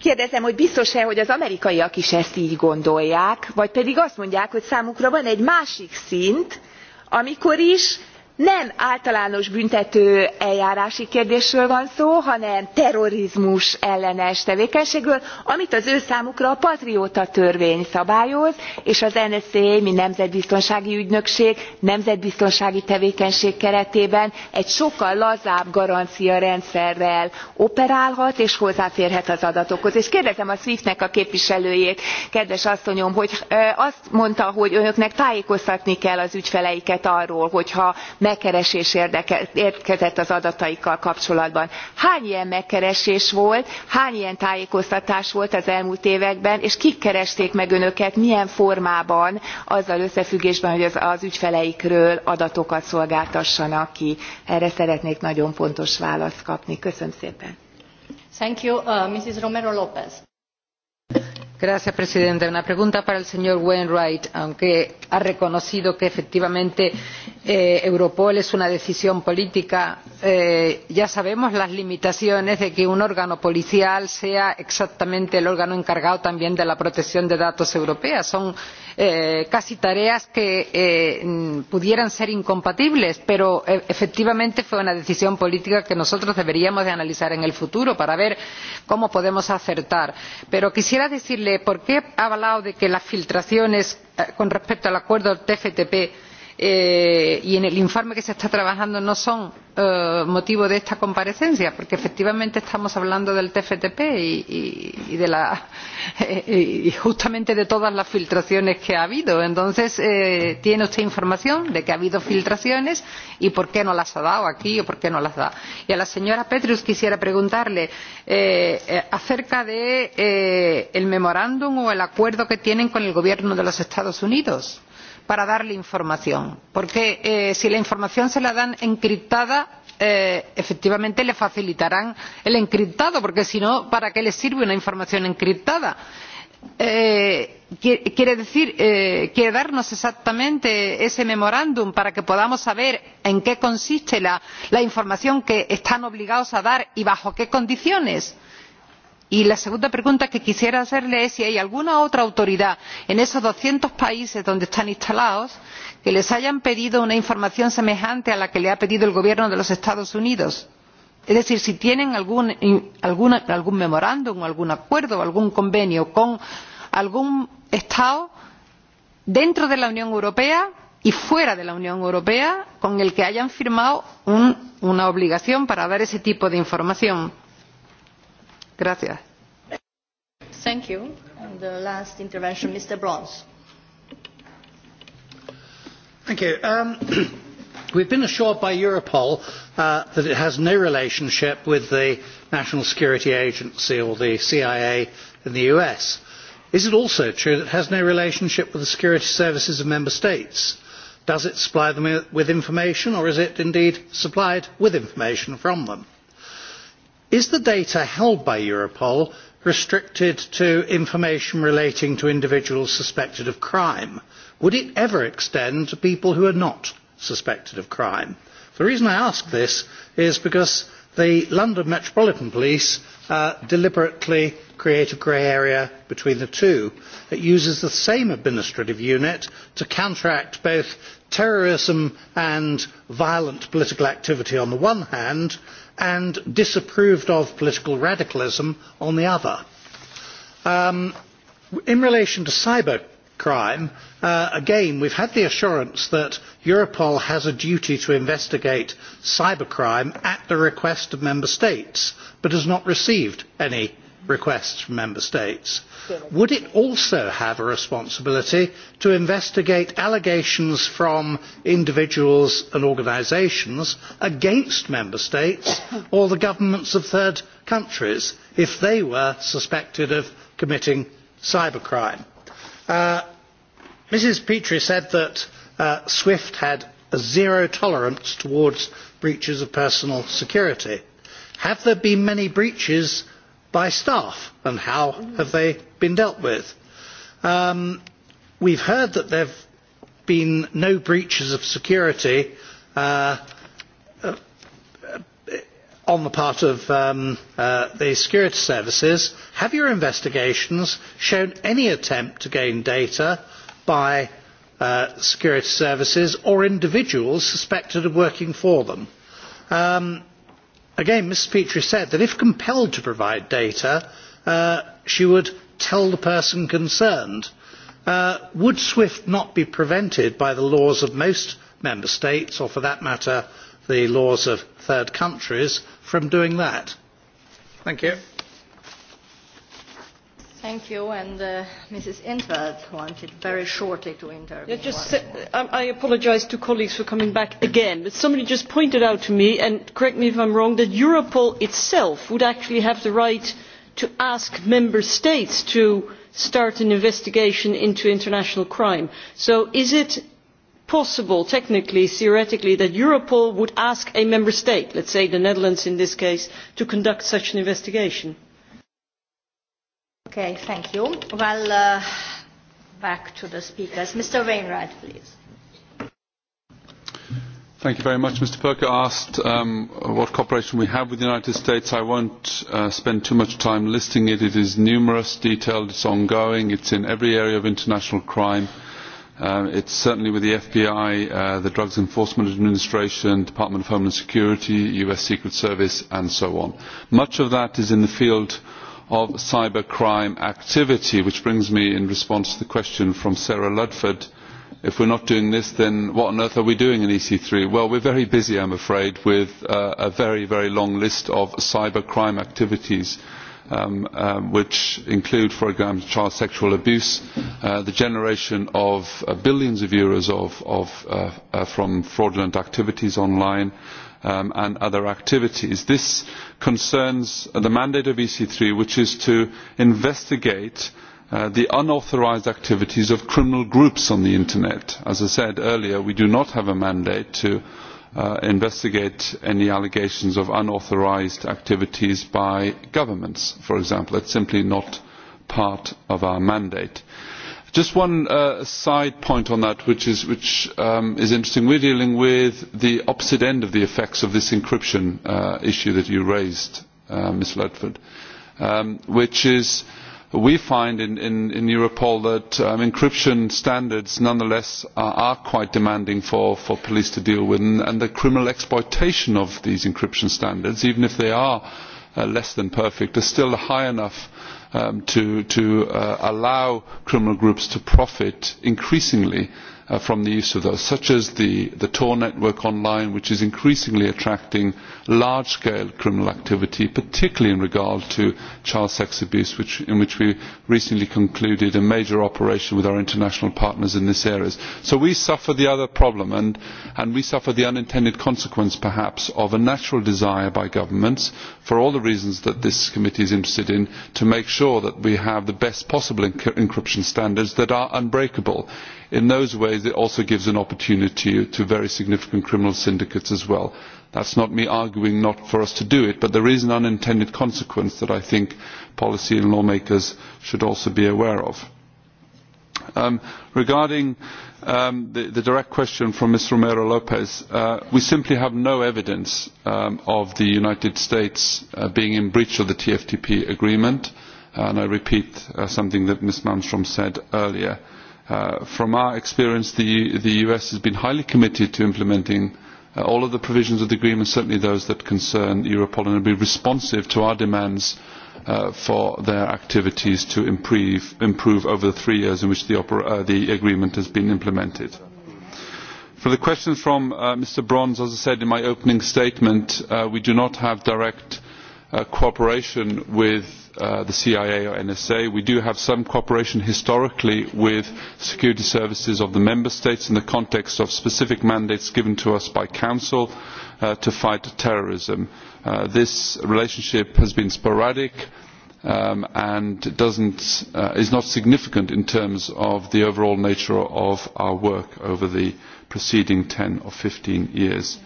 kérdezem hogy biztos e hogy az amerikaiak is ezt gy gondolják vagy pedig azt mondják hogy számukra van egy másik szint amikor is nem általános büntetőeljárási kérdésről van szó hanem terrorizmus ellenes tevékenységről amit az ő számukra a patrióta törvény szabályoz és az nsa mint nemzetbiztonsági ügynökség nemzetbiztonsági tevékenység keretében egy sokkal lazább garanciarendszerrel operálhat és hozzáférhet az adatokhoz. és kérdezem a swift nek a képviselőjét kedves asszonyom hogy azt mondta hogy önöknek tájékoztatni kell az ügyfeleiket arról hogyha megkeresés érkezett az adataikkal kapcsolatban. hány ilyen megkeresés volt hány ilyen tájékoztatás volt az elmúlt években és kik keresték meg önöket milyen formában azzal összefüggésben hogy az, az ügyfeleikről adatokat szolgáltassanak ki? erre szeretnék nagyon pontos választ kapni. köszönöm szépen. Thank you, uh, Mrs. Romero López. Gracias, presidente. Una pregunta para el señor Wainwright, aunque ha reconocido que efectivamente eh, europol es una decisión política eh, ya sabemos las limitaciones de que un órgano policial sea exactamente el órgano encargado también de la protección de datos europea son eh, casi tareas que pudieran ser incompatibles pero efectivamente fue una decisión política que nosotros deberíamos de analizar en el futuro para ver cómo podemos acertar. pero quisiera decirle por qué ha hablado de que las filtraciones Eh, con respecto al acuerdo tftp Eh, y en el informe que se está trabajando no son eh, motivo de esta comparecencia, porque efectivamente estamos hablando del TFTP y, y, y, de la, eh, *laughs* y justamente de todas las filtraciones que ha habido. Entonces, eh, ¿tiene usted información de que ha habido filtraciones y por qué no las ha dado aquí o por qué no las da? Y a la señora Petrus quisiera preguntarle eh, eh acerca de eh, memorándum o el acuerdo que tienen con el gobierno de los Estados Unidos. Eh, para darle información porque eh, si la información se la dan encriptada eh, efectivamente le facilitarán el encriptado porque si no para qué le sirve una información encriptada? Eh, quiere decir eh, quiere darnos exactamente ese memorándum para que podamos saber en qué consiste la, la información que están obligados a dar y bajo qué condiciones? y la segunda pregunta que quisiera hacerle es si hay alguna otra autoridad en esos doscientos países donde están instalados que les haya pedido una información semejante a la que le ha pedido el gobierno de los estados unidos es decir si tienen algún, algún, algún memorándum algún acuerdo o algún convenio con algún estado dentro de la unión europea y fuera de la unión europea con el que hayan firmado una obligación para dar ese tipo de información. Um, *clears throat* we have been assured by europol uh, that it has no relationship with the national security agency or the cia in the us. is it also true that it has no relationship with the security services of member states? does it supply them with information or is it indeed supplied with information from them? is the data held by europol restricted to information relating to individuals suspected of crime? would it ever extend to people who are not suspected of crime? the reason i ask this is because the london metropolitan police uh, deliberately create a grey area between the two. it uses the same administrative unit to counteract both terrorism and violent political activity on the one hand and disapproved of political radicalism on the other. Um, in relation to cybercrime, uh, again, we've had the assurance that Europol has a duty to investigate cybercrime at the request of member states, but has not received any requests from member states would it also have a responsibility to investigate allegations from individuals and organisations against member states *coughs* or the governments of third countries if they were suspected of committing cybercrime? Uh, mrs petrie said that uh, swift had a zero tolerance towards breaches of personal security. have there been many breaches by staff and how have they been dealt with? Um, we've heard that there have been no breaches of security uh, uh, on the part of um, uh, the security services. Have your investigations shown any attempt to gain data by uh, security services or individuals suspected of working for them? Um, again ms Petri said that if compelled to provide data uh, she would tell the person concerned. Uh, would swift not be prevented by the laws of most member states or for that matter the laws of third countries from doing that? Thank you. Thank you. And uh, Mrs. Intveld wanted very shortly to intervene. Yeah, just say, um, I, I apologise to colleagues for coming back again, but somebody just pointed out to me, and correct me if I'm wrong, that Europol itself would actually have the right to ask member states to start an investigation into international crime. So is it possible, technically, theoretically, that Europol would ask a member state, let's say the Netherlands in this case, to conduct such an investigation? Okay, thank you. Well, uh, back to the speakers. Mr. Wainwright, please. Thank you very much. Mr. Perker asked um, what cooperation we have with the United States. I won't uh, spend too much time listing it. It is numerous, detailed, it's ongoing, it's in every area of international crime. Um, it's certainly with the FBI, uh, the Drugs Enforcement Administration, Department of Homeland Security, US Secret Service, and so on. Much of that is in the field of of cybercrime activity which brings me in response to the question from sarah ludford if we are not doing this then what on earth are we doing in ec three? well we are very busy i am afraid with uh, a very very long list of cybercrime activities um, um, which include for example child sexual abuse uh, the generation of uh, billions of euros of, of, uh, uh, from fraudulent activities online and um, and other activities. This concerns the mandate of EC3, which is to investigate uh, the unauthorised activities of criminal groups on the Internet. As I said earlier, we do not have a mandate to uh, investigate any allegations of unauthorised activities by governments, for example. It's simply not part of our mandate Just one uh, side point on that, which, is, which um, is interesting. We're dealing with the opposite end of the effects of this encryption uh, issue that you raised, uh, Ms. Ledford, um, which is we find in, in, in Europol that um, encryption standards nonetheless are, are quite demanding for, for police to deal with, and, and the criminal exploitation of these encryption standards, even if they are uh, less than perfect, is still high enough um, to, to uh, allow criminal groups to profit increasingly uh, from the use of those, such as the, the Tor network online, which is increasingly attracting large-scale criminal activity, particularly in regard to child sex abuse, which, in which we recently concluded a major operation with our international partners in this area. So we suffer the other problem, and, and we suffer the unintended consequence, perhaps, of a natural desire by governments, for all the reasons that this committee is interested in, to make sure that we have the best possible encryption standards that are unbreakable. In those ways, it also gives an opportunity to very significant criminal syndicates as well. That's not me arguing not for us to do it, but there is an unintended consequence that I think policy and lawmakers should also be aware of. Um, regarding um, the, the direct question from Ms. Romero Lopez, uh, we simply have no evidence um, of the United States uh, being in breach of the TFTP agreement. Uh, and I repeat uh, something that Ms. Malmstrom said earlier. Uh, from our experience, the, U the US has been highly committed to implementing uh, all of the provisions of the agreement, certainly those that concern Europol, and will be responsive to our demands uh, for their activities to improve, improve over the three years in which the, uh, the agreement has been implemented. For the question from uh, Mr. Bronze, as I said in my opening statement, uh, we do not have direct uh, cooperation with Uh, the CIA or NSA. We do have some cooperation historically with security services of the member states in the context of specific mandates given to us by Council uh, to fight terrorism. Uh, this relationship has been sporadic um, and doesn't, uh, is not significant in terms of the overall nature of our work over the preceding 10 or 15 years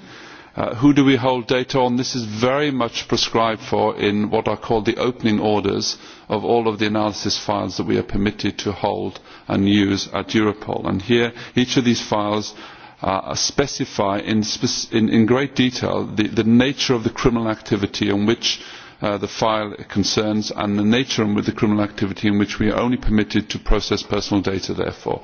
Uh, who do we hold data on? This is very much prescribed for in what are called the opening orders of all of the analysis files that we are permitted to hold and use at Europol. And here, each of these files uh, specify in, spec in, in great detail the, the nature of the criminal activity on which Uh, the file concerns and the nature of the criminal activity in which we are only permitted to process personal data therefore.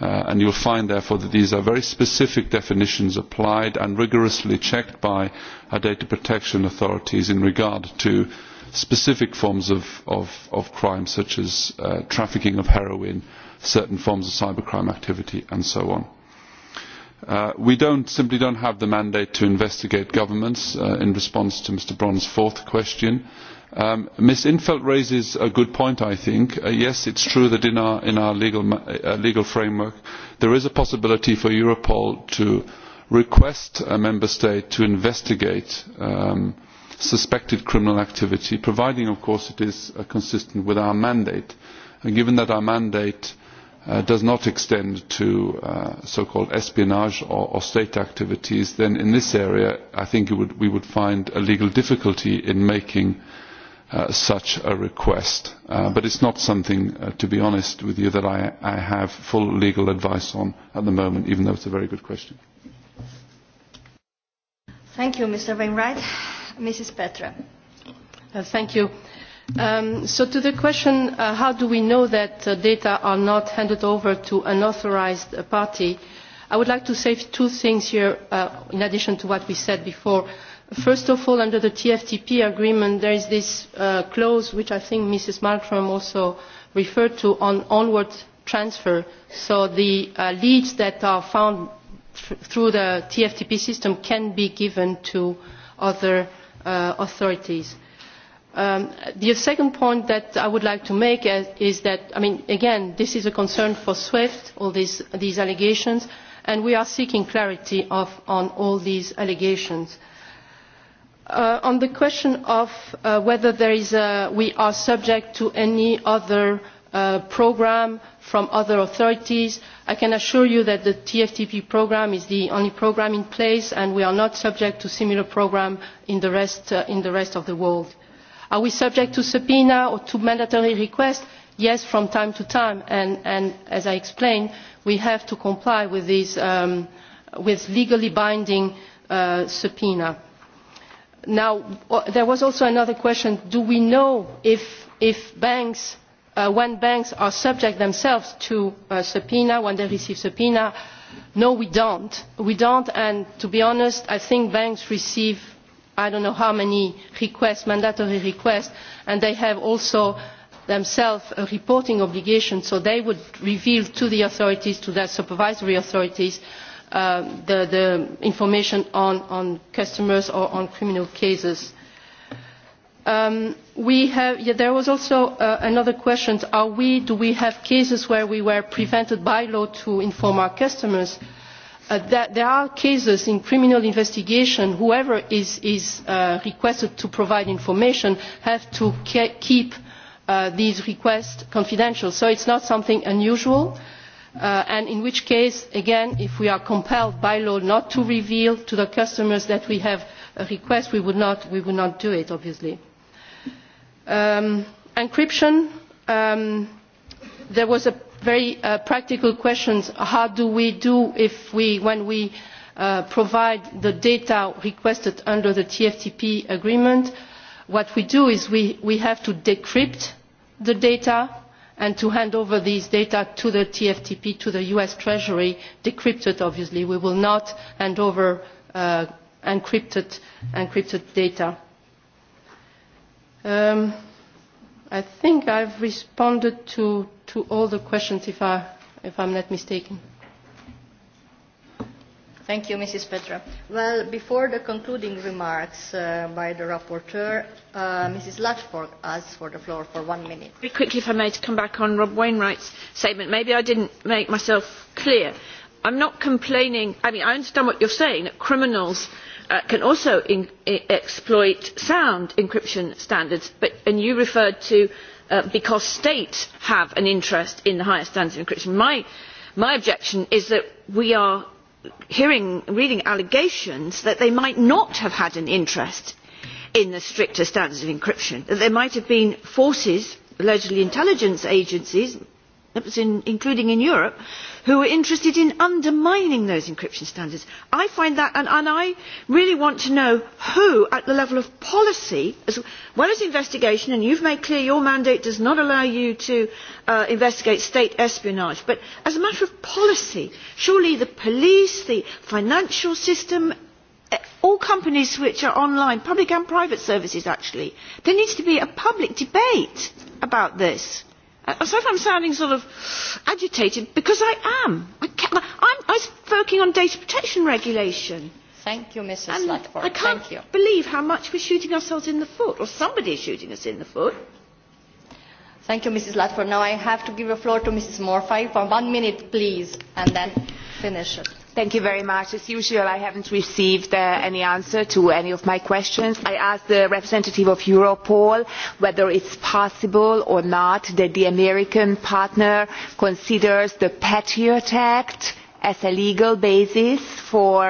Uh, and you'll find, therefore, that these are very specific definitions applied and rigorously checked by our data protection authorities in regard to specific forms of, of, of crime, such as uh, trafficking of heroin, certain forms of cybercrime activity, and so on. Uh, we don't, simply don't have the mandate to investigate governments uh, in response to Mr. Braun's fourth question. Um, in 't veld raises a good point, I think. yes uh, yes, it's true that in our, in our legal, uh, legal framework, there is a possibility for Europol to request a member state to investigate um, suspected criminal activity, providing, of course, it is uh, consistent with our mandate. And given that our mandate uh, does not extend to uh, so-called espionage or, or state activities, then in this area, I think it would, we would find a legal difficulty in making uh, Uh, such a request. Uh, but it's not something, uh, to be honest with you, that I, I have full legal advice on at the moment, even though it's a very good question. Thank you, Mr. Wainwright. Mrs. Petra. Uh, thank you. Um, so to the question, uh, how do we know that uh, data are not handed over to an authorized uh, party, I would like to say two things here uh, in addition to what we said before. Uh, first of all under the tftp agreement there is this uh, clause which i think mrs malmstrm also referred to on onward transfer so the uh, leads that are found through the tftp system can be given to other uh, authorities. Um, the second point that i would like to make uh, is that I mean, again this is a concern for swift all these, these allegations and we are seeking clarity of, on all these allegations Uh, on the question of uh, whether a, we are subject to any other uh, programme from other authorities i can assure you that the tftp programme is the only programme in place and we are not subject to similar programmes in, uh, in the rest of the world. are we subject to subpoena or to mandatory requests? yes from time to time and, and as i explained we have to comply with these um, with legally binding uh, subpoenas Now, uh, there was also another question do we know if, banks uh, when banks are subject themselves to a uh, subpoena when they receive a subpoena? no we do not. we do not and to be honest i think banks receive i do not know how many requests mandatory requests and they have also themselves a reporting obligation so they would reveal to the authorities to their supervisory authorities Uh, the, the information on, on customers or on criminal cases. Um, we have, yeah, there was also uh, another question are we, do we have cases where we were prevented by law to inform our customers? Uh, that there are cases in criminal investigation whoever is, is uh, requested to provide information has to ke keep uh, these requests confidential so it's not something unusual. Uh, and in which case again if we are compelled by law not to reveal to the customers that we have a request we would not, we would not do it obviously. Um, encryption um, there was a very uh, practical question how do we do if we when we uh, provide the data requested under the tftp agreement what we do is we, we have to decrypt the data and to hand over these data to the tftp to the us treasury decrypted obviously we will not hand over uh, encrypted, data. Um, i think i have responded to, all the questions if, I, am not mistaken. Thank you, Mrs. Petra. Well, before the concluding remarks uh, by the rapporteur, uh, Mrs. Latchford asks for the floor for one minute. Very quickly, if I may, to come back on Rob Wainwright's statement. Maybe I didn't make myself clear. I'm not complaining. I mean, I understand what you're saying, that criminals uh, can also in, I, e, exploit sound encryption standards, but, and you referred to uh, because states have an interest in the highest standards of encryption. My, my objection is that we are hearing reading allegations that they might not have had an interest in the stricter standards of encryption that there might have been forces allegedly intelligence agencies in, including in Europe, who are interested in undermining those encryption standards. I find that, and, and I really want to know who, at the level of policy, as well as investigation, and you've made clear your mandate does not allow you to uh, investigate state espionage, but as a matter of policy, surely the police, the financial system, eh, all companies which are online, public and private services actually, there needs to be a public debate about this I said I'm sounding sort of agitated, because I am. I can't, I'm, I'm working on data protection regulation. Thank you, Mrs. And Ludford. I can't Thank you. believe how much we're shooting ourselves in the foot, or somebody is shooting us in the foot. Thank you, Mrs. Ludford. Now I have to give the floor to Mrs. Morphy for one minute, please, and then finish it thank you very much. as usual i have not received uh, any answer to any of my questions. i asked the representative of europol whether it is possible or not that the american partner considers the patriot act as a legal basis for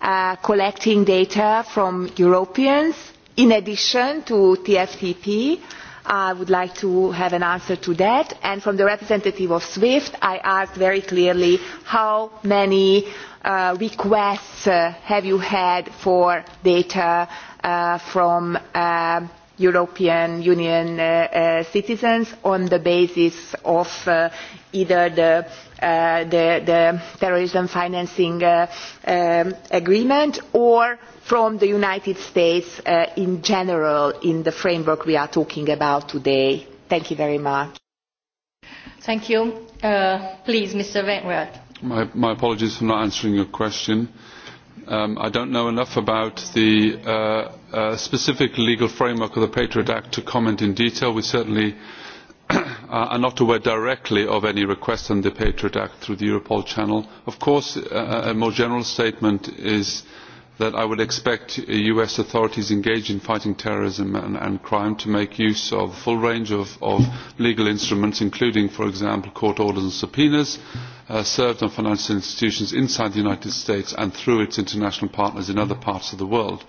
uh, collecting data from europeans in addition to tftp i would like to have an answer to that and from the representative of swift i asked very clearly how many uh, requests uh, have you had for data uh, from european union citizens on the basis of either the Uh, the, terrorism financing uh, um, agreement or from the united states uh, in general in the framework we are talking about today? thank you very much. thank you. please mr wainwright. My, my apologies for not answering your question. Um, I don't know enough about the uh, uh, specific legal framework of the Patriot Act to comment in detail. We certainly *coughs* are not aware directly of any request on the Patriot Act through the Europol channel. Of course, a more general statement is that I would expect US authorities engaged in fighting terrorism and, and crime to make use of the full range of, of, legal instruments, including, for example, court orders and subpoenas uh, served on financial institutions inside the United States and through its international partners in other parts of the world.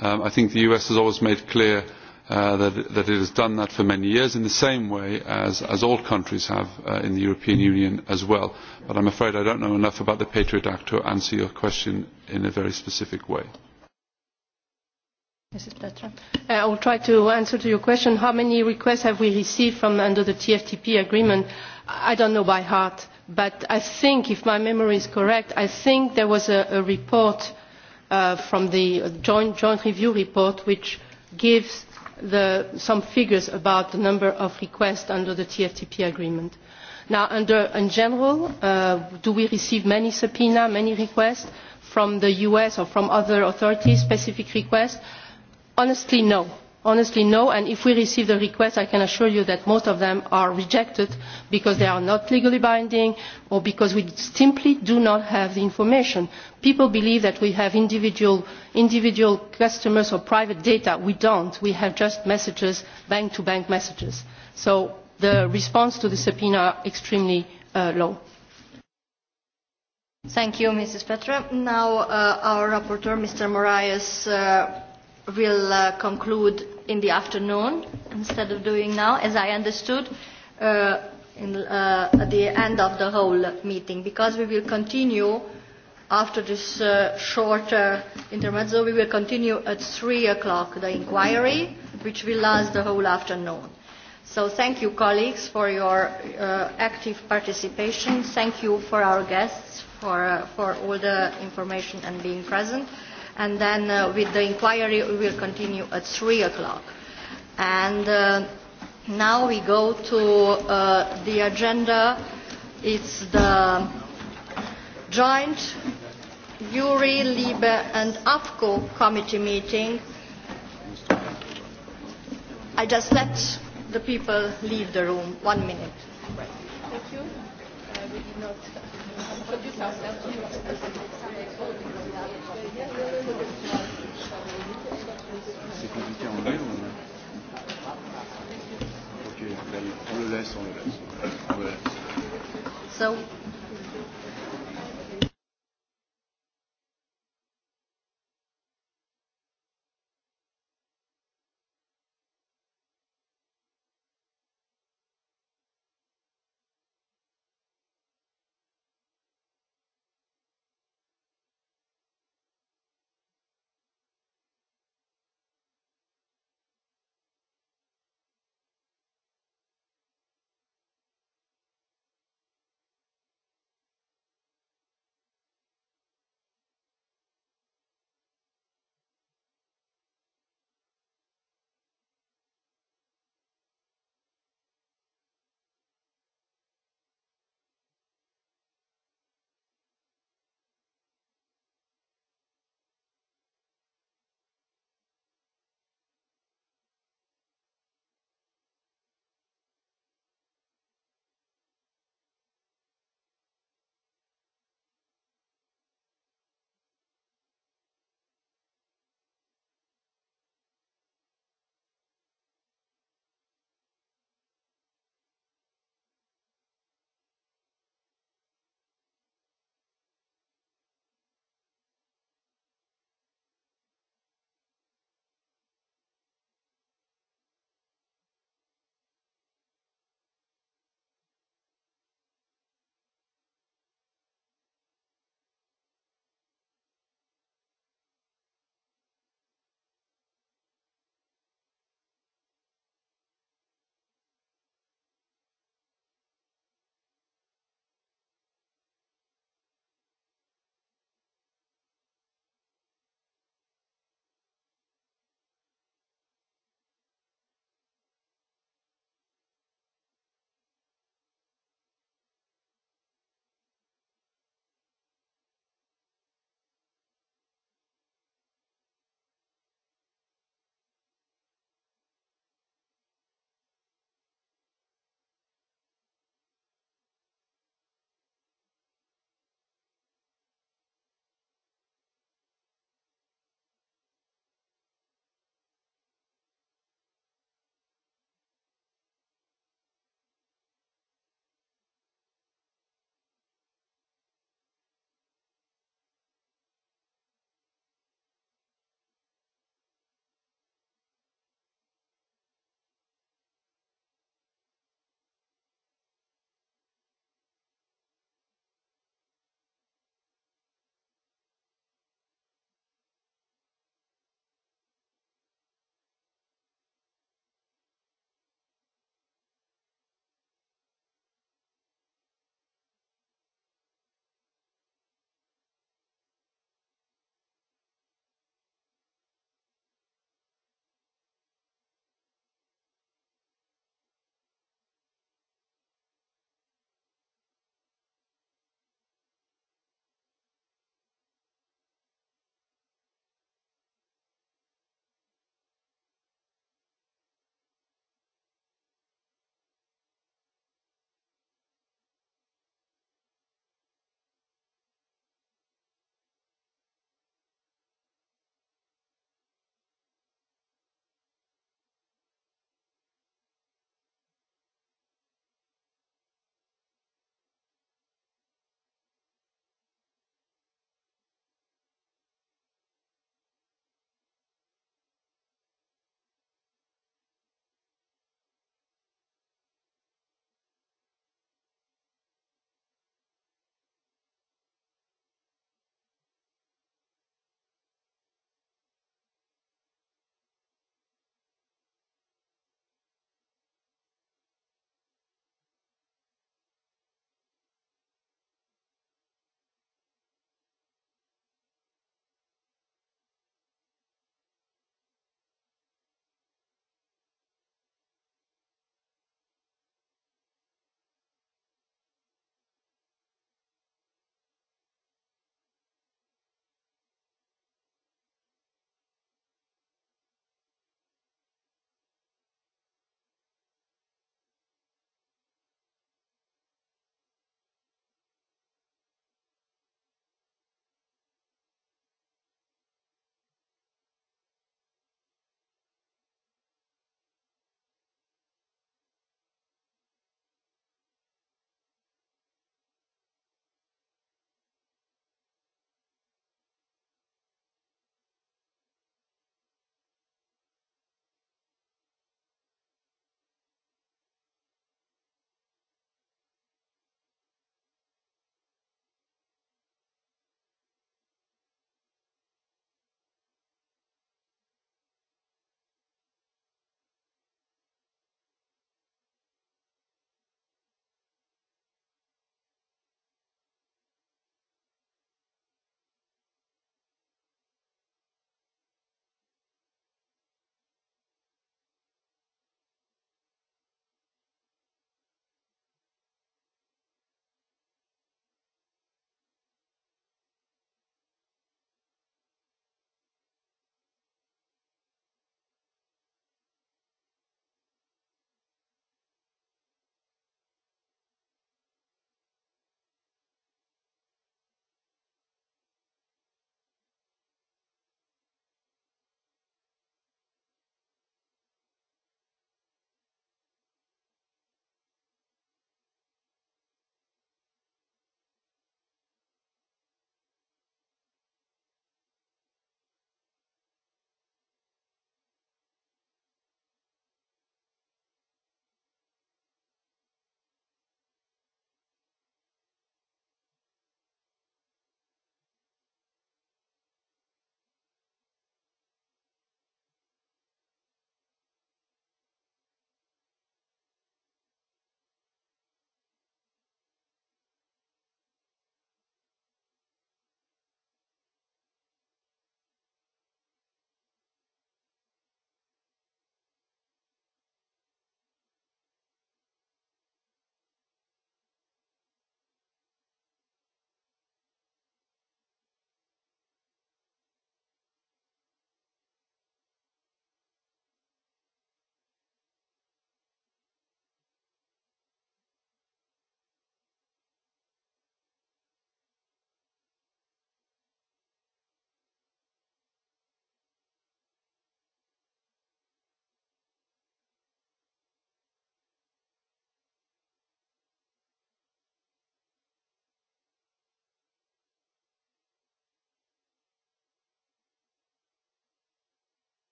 Um, I think the US has always made clear Uh, that, that it has done that for many years in the same way as, as all countries have uh, in the European Union as well. But I'm afraid I don't know enough about the Patriot Act to answer your question in a very specific way. Mrs. Petra, uh, I will try to answer to your question. How many requests have we received from under the TFTP agreement? I don't know by heart, but I think, if my memory is correct, I think there was a, a report uh, from the joint, joint review report which gives some figures about the number of requests under the TFTP agreement. Now, in general, uh, do we receive many subpoenas, many requests from the US or from other authorities, specific requests? Honestly, no honestly no and if we receive the requests i can assure you that most of them are rejected because they are not legally binding or because we simply do not have the information. people believe that we have individual customers or private data we do not we have just messages bank to bank messages so the response to the subpoena is extremely uh, low. Thank you, Mrs. Petra. Now, uh, our rapporteur, Mr. Moraes, uh, will conclude in the afternoon instead of doing now, as I understood, uh, in, uh, at the end of the whole meeting, because we will continue after this uh, short uh, intermezzo, we will continue at 3 o'clock the inquiry, which will last the whole afternoon. So thank you, colleagues, for your uh, active participation. Thank you for our guests for, uh, for all the information and being present and then uh, with the inquiry we will continue at 3 o'clock. And uh, now we go to uh, the agenda. It's the joint URI, LIBE and AFCO committee meeting. I just let the people leave the room. One minute. Thank you. Uh, we did not laisse, on le laisse. On le laisse. So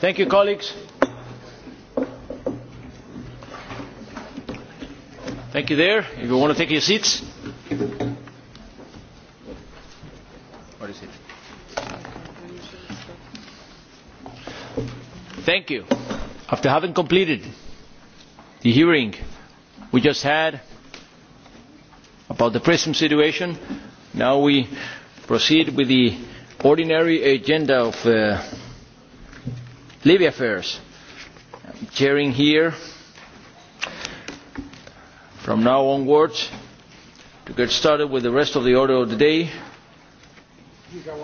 Thank you, colleagues. Thank you there. If you want to take your seats. Thank you. After having completed the hearing we just had about the prism situation, now we proceed with the ordinary agenda of uh, Libya affairs. Chairing here from now onwards to get started with the rest of the order of the day.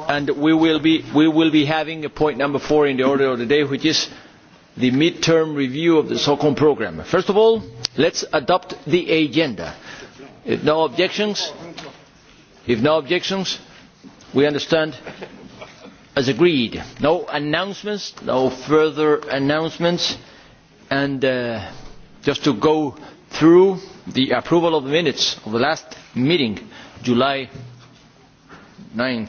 And we will be, we will be having a point number four in the order of the day, which is the mid-term review of the SOCOM program. First of all, let's adopt the agenda. If no objections, if no objections, we understand as agreed. No announcements, no further announcements. And uh, just to go through the approval of the minutes of the last meeting, July 9 and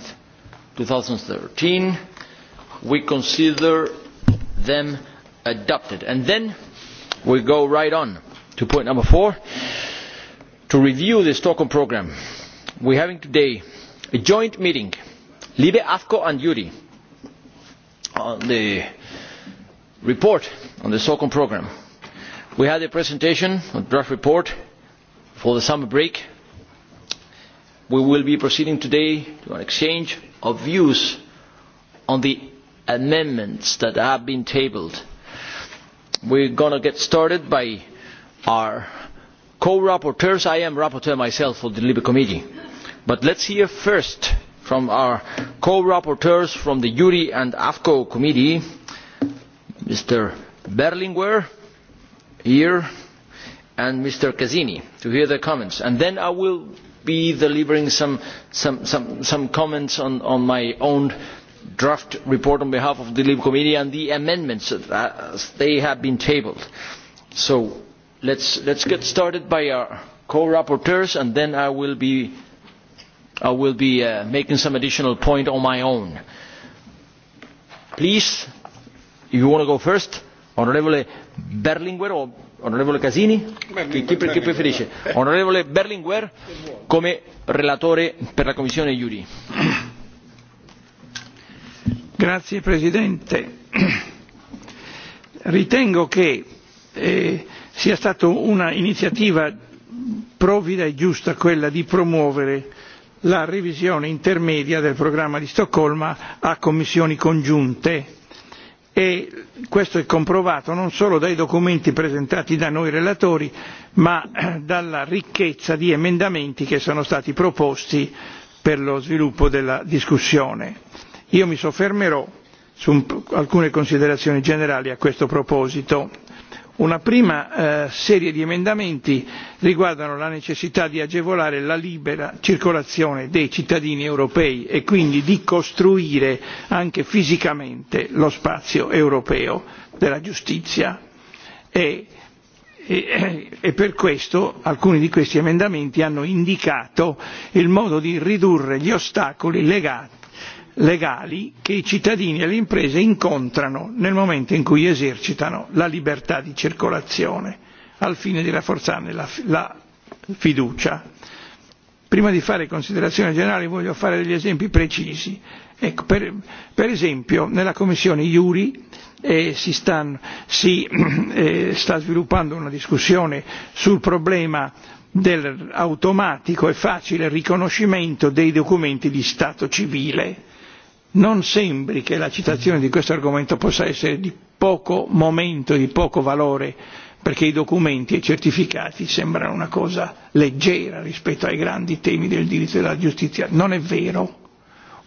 2013, we consider them adopted. And then we go right on to point number four, to review the Stockholm programme. We're having today a joint meeting liebe AFCO and Yuri on the report on the SOCOM program. We had a presentation, a draft report for the summer break. We will be proceeding today to an exchange of views on the amendments that have been tabled. We're going to get started by our co-rapporteurs. I am rapporteur myself for the Libre Committee. But let's hear first from our co rapporteurs from the juri and afco committee mr berlinguer here and mr casini to hear their comments and then i will be delivering some, some, some, some comments on, on my own draft report on behalf of the libe committee and the amendments as they have been tabled. so let us get started by our co rapporteurs and then i will be I will be uh, making some additional point on my own. Please, if you want to go first? Onorevole Berlinguer or onorevole Casini? Berlinguer, chi, chi preferisce? Onorevole Berlinguer come relatore per la Commissione Iuri. Grazie Presidente. Ritengo che eh, sia stata un'iniziativa provvida e giusta quella di promuovere la revisione intermedia del programma di Stoccolma a commissioni congiunte e questo è comprovato non solo dai documenti presentati da noi relatori ma eh, dalla ricchezza di emendamenti che sono stati proposti per lo sviluppo della discussione. Io mi soffermerò su alcune considerazioni generali a questo proposito una prima eh, serie di emendamenti riguardano la necessità di agevolare la libera circolazione dei cittadini europei e quindi di costruire anche fisicamente lo spazio europeo della giustizia e, e, e per questo alcuni di questi emendamenti hanno indicato il modo di ridurre gli ostacoli legati legali che i cittadini e le imprese incontrano nel momento in cui esercitano la libertà di circolazione al fine di rafforzarne la, la fiducia. Prima di fare considerazioni generali voglio fare degli esempi precisi. Ecco, per, per esempio nella commissione Iuri eh, si, stan, si eh, sta sviluppando una discussione sul problema dell'automatico e facile riconoscimento dei documenti di stato civile non sembri che la citazione di questo argomento possa essere di poco momento, di poco valore, perché i documenti e i certificati sembrano una cosa leggera rispetto ai grandi temi del diritto e della giustizia. Non è vero.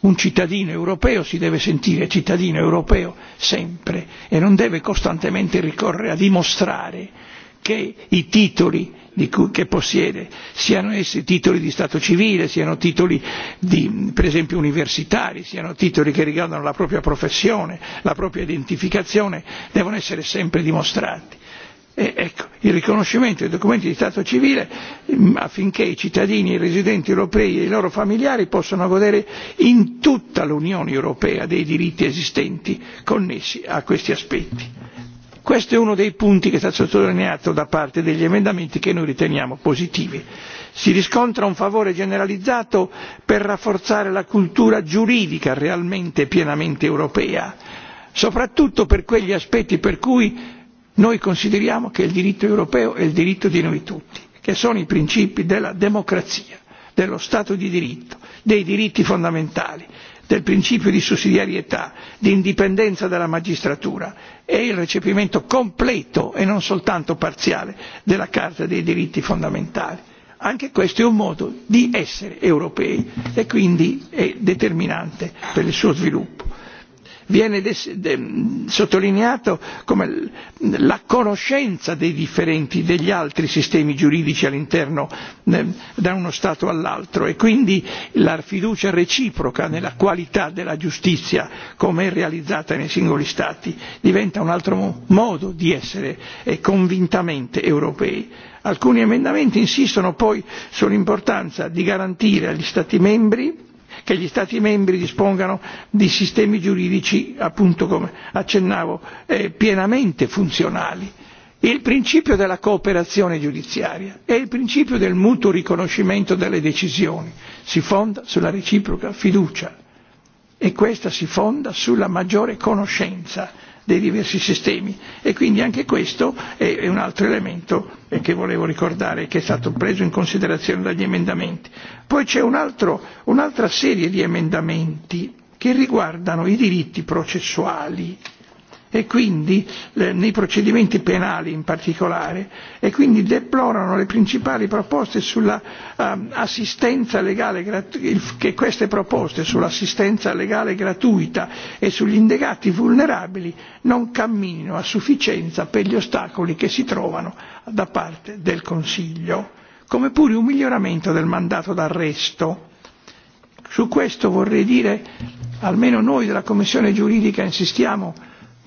Un cittadino europeo si deve sentire cittadino europeo sempre e non deve costantemente ricorrere a dimostrare che i titoli cui, che possiede, siano essi titoli di Stato civile, siano titoli di, per esempio universitari, siano titoli che riguardano la propria professione, la propria identificazione, devono essere sempre dimostrati. E, ecco, il riconoscimento dei documenti di stato civile mm, affinché i cittadini i residenti europei e i loro familiari possano godere in tutta l'unione europea dei diritti esistenti connessi a questi aspetti questo è uno dei punti che è stato sottolineato da parte degli emendamenti che noi riteniamo positivi. si riscontra un favore generalizzato per rafforzare la cultura giuridica realmente e pienamente europea soprattutto per quegli aspetti per cui noi consideriamo che il diritto europeo è il diritto di noi tutti che sono i principi della democrazia dello stato di diritto dei diritti fondamentali del principio di sussidiarietà di indipendenza della magistratura e il recepimento completo e non soltanto parziale della carta dei diritti fondamentali. anche questo è un modo di essere europei e quindi è determinante per il suo sviluppo viene sottolineato come la conoscenza dei differenti degli altri sistemi giuridici all'interno da uno Stato all'altro e quindi la fiducia reciproca nella qualità della giustizia come è realizzata nei singoli Stati diventa un altro modo di essere eh, convintamente europei. Alcuni emendamenti insistono poi sull'importanza di garantire agli Stati membri che gli Stati membri dispongano di sistemi giuridici, appunto come accennavo, eh, pienamente funzionali. Il principio della cooperazione giudiziaria e il principio del mutuo riconoscimento delle decisioni si fonda sulla reciproca fiducia e questa si fonda sulla maggiore conoscenza dei diversi sistemi e quindi anche questo è un altro elemento eh, che volevo ricordare che è stato preso in considerazione dagli emendamenti. Poi c'è un altro, un'altra serie di emendamenti che riguardano i diritti processuali e quindi nei procedimenti penali in particolare e quindi deplorano le principali proposte sull'assistenza ehm, legale che queste proposte sull'assistenza legale gratuita e sugli indagati vulnerabili non camminino a sufficienza per gli ostacoli che si trovano da parte del consiglio come pure un miglioramento del mandato d'arresto. su questo vorrei dire almeno noi della commissione giuridica insistiamo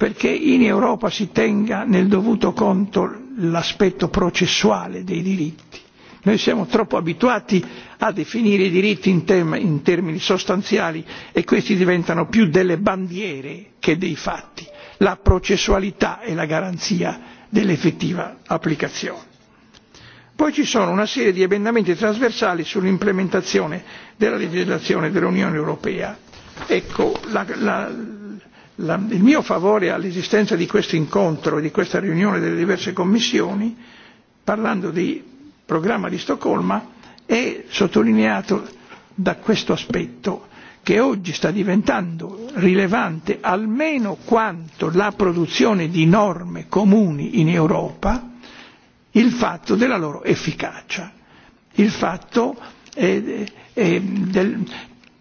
perché in Europa si tenga nel dovuto conto l'aspetto processuale dei diritti. Noi siamo troppo abituati a definire i diritti in, tem- in termini sostanziali e questi diventano più delle bandiere che dei fatti. La processualità è la garanzia dell'effettiva applicazione. Poi ci sono una serie di emendamenti trasversali sull'implementazione della legislazione dell'Unione Europea. Ecco, la, la, la, il mio favore all'esistenza di questo incontro e di questa riunione delle diverse commissioni parlando di programma di Stoccolma è sottolineato da questo aspetto che oggi sta diventando rilevante almeno quanto la produzione di norme comuni in Europa il fatto della loro efficacia, il fatto eh, eh, del,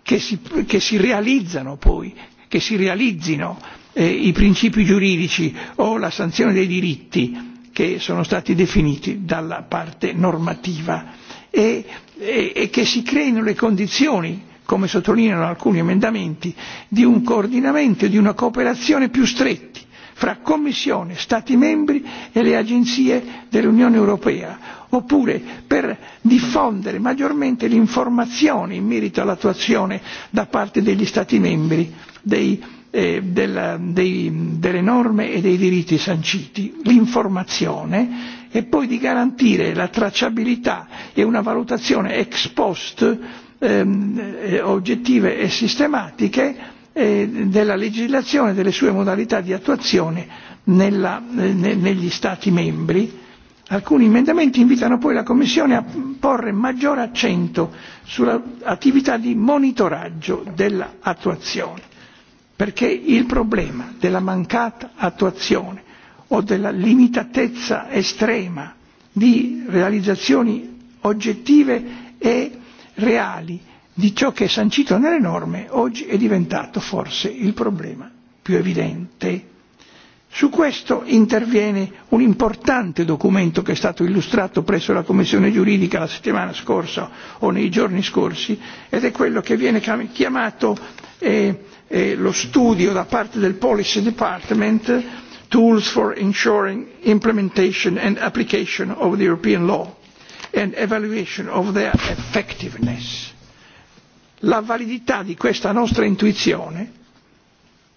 che, si, che si realizzano poi, che si realizzino eh, i principi giuridici o la sanzione dei diritti che sono stati definiti dalla parte normativa e, e, e che si creino le condizioni come sottolineano alcuni emendamenti di un coordinamento e di una cooperazione più stretti fra Commissione, Stati membri e le agenzie dell'Unione Europea, oppure per diffondere maggiormente l'informazione in merito all'attuazione da parte degli Stati membri dei, eh, della, dei, delle norme e dei diritti sanciti, l'informazione e poi di garantire la tracciabilità e una valutazione ex post ehm, eh, oggettive e sistematiche eh, della legislazione e delle sue modalità di attuazione nella, eh, negli Stati membri. Alcuni emendamenti invitano poi la Commissione a porre maggiore accento sull'attività di monitoraggio dell'attuazione perché il problema della mancata attuazione o della limitatezza estrema di realizzazioni oggettive e reali di ciò che è sancito nelle norme oggi è diventato forse il problema più evidente. Su questo interviene un importante documento che è stato illustrato presso la Commissione giuridica la settimana scorsa o nei giorni scorsi ed è quello che viene chiamato e, e lo studio da parte del Policy Department Tools for Ensuring Implementation and Application of the European Law and Evaluation of Their Effectiveness. La validità di questa nostra intuizione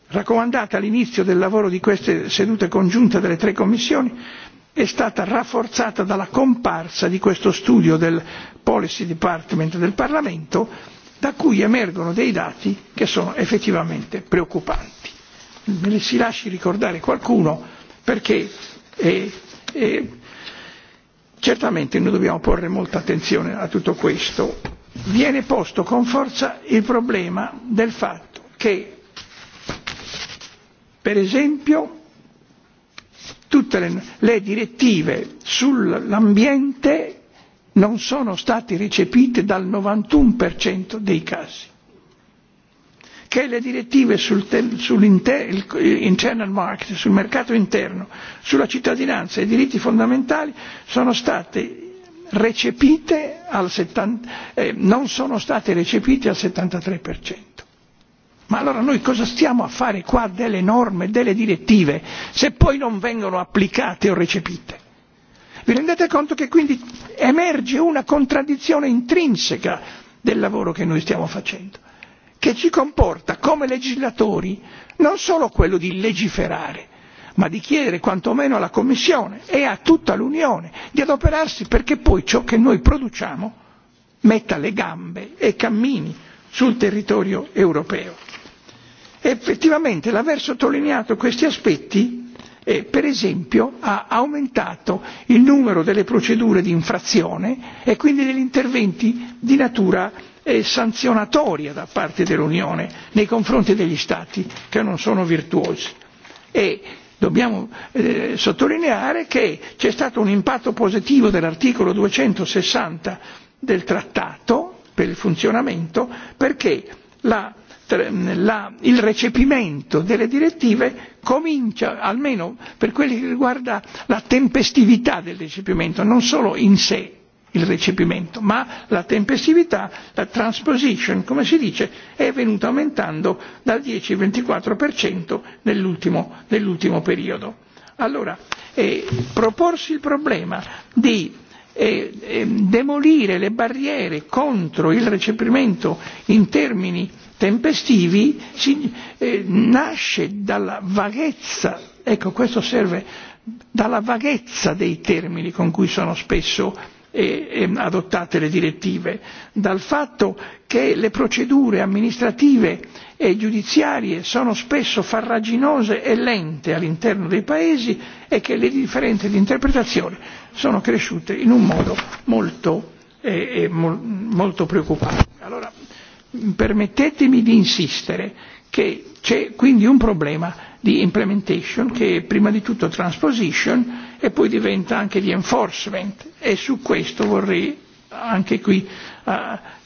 raccomandata all'inizio del lavoro di queste sedute congiunte delle tre commissioni è stata rafforzata dalla comparsa di questo studio del policy department del parlamento da cui emergono dei dati che sono effettivamente preoccupanti. Me li si lasci ricordare qualcuno perché eh, eh, certamente noi dobbiamo porre molta attenzione a tutto questo. Viene posto con forza il problema del fatto che, per esempio, tutte le, le direttive sull'ambiente non sono stati recepiti dal 91% dei casi, che le direttive sul internal market, sul mercato interno, sulla cittadinanza e i diritti fondamentali sono state recepite al 70, eh, non sono state recepite al 73%. Ma allora noi cosa stiamo a fare qua delle norme, delle direttive, se poi non vengono applicate o recepite? Vi rendete conto che quindi emerge una contraddizione intrinseca del lavoro che noi stiamo facendo, che ci comporta come legislatori non solo quello di legiferare, ma di chiedere quantomeno alla Commissione e a tutta l'Unione di adoperarsi perché poi ciò che noi produciamo metta le gambe e cammini sul territorio europeo. Effettivamente l'aver sottolineato questi aspetti e per esempio ha aumentato il numero delle procedure di infrazione e quindi degli interventi di natura eh, sanzionatoria da parte dell'unione nei confronti degli stati che non sono virtuosi e dobbiamo eh, sottolineare che c'è stato un impatto positivo dell'articolo duecentosessanta del trattato per il funzionamento perché la la, il recepimento delle direttive comincia almeno per quello che riguarda la tempestività del recepimento non solo in sé il recepimento ma la tempestività la transposition come si dice è venuta aumentando dal 10 al 24 nell'ultimo, nell'ultimo periodo. Allora, eh, proporsi il problema di eh, eh, demolire le barriere contro il recepimento in termini tempestivi si, eh, nasce dalla vaghezza, ecco questo serve, dalla vaghezza dei termini con cui sono spesso eh, eh, adottate le direttive, dal fatto che le procedure amministrative e giudiziarie sono spesso farraginose e lente all'interno dei paesi e che le differenze di interpretazione sono cresciute in un modo molto, eh, eh mo- molto preoccupante. Allora, permettetemi di insistere che c'è quindi un problema di implementation che è prima di tutto transposition e poi diventa anche di enforcement e su questo vorrei anche qui uh,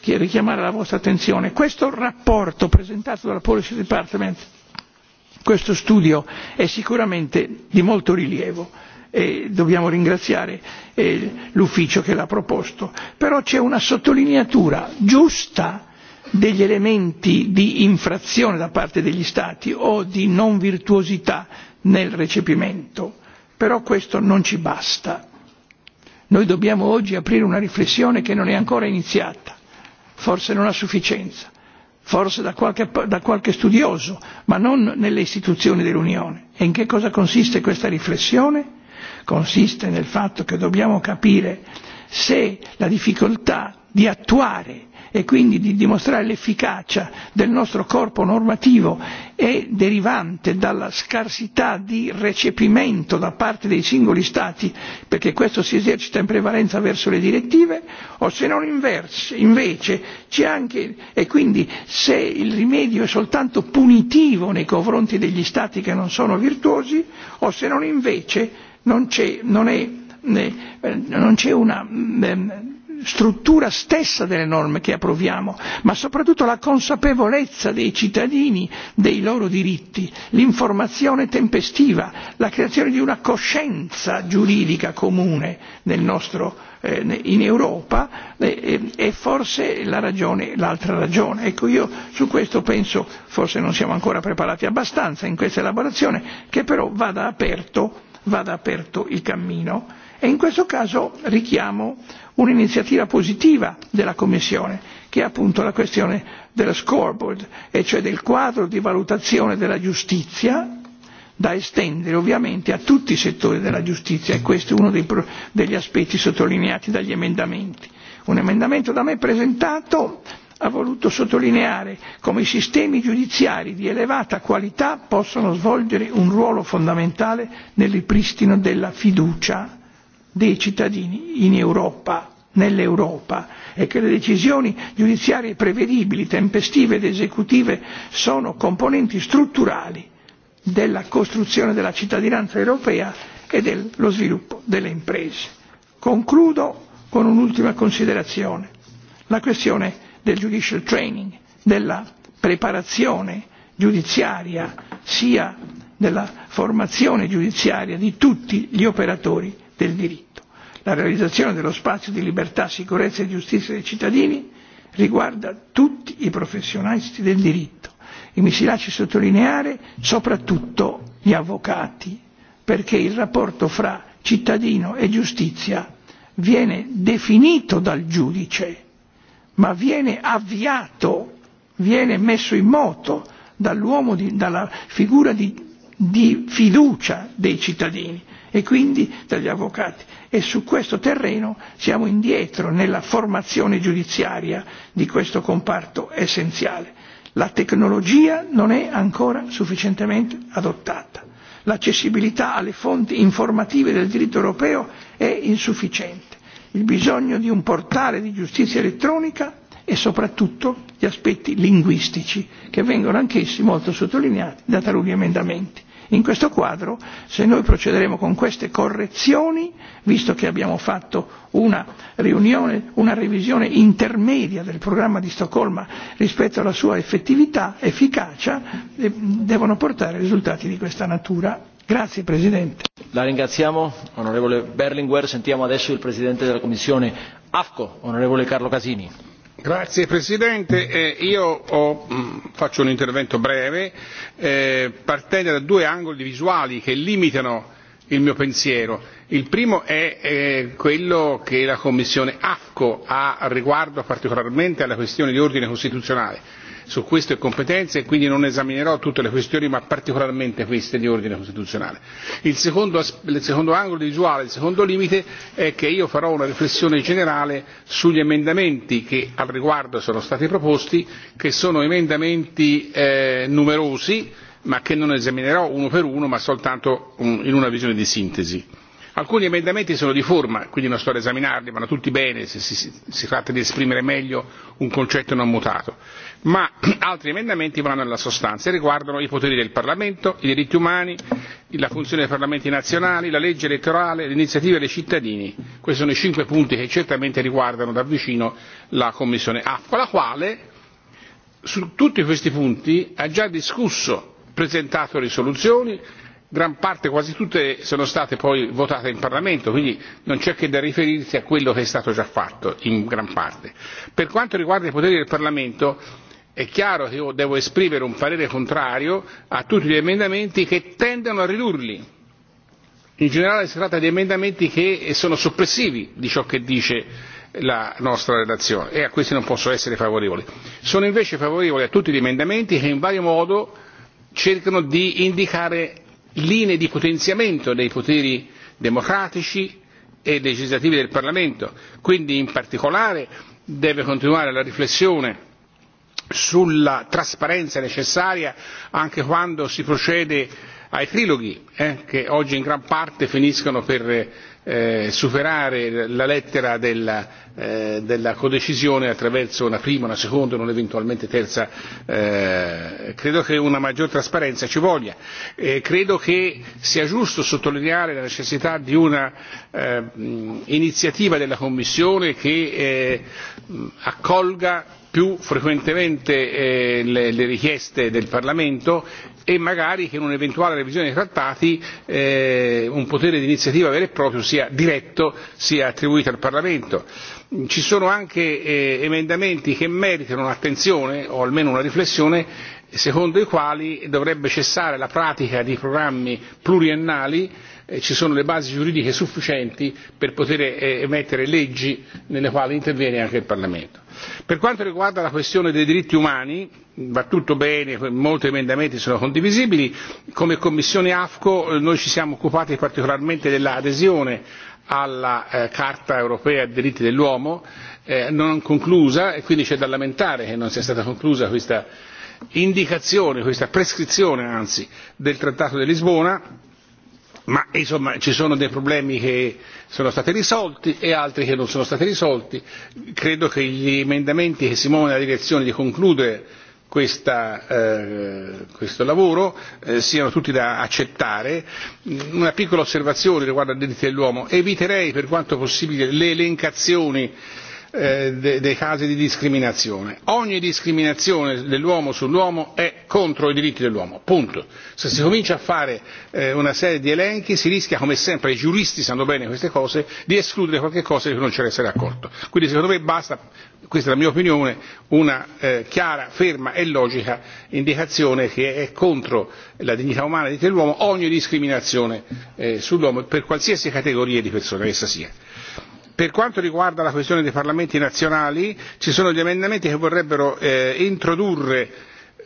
richiamare la vostra attenzione. Questo rapporto presentato dalla Policy Department, questo studio è sicuramente di molto rilievo e dobbiamo ringraziare eh, l'ufficio che l'ha proposto, però c'è una sottolineatura giusta degli elementi di infrazione da parte degli Stati o di non virtuosità nel recepimento. Però questo non ci basta. Noi dobbiamo oggi aprire una riflessione che non è ancora iniziata, forse non a sufficienza, forse da qualche, da qualche studioso, ma non nelle istituzioni dell'Unione. E in che cosa consiste questa riflessione? Consiste nel fatto che dobbiamo capire se la difficoltà di attuare e quindi di dimostrare l'efficacia del nostro corpo normativo è derivante dalla scarsità di recepimento da parte dei singoli stati perché questo si esercita in prevalenza verso le direttive o se non invece c'è anche e quindi se il rimedio è soltanto punitivo nei confronti degli stati che non sono virtuosi o se non invece non c'è non è eh, non c'è una mm, ehm, struttura stessa delle norme che approviamo ma soprattutto la consapevolezza dei cittadini dei loro diritti l'informazione tempestiva la creazione di una coscienza giuridica comune nel nostro, eh, in europa eh, eh, è forse la ragione, l'altra ragione. Ecco, io su questo penso forse non siamo ancora preparati abbastanza in questa elaborazione che però vada aperto, vada aperto il cammino e in questo caso richiamo un'iniziativa positiva della Commissione, che è appunto la questione dello scoreboard, e cioè del quadro di valutazione della giustizia, da estendere ovviamente a tutti i settori della giustizia e questo è uno dei, degli aspetti sottolineati dagli emendamenti. Un emendamento da me presentato ha voluto sottolineare come i sistemi giudiziari di elevata qualità possono svolgere un ruolo fondamentale nel ripristino della fiducia dei cittadini in Europa, nell'Europa e che le decisioni giudiziarie prevedibili, tempestive ed esecutive sono componenti strutturali della costruzione della cittadinanza europea e dello sviluppo delle imprese. Concludo con un'ultima considerazione, la questione del judicial training, della preparazione giudiziaria, sia della formazione giudiziaria di tutti gli operatori del diritto. La realizzazione dello spazio di libertà, sicurezza e giustizia dei cittadini riguarda tutti i professionisti del diritto e mi si lasci sottolineare soprattutto gli avvocati, perché il rapporto fra cittadino e giustizia viene definito dal giudice, ma viene avviato, viene messo in moto dall'uomo di, dalla figura di, di fiducia dei cittadini e quindi dagli avvocati e su questo terreno siamo indietro nella formazione giudiziaria di questo comparto essenziale. La tecnologia non è ancora sufficientemente adottata, l'accessibilità alle fonti informative del diritto europeo è insufficiente, il bisogno di un portale di giustizia elettronica e soprattutto gli aspetti linguistici che vengono anch'essi molto sottolineati da taluni emendamenti. In questo quadro, se noi procederemo con queste correzioni, visto che abbiamo fatto una riunione, una revisione intermedia del programma di Stoccolma rispetto alla sua effettività, efficacia, devono portare risultati di questa natura. Grazie Presidente. La ringraziamo, onorevole Berlinguer. Sentiamo adesso il Presidente della Commissione AFCO, onorevole Carlo Casini signor presidente onorevoli eh, colleghi io mm, faccio un intervento breve eh, partendo da due angoli visuali che limitano il mio pensiero. il primo è eh, quello che la commissione afco ha riguardo particolarmente alla questione di ordine costituzionale su queste competenze e quindi non esaminerò tutte le questioni ma particolarmente queste di ordine costituzionale. Il secondo, angolo di visuale, il secondo limite è che io farò una riflessione generale sugli emendamenti che al riguardo sono stati proposti, che sono emendamenti eh, numerosi ma che non esaminerò uno per uno ma soltanto mm, in una visione di sintesi. Alcuni emendamenti sono di forma, quindi non sto ad esaminarli, vanno tutti bene se si, si tratta di esprimere meglio un concetto non mutato ma *clears throat* altri emendamenti vanno alla sostanza e riguardano i poteri del parlamento i diritti umani la funzione dei parlamenti nazionali la legge elettorale le iniziative dei cittadini questi sono i cinque punti che certamente riguardano da vicino la commissione afco la quale su tutti questi punti ha già discusso presentato risoluzioni gran parte quasi tutte sono state poi votate in parlamento quindi non c'è che da riferirsi a quello che è stato già fatto in gran parte. per quanto riguarda i poteri del parlamento è chiaro che io devo esprimere un parere contrario a tutti gli emendamenti che tendono a ridurli. In generale si tratta di emendamenti che sono soppressivi di ciò che dice la nostra relazione e a questi non posso essere favorevole. Sono invece favorevole a tutti gli emendamenti che in vario modo cercano di indicare linee di potenziamento dei poteri democratici e legislativi del Parlamento. Quindi in particolare deve continuare la riflessione sulla trasparenza necessaria anche quando si procede ai triloghi eh, che oggi in gran parte finiscono per eh, superare la lettera della, eh, della codecisione attraverso una prima, una seconda e un'eventualmente terza. Eh, credo che una maggior trasparenza ci voglia. Eh, credo che sia giusto sottolineare la necessità di una eh, iniziativa della Commissione che eh, accolga più frequentemente eh, le, le richieste del Parlamento e magari che in un'eventuale revisione dei trattati eh, un potere di iniziativa vero e proprio sia diretto, sia attribuito al Parlamento. Ci sono anche eh, emendamenti che meritano un'attenzione o almeno una riflessione secondo i quali dovrebbe cessare la pratica di programmi pluriennali E ci sono le basi giuridiche sufficienti per poter eh, emettere leggi nelle quali interviene anche il Parlamento. Per quanto riguarda la questione dei diritti umani va tutto bene, molti emendamenti sono condivisibili, come Commissione AFCO eh, noi ci siamo occupati particolarmente dell'adesione alla eh, Carta europea dei diritti dell'uomo eh, non conclusa e quindi c'è da lamentare che non sia stata conclusa questa indicazione, questa prescrizione anzi del Trattato di Lisbona ma insomma ci sono dei problemi che sono stati risolti e altri che non sono stati risolti. Credo che gli emendamenti che si muovono nella direzione di concludere eh, questo lavoro eh, siano tutti da accettare. Mm, una piccola osservazione riguardo ai diritti dell'uomo. Eviterei per quanto possibile le elencazioni Eh, dei casi di discriminazione. Ogni discriminazione dell'uomo sull'uomo è contro i diritti dell'uomo, punto. Se si comincia a fare eh, una serie di elenchi si rischia, come sempre i giuristi sanno bene queste cose, di escludere qualche cosa di cui non ci c'è essere accorto. Quindi secondo me basta, questa è la mia opinione, una eh, chiara, ferma e logica indicazione che è contro la dignità umana e i diritti dell'uomo ogni discriminazione sull'uomo per qualsiasi categoria di persona essa sia per quanto riguarda la questione dei parlamenti nazionali ci sono gli emendamenti che vorrebbero eh, introdurre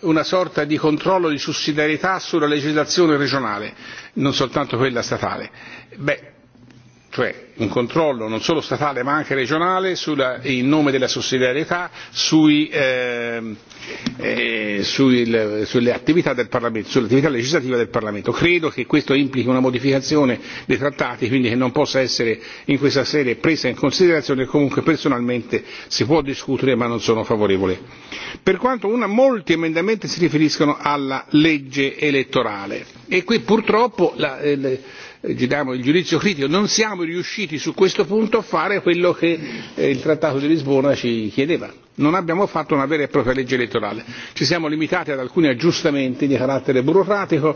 una sorta di controllo di sussidiarietà sulla legislazione regionale non soltanto quella statale. Beh, cioè un controllo non solo statale ma anche regionale sulla, in nome della sussidiarietà sui, eh, eh, sui, sulle attività del Parlamento, sull'attività legislativa del Parlamento. Credo che questo implichi una modificazione dei trattati, quindi che non possa essere in questa sede presa in considerazione, e comunque personalmente si può discutere ma non sono favorevole. Per quanto una, molti emendamenti si riferiscono alla legge elettorale e qui purtroppo la, eh, Eh, diciamo, il giudizio critico, non siamo riusciti su questo punto a fare quello che eh, il Trattato di Lisbona ci chiedeva. Non abbiamo fatto una vera e propria legge elettorale, ci siamo limitati ad alcuni aggiustamenti di carattere burocratico,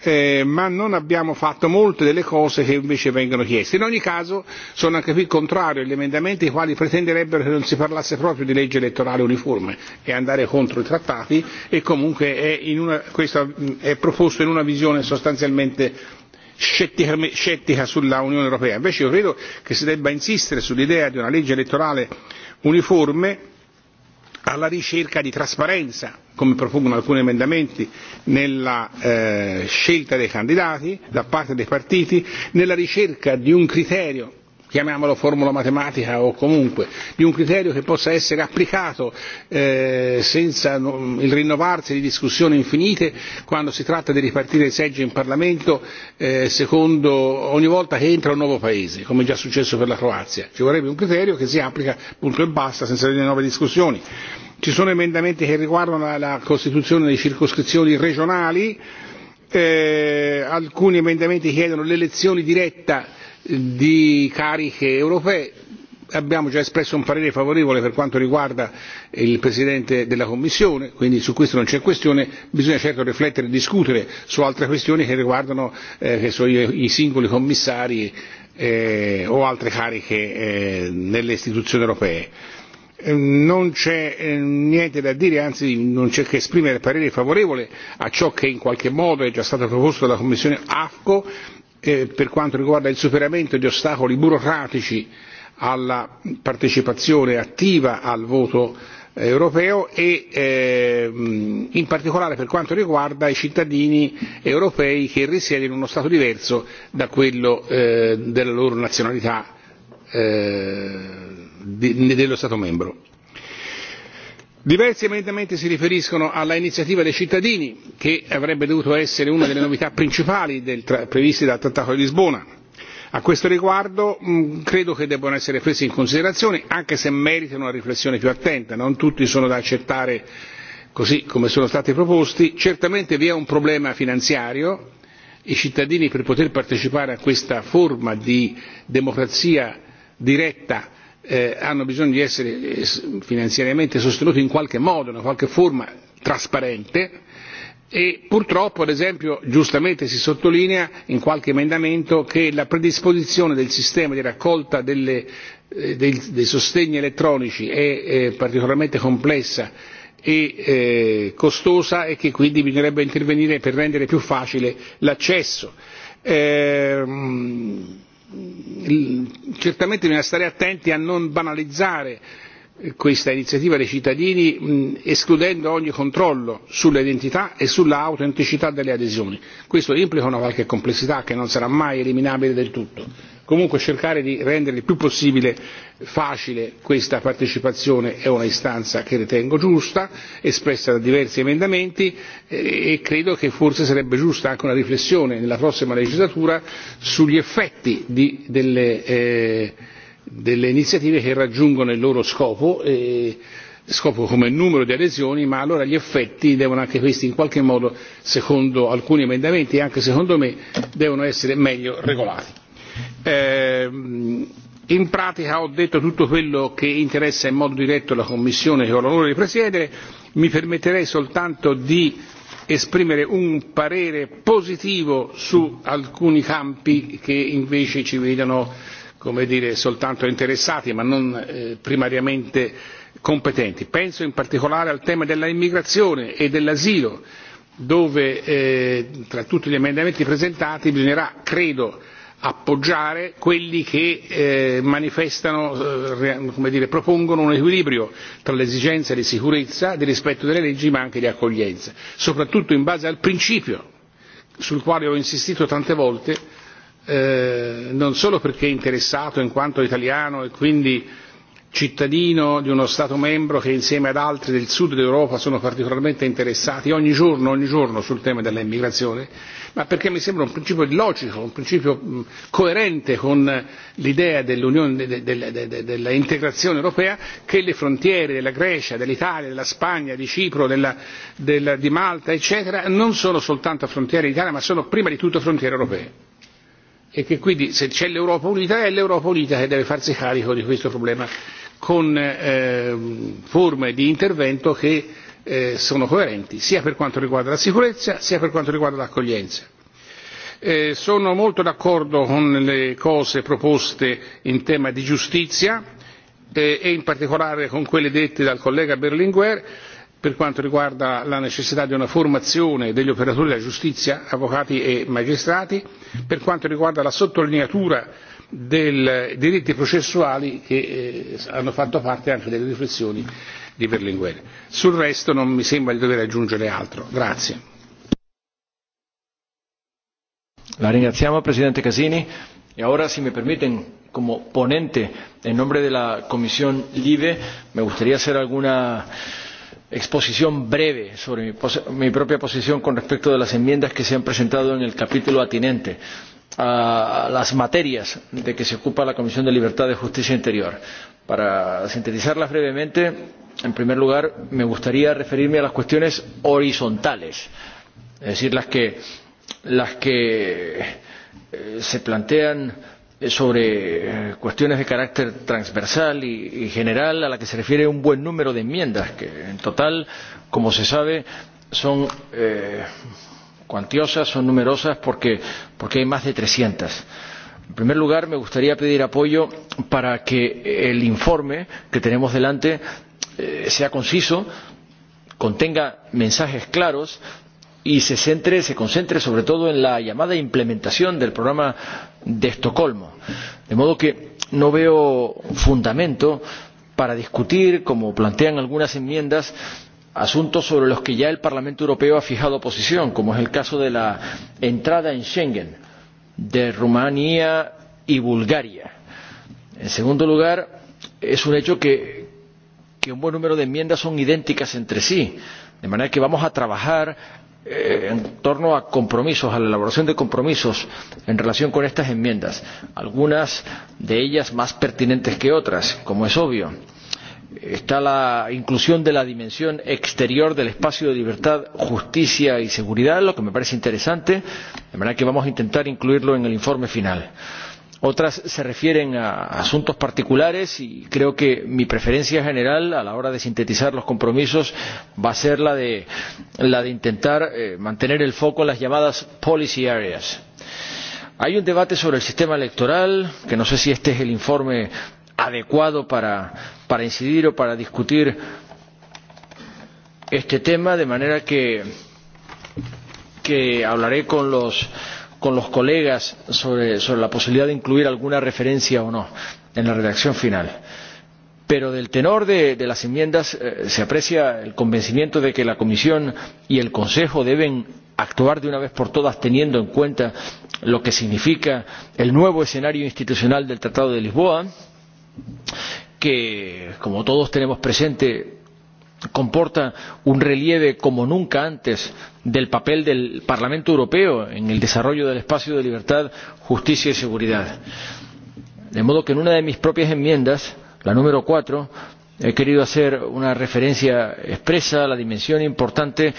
eh, ma non abbiamo fatto molte delle cose che invece vengono chieste. In ogni caso sono anche qui contrario agli emendamenti i quali pretenderebbero che non si parlasse proprio di legge elettorale uniforme e andare contro i trattati e comunque è in una, questo è proposto in una visione sostanzialmente scettica sull'unione Europea. Invece io credo che si debba insistere sull'idea di una legge elettorale uniforme alla ricerca di trasparenza, come propongono alcuni emendamenti, nella eh, scelta dei candidati da parte dei partiti, nella ricerca di un criterio chiamiamolo formula matematica o comunque di un criterio che possa essere applicato eh, senza no, il rinnovarsi di discussioni infinite quando si tratta di ripartire i seggi in Parlamento eh, secondo ogni volta che entra un nuovo paese, come è già successo per la Croazia. Ci vorrebbe un criterio che si applica punto e basta senza nuove discussioni. Ci sono emendamenti che riguardano la, la costituzione di circoscrizioni regionali, eh, alcuni emendamenti chiedono l'elezione diretta di cariche europee abbiamo già espresso un parere favorevole per quanto riguarda il presidente della commissione quindi su questo non c'è questione bisogna certo riflettere e discutere su altre questioni che riguardano eh, che so io, i singoli commissari eh, o altre cariche eh, nelle istituzioni europee. Ehm, non c'è eh, niente da dire, anzi non c'è che esprimere parere favorevole a ciò che in qualche modo è già stato proposto dalla Commissione AFCO per quanto riguarda il superamento di ostacoli burocratici alla partecipazione attiva al voto europeo e ehm, in particolare per quanto riguarda i cittadini europei che risiedono in uno Stato diverso da quello eh, della loro nazionalità eh, dello Stato membro diversi emendamenti si riferiscono all'iniziativa dei cittadini che avrebbe dovuto essere una delle novità principali previste dal trattato di lisbona. a questo riguardo credo che debbano essere presi in considerazione anche se meritano una riflessione più attenta non tutti sono da accettare così come sono stati proposti. certamente vi è un problema finanziario i cittadini per poter partecipare a questa forma di democrazia diretta Eh, hanno bisogno di essere eh, finanziariamente sostenuti in qualche modo, in qualche forma trasparente e purtroppo, ad esempio, giustamente si sottolinea in qualche emendamento che la predisposizione del sistema di raccolta delle, eh, dei, dei sostegni elettronici è particolarmente complessa e costosa e che quindi bisognerebbe intervenire per rendere più facile l'accesso. Ehm certamente bisogna stare attenti a non banalizzare questa iniziativa dei cittadini escludendo ogni controllo sull'identità e sull'autenticità delle adesioni. Questo implica una qualche complessità che non sarà mai eliminabile del tutto. Comunque cercare di rendere il più possibile facile questa partecipazione è un'istanza che ritengo giusta, espressa da diversi emendamenti eh, e credo che forse sarebbe giusta anche una riflessione nella prossima legislatura sugli effetti di, delle, eh, delle iniziative che raggiungono il loro e scopo come numero di adesioni ma allora gli effetti devono anche questi in qualche modo secondo alcuni emendamenti e anche secondo me devono essere meglio regolati. Ehm, in pratica ho detto tutto quello che interessa in modo diretto la commissione che ho l'onore di presiedere mi permetterei soltanto di esprimere un parere positivo su alcuni campi che invece ci vedono come dire soltanto interessati ma non eh, primariamente competenti. penso in particolare al tema dell'immigrazione e dell'asilo dove eh, tra tutti gli emendamenti presentati bisognerà credo appoggiare quelli che eh, manifestano come dire, propongono un equilibrio tra l'esigenza di sicurezza di rispetto delle leggi ma anche di accoglienza soprattutto in base al principio sul quale ho insistito tante volte Eh, non solo perché interessato in quanto italiano e quindi cittadino di uno Stato membro che insieme ad altri del sud d'Europa sono particolarmente interessati ogni giorno, ogni giorno sul tema dell'immigrazione, ma perché mi sembra un principio logico, un principio coerente con l'idea dell'Unione, dell'integrazione europea che le frontiere della Grecia, dell'Italia, della Spagna, di Cipro, della, della, di Malta, eccetera, non sono soltanto frontiere italiane ma sono prima di tutto frontiere europee e che quindi se c'è l'Europa unita è l'Europa unita che deve farsi carico di questo problema con ehm, forme di intervento che eh, sono coerenti sia per quanto riguarda la sicurezza sia per quanto riguarda l'accoglienza. Eh, sono molto d'accordo con le cose proposte in tema di giustizia eh, e in particolare con quelle dette dal collega berlinguer per quanto riguarda la necessità di una formazione degli operatori della giustizia avvocati e magistrati per quanto riguarda la sottolineatura dei diritti processuali che eh, hanno fatto parte anche delle riflessioni di berlinguer. sul resto non mi sembra di dover aggiungere altro. grazie. La ringraziamo, presidente Casini. Y e ahora, si me permiten, como ponente en nombre de la Comisión LIBE, me gustaría hacer alguna exposición breve sobre mi, propia posición con respecto de las enmiendas que se han presentado en el capítulo atinente a las materias de que se ocupa la Comisión de Libertades, Justicia e Interior. Para sintetizarlas brevemente, en primer lugar, me gustaría referirme a las cuestiones horizontales, es decir, las que, las que eh, se plantean Eh, sobre eh, cuestiones de carácter transversal y general a la que se refiere un buen número de enmiendas que en total como se sabe son eh, cuantiosas son numerosas porque, hay más de trescientas. en primer lugar me gustaría pedir apoyo para que el informe que tenemos delante sea conciso contenga mensajes claros y se, centre, se concentre sobre todo en la llamada implementación del programa de estocolmo de modo que no veo fundamento para discutir como plantean algunas enmiendas asuntos sobre los que ya el parlamento europeo ha fijado posición como es el caso de la entrada en schengen de rumanía y bulgaria. en segundo lugar es un hecho que, que un buen número de enmiendas son idénticas entre sí de manera que vamos a trabajar Eh, en torno a compromisos, a la elaboración de compromisos en relación con estas enmiendas, algunas de ellas más pertinentes que otras, como es obvio. Está la inclusión de la dimensión exterior del espacio de libertad, justicia y seguridad, lo que me parece interesante, de manera que vamos a intentar incluirlo en el informe final. Eh, otras se refieren a asuntos particulares y creo que mi preferencia general a la hora de sintetizar los compromisos va a ser la de, intentar eh, mantener el foco en las llamadas policy areas. hay un debate sobre el sistema electoral que no sé si este es el informe adecuado para, incidir o para discutir este tema de manera que hablaré con los con los colegas sobre, sobre la posibilidad de incluir alguna referencia o no en la redacción final pero del tenor de, de las enmiendas eh, se aprecia el convencimiento de que la comisión y el consejo deben actuar de una vez por todas teniendo en cuenta lo que significa el nuevo escenario institucional del tratado de lisboa que como todos tenemos presente comporta un relieve como nunca antes del papel del Parlamento Europeo en el desarrollo del espacio de libertad, justicia y seguridad. De modo que en una de mis propias enmiendas, la número cuatro, he querido hacer una referencia expresa a la dimensión importante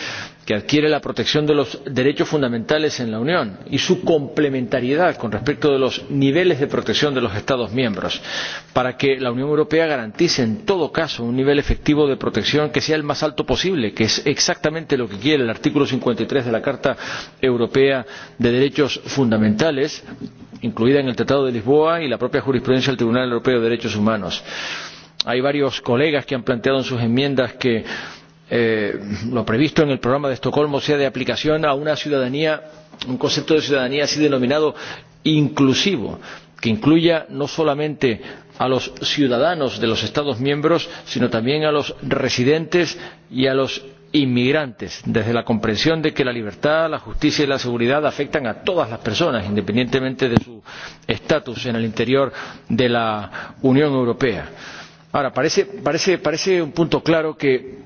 que adquiere la protección de los derechos fundamentales en la unión y su complementariedad con respecto de los niveles de protección de los estados miembros para que la unión europea garantice en todo caso un nivel efectivo de protección que sea el más alto posible que es exactamente lo que quiere el artículo cincuenta y tres de la carta europea de derechos fundamentales incluida en el tratado de lisboa y la propia jurisprudencia del tribunal europeo de derechos humanos hay varios colegas que han planteado en sus enmiendas que eh, lo previsto en el programa de Estocolmo sea de aplicación a una ciudadanía, un concepto de ciudadanía así denominado inclusivo, que incluya no solamente a los ciudadanos de los Estados miembros, sino también a los residentes y a los inmigrantes, desde la comprensión de que la libertad, la justicia y la seguridad afectan a todas las personas, independientemente de su estatus en el interior de la Unión Europea Ahora, parece, un punto claro que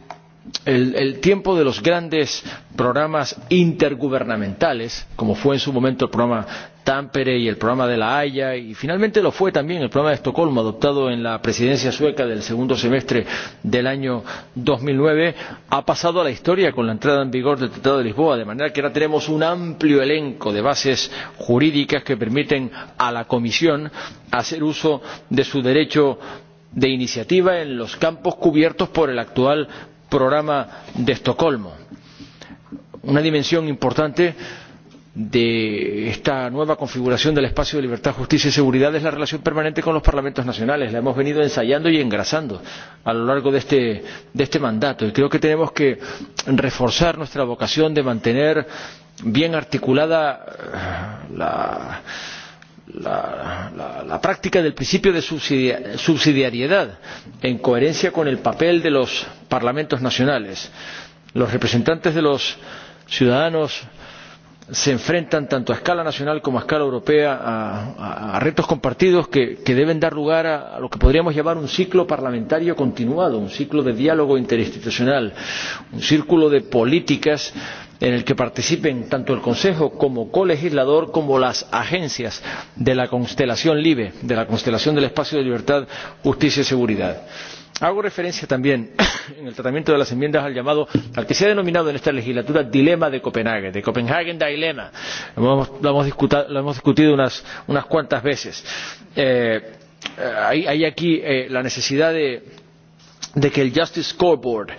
el, tiempo de los grandes programas intergubernamentales, como fue en su momento el programa Tampere y el programa de La Haya, y finalmente lo fue también el programa de Estocolmo, adoptado en la presidencia sueca del segundo semestre del año dos mil nueve ha pasado a la historia con la entrada en vigor del Tratado de Lisboa, de manera que ahora tenemos un amplio elenco de bases jurídicas que permiten a la Comisión hacer uso de su derecho de iniciativa en los campos cubiertos por el actual programa de estocolmo una dimensión importante de esta nueva configuración del espacio de libertad justicia y seguridad es la relación permanente con los parlamentos nacionales la hemos venido ensayando y engrasando a lo largo de este, de este mandato y creo que tenemos que reforzar nuestra vocación de mantener bien articulada eh, la la, práctica del principio de subsidiariedad en coherencia con el papel de los parlamentos nacionales. los representantes de los ciudadanos se enfrentan tanto a escala nacional como a escala europea a, retos compartidos que, deben dar lugar a, a lo que podríamos llamar un ciclo parlamentario continuado un ciclo de diálogo interinstitucional un círculo de políticas que en el que participen tanto el Consejo como colegislador como las agencias de la constelación LIBE, de la constelación del espacio de libertad, justicia y seguridad. Hago referencia también *coughs* en el tratamiento de las enmiendas al llamado, al que se ha denominado en esta legislatura dilema de Copenhague, the Copenhagen Dilemma. Lo hemos, lo hemos, discutido, unas, unas cuantas veces. Eh, eh, hay, hay aquí eh, la necesidad de, de que el Justice Scoreboard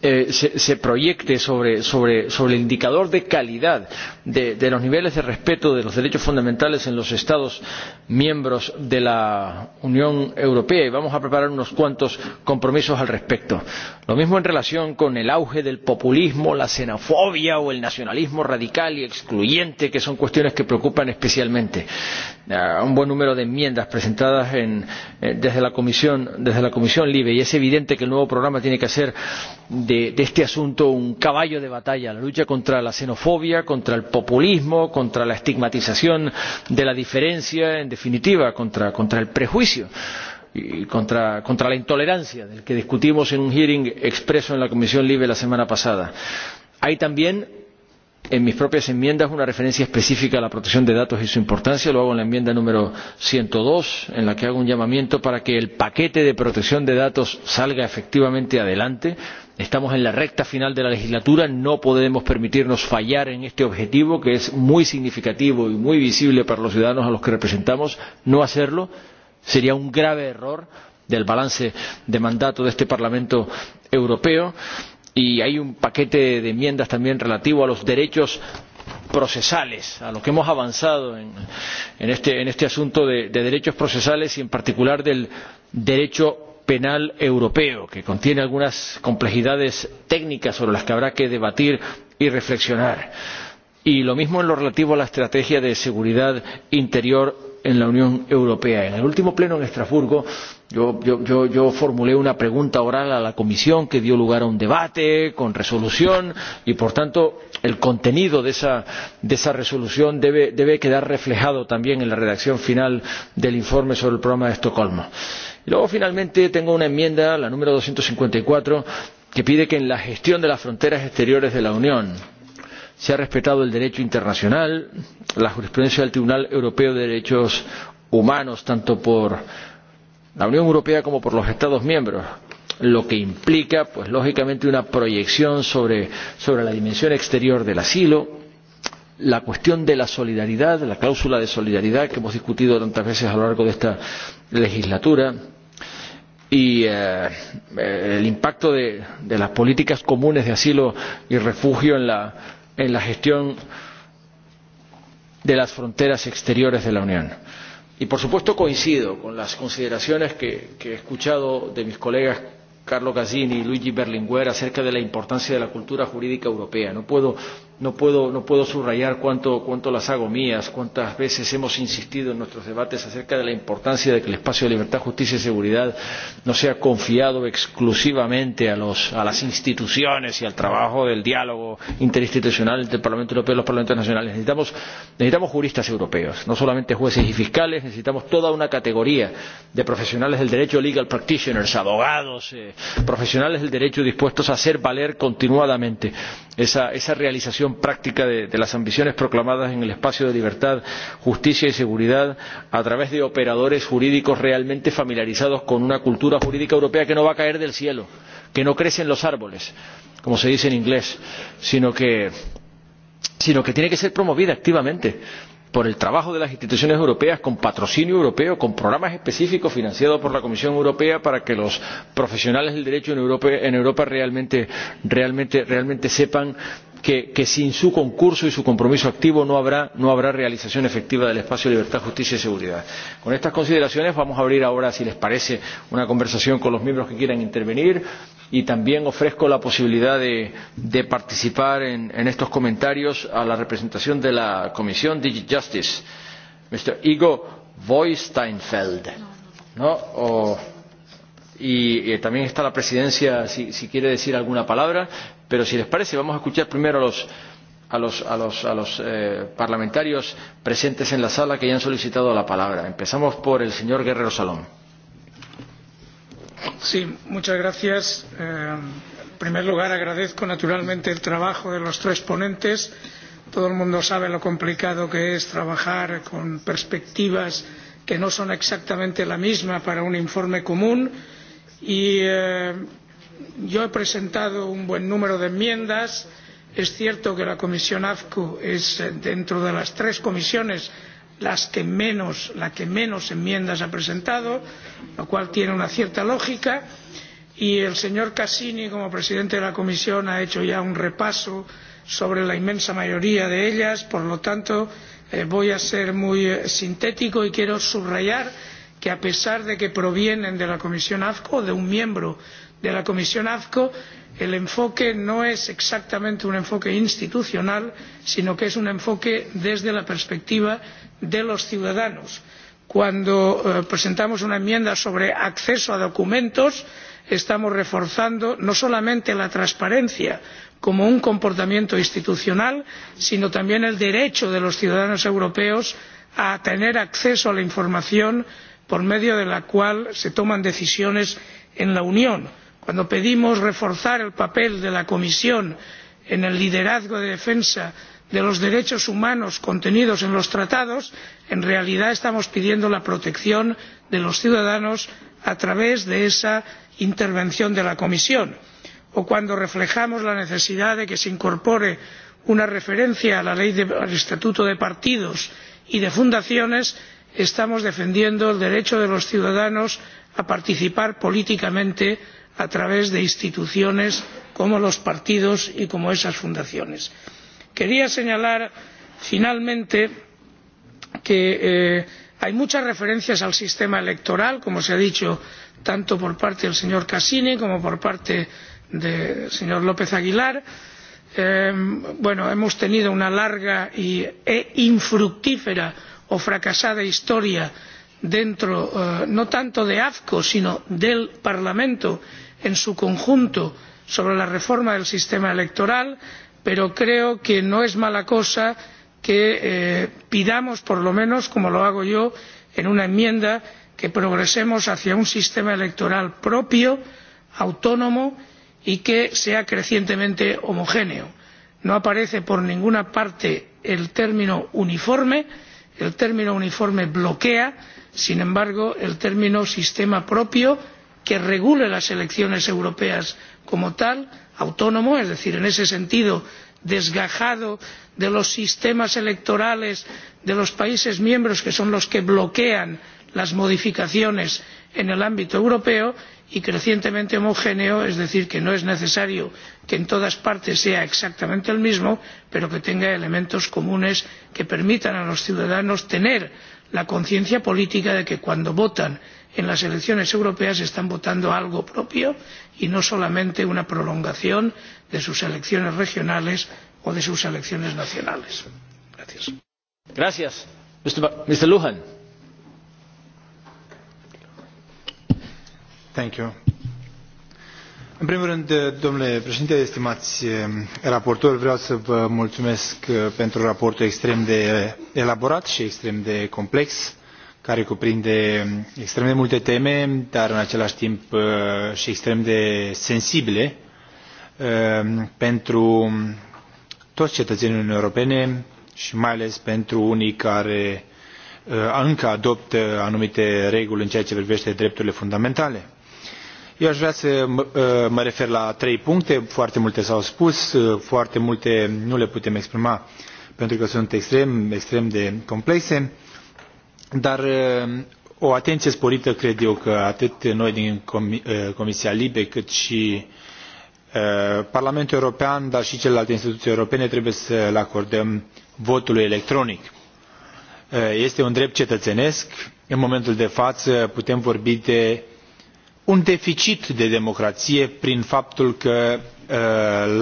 Eh, se, proyecte sobre, sobre, sobre el indicador de calidad de, los niveles de respeto de los derechos fundamentales en los estados miembros de la unión europea y vamos a preparar unos cuantos compromisos al respecto. lo mismo en relación con el auge del populismo la xenofobia o el nacionalismo radical y excluyente que son cuestiones que preocupan especialmente ah, un buen número de enmiendas presentadas eh, desde la comisión desde la comisión libe y es evidente que el nuevo programa tiene que hacer de, de este asunto un caballo de batalla la lucha contra la xenofobia contra el populismo contra la estigmatización de la diferencia en definitiva contra, contra el prejuicio y contra, contra la intolerancia del que discutimos en un hearing expreso en la comisión libe la semana pasada. hay también en mis propias enmiendas una referencia específica a la protección de datos y su importancia lo hago en la enmienda número ciento dos en la que hago un llamamiento para que el paquete de protección de datos salga efectivamente adelante estamos en la recta final de la legislatura no podemos permitirnos fallar en este objetivo que es muy significativo y muy visible para los ciudadanos a los que representamos. no hacerlo sería un grave error del balance de mandato de este parlamento europeo y hay un paquete de enmiendas también relativo a los derechos procesales a lo que hemos avanzado en, en, este, en este asunto de, de derechos procesales y en particular del derecho penal europeo que contiene algunas complejidades técnicas sobre las que habrá que debatir y reflexionar y lo mismo en lo relativo a la estrategia de seguridad interior en la unión europea. en el último pleno en estrasburgo yo, formulé una pregunta oral a la comisión que dio lugar a un debate con resolución y por tanto el contenido de esa, de esa resolución debe, debe quedar reflejado también en la redacción final del informe sobre el programa de estocolmo y luego finalmente tengo una enmienda la número doscientos cincuenta y cuatro que pide que en la gestión de las fronteras exteriores de la unión sea respetado el derecho internacional la jurisprudencia del tribunal europeo de derechos humanos tanto por la unión europea como por los estados miembros lo que implica pues lógicamente una proyección sobre, sobre la dimensión exterior del asilo la cuestión de la solidaridad la cláusula de solidaridad que hemos discutido tantas veces a lo largo de esta legislatura y y eh, eh, el impacto de, las políticas comunes de asilo y refugio en la, gestión de las fronteras exteriores de la Unión. Y, por supuesto, coincido con las consideraciones que, he escuchado de mis colegas Carlo Gazzini y Luigi Berlinguer acerca de la importancia de la cultura jurídica europea. No puedo no puedo, no puedo subrayar cuánto, cuánto las hago mías, cuántas veces hemos insistido en nuestros debates acerca de la importancia de que el espacio de libertad, justicia y seguridad no sea confiado exclusivamente a, los, a las instituciones y al trabajo del diálogo interinstitucional entre el Parlamento Europeo y los Parlamentos Nacionales. Necesitamos, necesitamos juristas europeos, no solamente jueces y fiscales, necesitamos toda una categoría de profesionales del derecho, legal practitioners, abogados, eh, profesionales del derecho dispuestos a hacer valer continuadamente esa, esa realización práctica de, de las ambiciones proclamadas en el espacio de libertad, justicia y seguridad a través de operadores jurídicos realmente familiarizados con una cultura jurídica europea que no va a caer del cielo, que no crece en los árboles, como se dice en inglés, sino que, sino que tiene que ser promovida activamente por el trabajo de las instituciones europeas con patrocinio europeo con programas específicos financiados por la comisión europea para que los profesionales del derecho en europa realmente sepan que, sin su concurso y su compromiso activo no, no habrá, realización efectiva del espacio de libertad, justicia y seguridad. Con estas consideraciones vamos a abrir ahora, si les parece, una conversación con los miembros que quieran intervenir y también ofrezco la posibilidad de, de participar en, en estos comentarios a la representación de la Comisión Digi Justice, Mr. Igor Voisteinfeld. ¿No? no, no. O, y, y eh, también está la presidencia si, si quiere decir alguna palabra Pero si les parece, vamos a escuchar primero a los, eh, parlamentarios presentes en la sala que ya han solicitado la palabra. Empezamos por el señor Guerrero Salón. señor presidente en primer lugar, agradezco naturalmente el trabajo de los tres ponentes. Todo el mundo sabe lo complicado que es trabajar con perspectivas que no son exactamente las mismas para un informe común y eh, yo he presentado un buen número de enmiendas es cierto que la comisión afco es eh, dentro de las tres comisiones la que menos enmiendas ha presentado lo cual tiene una cierta lógica y el señor casini como presidente de la comisión ha hecho ya un repaso sobre la inmensa mayoría de ellas por lo tanto eh, voy a ser muy eh, sintético y quiero subrayar que a pesar de que provienen de la comisión afco de un miembro de de la comisión afco el enfoque no es exactamente un enfoque institucional sino que es un enfoque desde la perspectiva de los ciudadanos. cuando eh, presentamos una enmienda sobre acceso a documentos estamos reforzando no solamente la transparencia como un comportamiento institucional sino también el derecho de los ciudadanos europeos a tener acceso a la información por medio de la cual se toman decisiones en la unión. por cuando pedimos reforzar el papel de la comisión en el liderazgo de defensa de los derechos humanos contenidos en los tratados en realidad estamos pidiendo la protección de los ciudadanos a través de esa intervención de la comisión o cuando reflejamos la necesidad de que se incorpore una referencia a la ley de, al estatuto de partidos y de fundaciones estamos defendiendo el derecho de los ciudadanos a participar políticamente en a través de instituciones como los partidos y como esas fundaciones. quería señalar finalmente que eh, hay muchas referencias al sistema electoral como se ha dicho tanto por parte del señor casini como por parte del señor lópez aguilar. Eh, hemos tenido una larga e infructífera o fracasada historia dentro eh, no tanto de la afco sino del parlamento y en su conjunto sobre la reforma del sistema electoral pero creo que no es mala cosa que eh, pidamos por lo menos como lo hago yo en una enmienda que progresemos hacia un sistema electoral propio autónomo y que sea crecientemente homogéneo. no aparece por ninguna parte el término uniforme el término uniforme bloquea sin embargo el término sistema propio que regule las elecciones europeas como tal autónomo es decir en ese sentido desgajado de los sistemas electorales de los países miembros que son los que bloquean las modificaciones en el ámbito europeo y crecientemente homogéneo es decir que no es necesario que en todas partes sea exactamente el mismo pero que tenga elementos comunes que permitan a los ciudadanos tener la conciencia política de que cuando votan en las elecciones europeas están votando algo propio y no solamente una prolongación de sus elecciones regionales o de sus elecciones nacionales. în primul rând domnule președinte stimați eh, raportori vreau să vă mulțumesc eh, pentru raportul extrem de elaborat și extrem de complex care cuprinde mm, extrem de multe teme, dar în același timp uh, și extrem de sensibile um, pentru toți cetățenii Uniunii Europene și mai ales pentru unii care uh, încă adoptă anumite reguli în ceea ce privește drepturile fundamentale. Eu aș vrea să mă uh, refer la trei puncte, foarte multe s-au spus, foarte multe nu le putem exprima pentru că sunt extrem, extrem de complexe dar uh, o atenție sporită cred eu că atât noi din uh, comisia libe cât și uh, parlamentul european dar și celelalte instituții europene trebuie să le acordăm votului electronic. este un drept cetățenesc în momentul de față putem vorbi de un deficit de democrație prin faptul că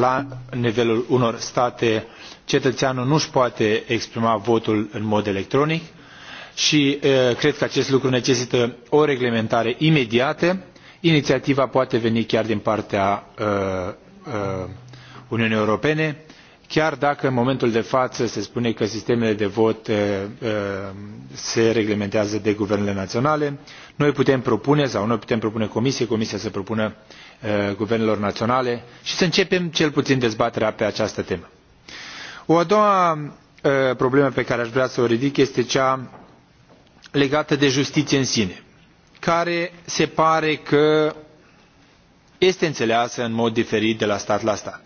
la nivelul unor state cetățeanul nu își poate exprima votul în mod electronic i e, cred că acest lucru necesită o reglementare imediată. iniiativa poate veni chiar din partea e, e, Uniunii Europene, chiar dacă în momentul de faă se spune că sistemele de vot se reglementează de guvernele naionale Noi putem propune, sau noi putem propune Comisiei, Comisia să propună guvernelor naionale i să începem cel puin dezbaterea pe această temă. O a doua problemă pe care a vrea să o ridic este cea legată de justiție în sine, care se pare că este înțeleasă în mod diferit de la stat la stat.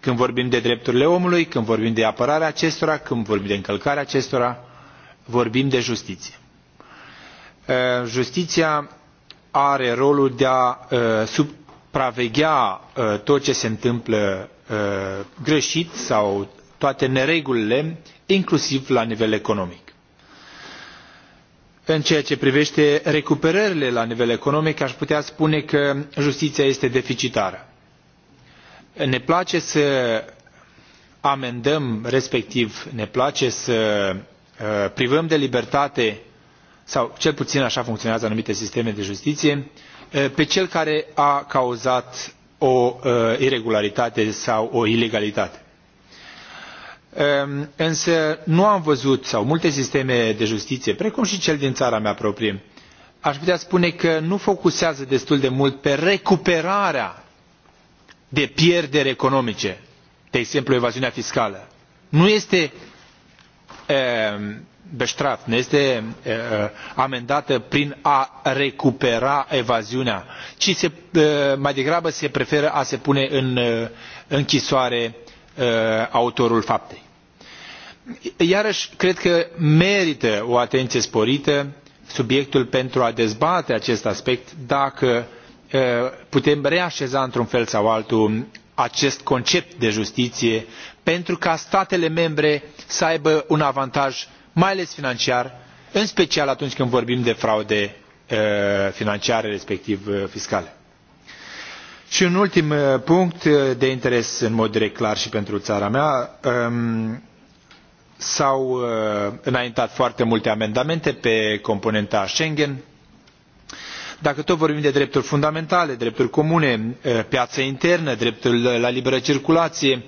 Când vorbim de drepturile omului, când vorbim de apărarea acestora, când vorbim de încălcarea acestora, vorbim de justiție. Uh, justiția are rolul de a uh, supraveghea uh, tot ce se întâmplă greșit sau toate neregulile, inclusiv la nivel economic în ceea ce privete recuperările la nivel economic a putea spune că justiia este deficitară. ne place să amendăm respectiv ne place să uh, privăm de libertate sau cel puin aa funcionează anumite sisteme de justiie uh, pe cel care a cauzat o uh, iregularitate sau o ilegalitate. Ehm, însă nu am văzut sau multe sisteme de justiție, precum și cel din țara mea proprie, aș putea spune că nu focusează destul de mult pe recuperarea de pierderi economice, de exemplu evaziunea fiscală. Nu este ehm, bestraft, nu este e, e, amendată prin a recupera evaziunea, ci se, e, mai degrabă se preferă a se pune în închisoare Uh, autorul faptei. Iarăși, cred că merită o atenție sporită subiectul pentru a dezbate acest aspect dacă uh, putem reașeza într-un fel sau altul acest concept de justiție pentru ca statele membre să aibă un avantaj, mai ales financiar, în special atunci când vorbim de fraude uh, financiare, respectiv fiscale Și un ultim uh, punct uh, de interes în mod direct clar și pentru țara mea. Um, s-au uh, înaintat foarte multe amendamente pe componenta Schengen. Dacă tot vorbim de drepturi fundamentale, drepturi comune, piață internă, dreptul la liberă circulație,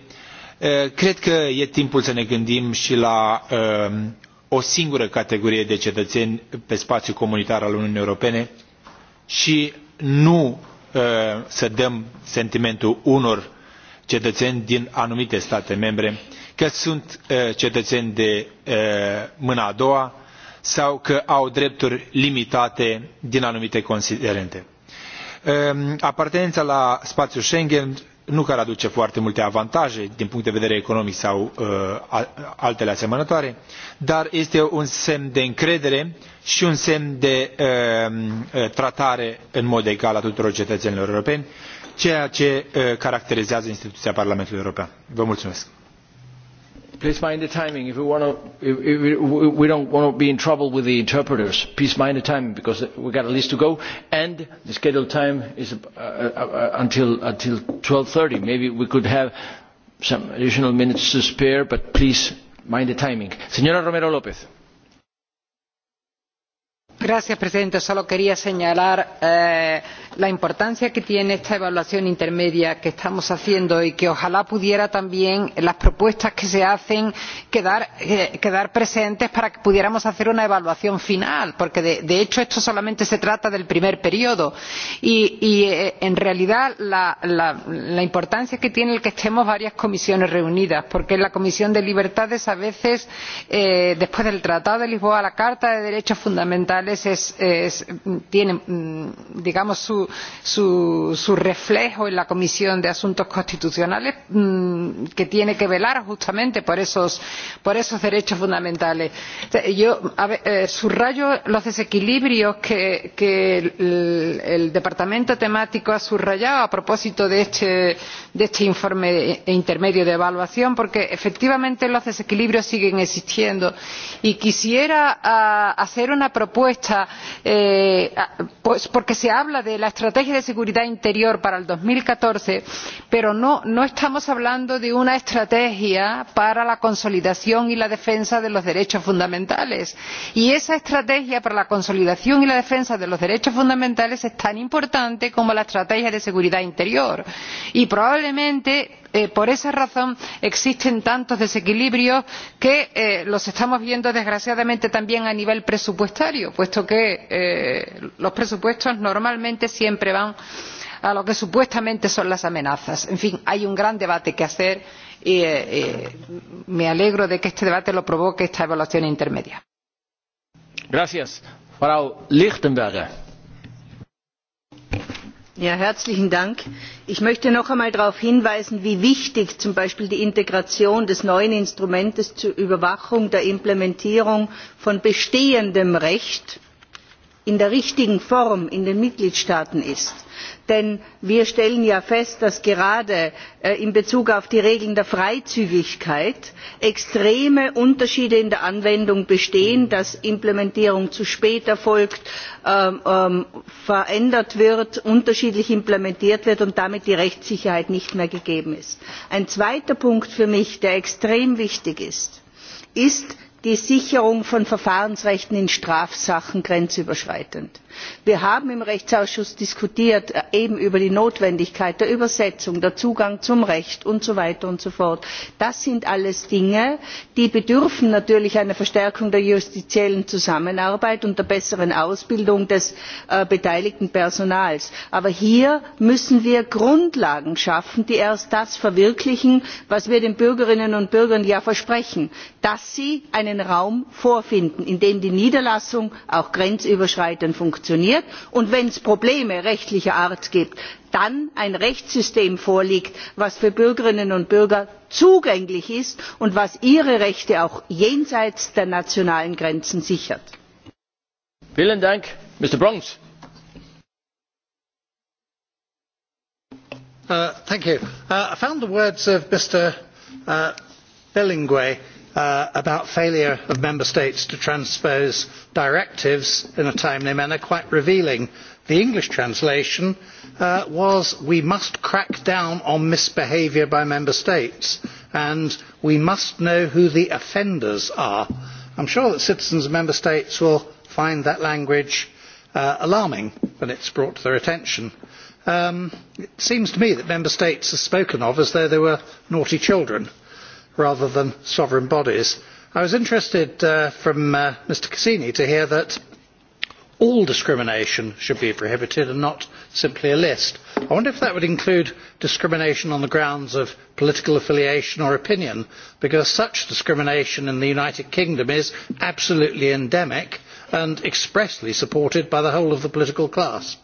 cred că e timpul să ne gândim și la o singură categorie de cetățeni pe spațiul comunitar al Uniunii Europene și nu Uh, să dăm sentimentul unor cetățeni din anumite state membre că sunt uh, cetățeni de uh, mâna a doua sau că au drepturi limitate din anumite considerente. Um, apartenența la spațiul Schengen nu că ar aduce foarte multe avantaje din punct de vedere economic sau uh, altele asemănătoare, dar este un semn de încredere și un semn de um, tratare în mod egal a tuturor cetățenilor europeni, ceea ce uh, caracterizează instituția Parlamentului European. Vă mulțumesc! Please mind the timing. If we want to, if, if we don't want to be in trouble with the interpreters. Please mind the timing because we've got a list to go, and the scheduled time is uh, uh, uh until until 12:30. Maybe we could have some additional minutes to spare, but please mind the timing. Señora Romero López. Gracias, presidente. Solo quería señalar. Eh, la importancia que tiene esta evaluación intermedia que estamos haciendo y que ojalá pudiera también en las propuestas que se hacen quedar, eh, presente para que pudiéramos hacer una evaluación final porque de, hecho esto solamente se trata del primer periodo y, eh, en realidad la, la, la importancia que tiene el que estemos varias comisiones reunidas porque en la comisión de libertades a veces eh, después del tratado de lisboa la carta de derechos fundamentales es, es, tiene mm, digamos su, su, su, reflejo en la comisión de asuntos constitucionales mmm, que tiene que velar justamente por esos, por esos derechos fundamentales. O sea, yo ver, eh, subrayo los desequilibrios que, que el, el departamento temático ha subrayado a propósito de este, de este informe intermedio de evaluación porque efectivamente los desequilibrios siguen existiendo y quisiera a, ah, hacer una propuesta eh, pues porque se habla de la estrategia de seguridad interior para dos mil catorce pero no, no, estamos hablando de una estrategia para la consolidación y la defensa de los derechos fundamentales y esa estrategia para la consolidación y la defensa de los derechos fundamentales es tan importante como la estrategia de seguridad interior y probablemente Eh, por esa razón existen tantos desequilibrios que eh, los estamos viendo desgraciadamente también a nivel presupuestario puesto que eh, los presupuestos normalmente siempre van a lo que supuestamente son las amenazas. en fin hay un gran debate que hacer y me alegro de que este debate lo provoque esta evaluación intermedia. Gracias, Frau Lichtenberger herzlichen dank! ich möchte noch einmal darauf hinweisen wie wichtig zum beispiel die integration des neuen instruments zur überwachung der implementierung von bestehendem recht in der richtigen form in den mitgliedstaaten ist denn wir stellen ja fest dass gerade äh, in bezug auf die regeln der freizügigkeit extreme unterschiede in der anwendung bestehen dass implementierung zu spät erfolgt ähm, ähm, verändert wird unterschiedlich implementiert wird und damit die rechtssicherheit nicht mehr gegeben ist. ein zweiter punkt der für mich extrem wichtig ist ist die sicherung von verfahrensrechten in strafsachen grenzüberschreitend wir haben im rechtsausschuss diskutiert äh, eben über die notwendigkeit der übersetzung den zugang zum recht und so weiter und so fort. das sind alles dinge die bedürfen natürlich einer verstärkung der justiziellen zusammenarbeit und der besseren ausbildung des äh, beteiligten personals. aber hier müssen wir grundlagen schaffen die erst das verwirklichen was wir den bürgerinnen und bürgern ja versprechen dass sie einen raum vorfinden in dem die niederlassung auch grenzüberschreitend funktioniert und wenn es probleme rechtlicher art gibt dann ein rechtssystem vorliegt das für bürgerinnen und bürger zugänglich ist und das ihre rechte auch jenseits der nationalen grenzen sichert. Uh, uh, i found the words of mr uh, Uh, about failure of member states to transpose directives in a timely manner quite revealing. the english translation uh, was we must crack down on misbehaviour by member states and we must know who the offenders are. i am sure that citizens of member states will find that language uh, alarming when it is brought to their attention. Um, it seems to me that member states are spoken of as though they were naughty children rather than sovereign bodies. i was interested uh, from uh, mr casini to hear that all discrimination should be prohibited and not simply a list. i wonder if that would include discrimination on the grounds of political affiliation or opinion because such discrimination in the united kingdom is absolutely endemic and expressly supported by the whole of the political class.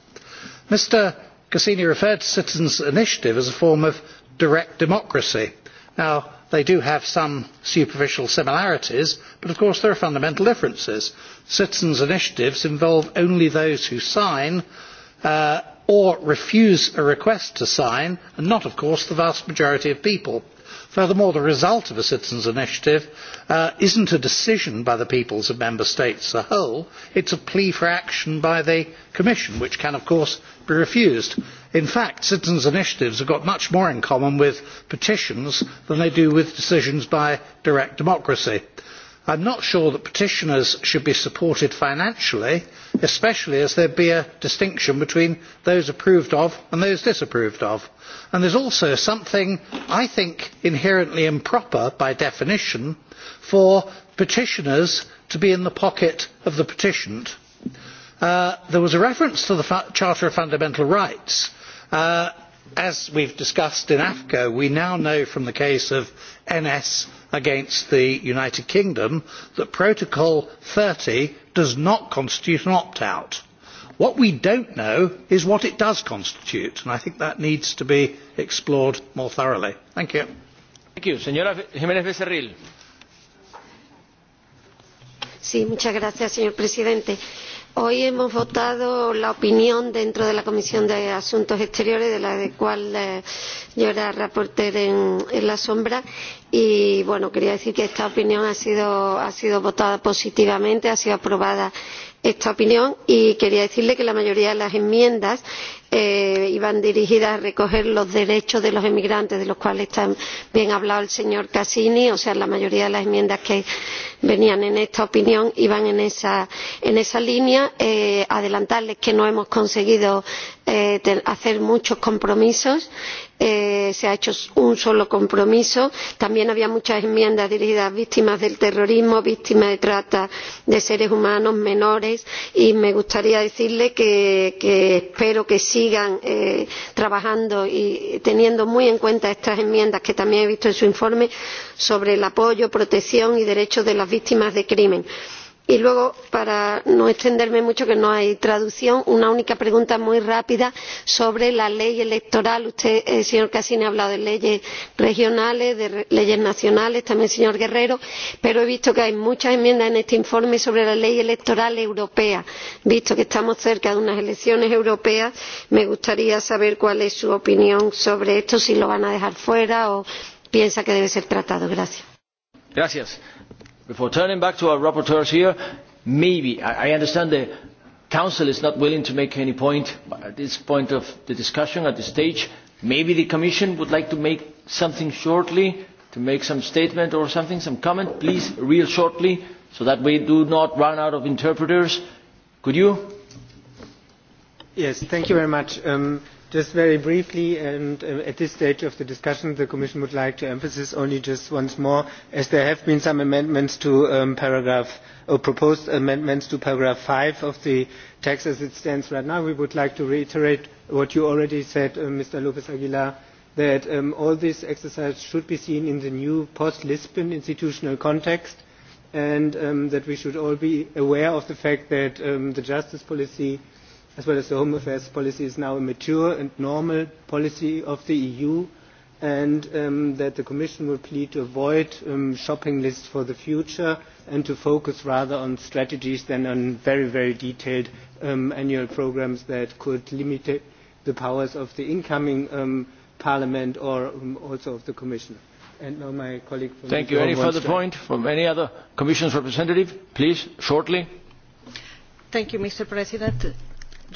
mr cassini referred to citizens' initiative as a form of direct democracy. now They do have some superficial similarities, but of course there are fundamental differences. Citizens' initiatives involve only those who sign uh, or refuse a request to sign, and not, of course, the vast majority of people furthermore the result of a citizens' initiative uh, is not a decision by the peoples of member states as a whole it is a plea for action by the commission which can of course be refused. in fact citizens' initiatives have got much more in common with petitions than they do with decisions by direct democracy i am not sure that petitioners should be supported financially especially as there would be a distinction between those approved of and those disapproved of. there is also something i think inherently improper by definition for petitioners to be in the pocket of the petitioned. Uh, there was a reference to the charter of fundamental rights. Uh, as we have discussed in afco we now know from the case of ns against the united kingdom that protocol thirty does not constitute an opt out. what we do not know is what it does constitute and i think that needs to be explored more thoroughly. Hoy hemos votado la opinión dentro de la Comisión de Asuntos Exteriores, de la cual eh, yo era ponente alternativa y quería decir que esta opinión ha sido, votada positivamente, ha sido aprobada esta opinión, y quería decirle que la mayoría de las enmiendas eh, iban dirigidas a recoger los derechos de los emigrantes, de los cuales también ha hablado el señor casini o sea, la mayoría de las enmiendas que venían en esta opinión iban en esa, línea. Eh, adelantarles que no hemos conseguido eh, hacer muchos compromisos y Eh, se ha hecho un solo compromiso. También había muchas enmiendas dirigidas a víctimas del terrorismo, víctimas de trata de seres humanos, menores y me gustaría decirle que, espero que sigan eh, trabajando y teniendo muy en cuenta estas enmiendas que también he visto en su informe sobre el apoyo, protección y derechos de las víctimas de crímenes y luego para no extenderme mucho que no hay traducción una única pregunta muy rápida sobre la ley electoral usted eh, señor casini ha hablado de leyes regionales de leyes nacionales también el señor guerrero pero he visto que hay muchas enmiendas en este informe sobre la ley electoral europea. visto que estamos cerca de unas elecciones europeas me gustaría saber cuál es su opinión sobre esto si lo van a dejar fuera o piensa que debe ser tratado. gracias before turning back to our rapporteurs here maybe i understand the council is not willing to make any point at this point of the discussion at this stage maybe the commission would like to make something shortly to make some statement or something some comment please real shortly so that we do not run out of interpreters could you yes thank you very much um, Just very briefly, and uh, at this stage of the discussion, the Commission would like to emphasise only just once more, as there have been some amendments to um, paragraph, or proposed amendments to paragraph 5 of the text as it stands right now, we would like to reiterate what you already said, uh, Mr. lpez Aguilar, that um, all this exercise should be seen in the new post-Lisbon institutional context and um, that we should all be aware of the fact that the justice policy as well as the Home Affairs policy is now a mature and normal policy of the EU and um, that the Commission will plead to avoid um, shopping lists for the future and to focus rather on strategies than on very, very detailed um, annual programmes that could limit the powers of the incoming um, Parliament or um, also of the Commission. And now my colleague from Thank you. Any further point from any other Commission's representative? Please, shortly. Thank you, Mr. President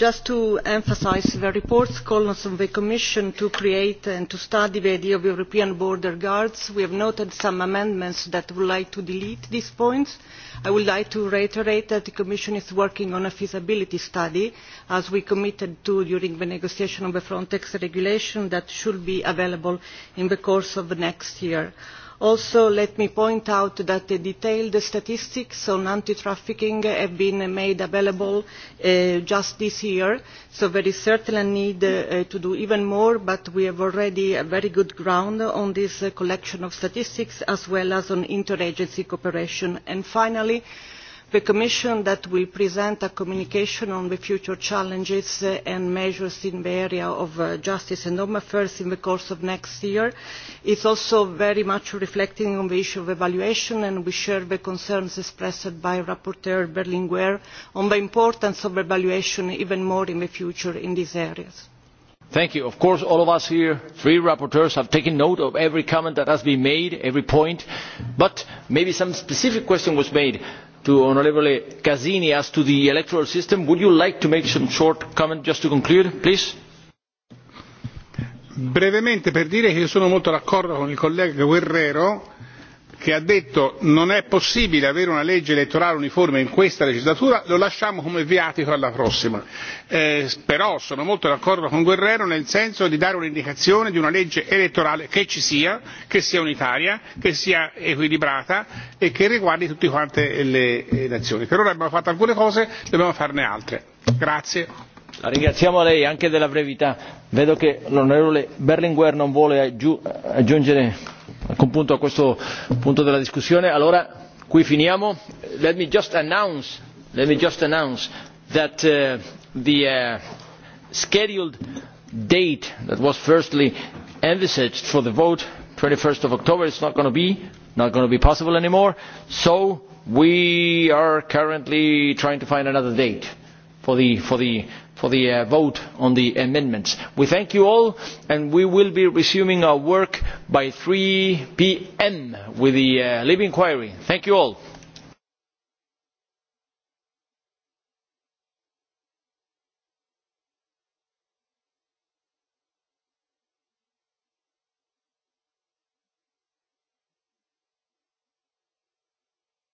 just to emphasise the report's call on the commission to create and to study the idea of european border guards. we have noted some amendments that would like to delete these points. i would like to reiterate that the commission is working on a feasibility study as we committed to during the negotiation of the frontex regulation that should be available in the course of next year also let me point out that the detailed statistics on anti trafficking have been made available uh, just this year so there is certainly a need uh, to do even more but we have already a very good ground on this uh, collection of statistics as well as on interagency cooperation. And finally i the commission that will present a communication on the future challenges uh, and measures in the area of uh, justice and home affairs in the course of next year is also very much reflecting on the issue of evaluation and we share the concerns expressed by rapporteur berlinguer on the importance of evaluation even more in the future in these areas. Thank you. Of course all of us here three rapporteurs have taken note of every comment that has been made every point but maybe some specific question was made to honourable Casini as to the electoral system. Would you like to make some short comment just to conclude, please? Brevemente per dire che sono molto d'accordo con il collega Guerrero che ha detto non è possibile avere una legge elettorale uniforme in questa legislatura lo lasciamo come viatico alla prossima eh, però sono molto d'accordo con guerrero nel senso di dare un'indicazione di una legge elettorale che ci sia che sia unitaria che sia equilibrata e che riguardi tutte quante le nazioni. per ora abbiamo fatto alcune cose dobbiamo farne altre. grazie la ringraziamo lei anche della brevità. vedo che l'onorevole berlinguer non vuole aggiungere alcun punto a questo punto della discussione allora qui finiamo. let me just announce, let me just announce that uh, the uh, scheduled date that was firstly envisaged for the vote twenty first of october is not going to be not going to be possible anymore so we are currently trying to find another date for the, for the, for the uh, vote on the amendments. We thank you all and we will be resuming our work by 3 p.m. with the uh, Libe inquiry. Thank you all.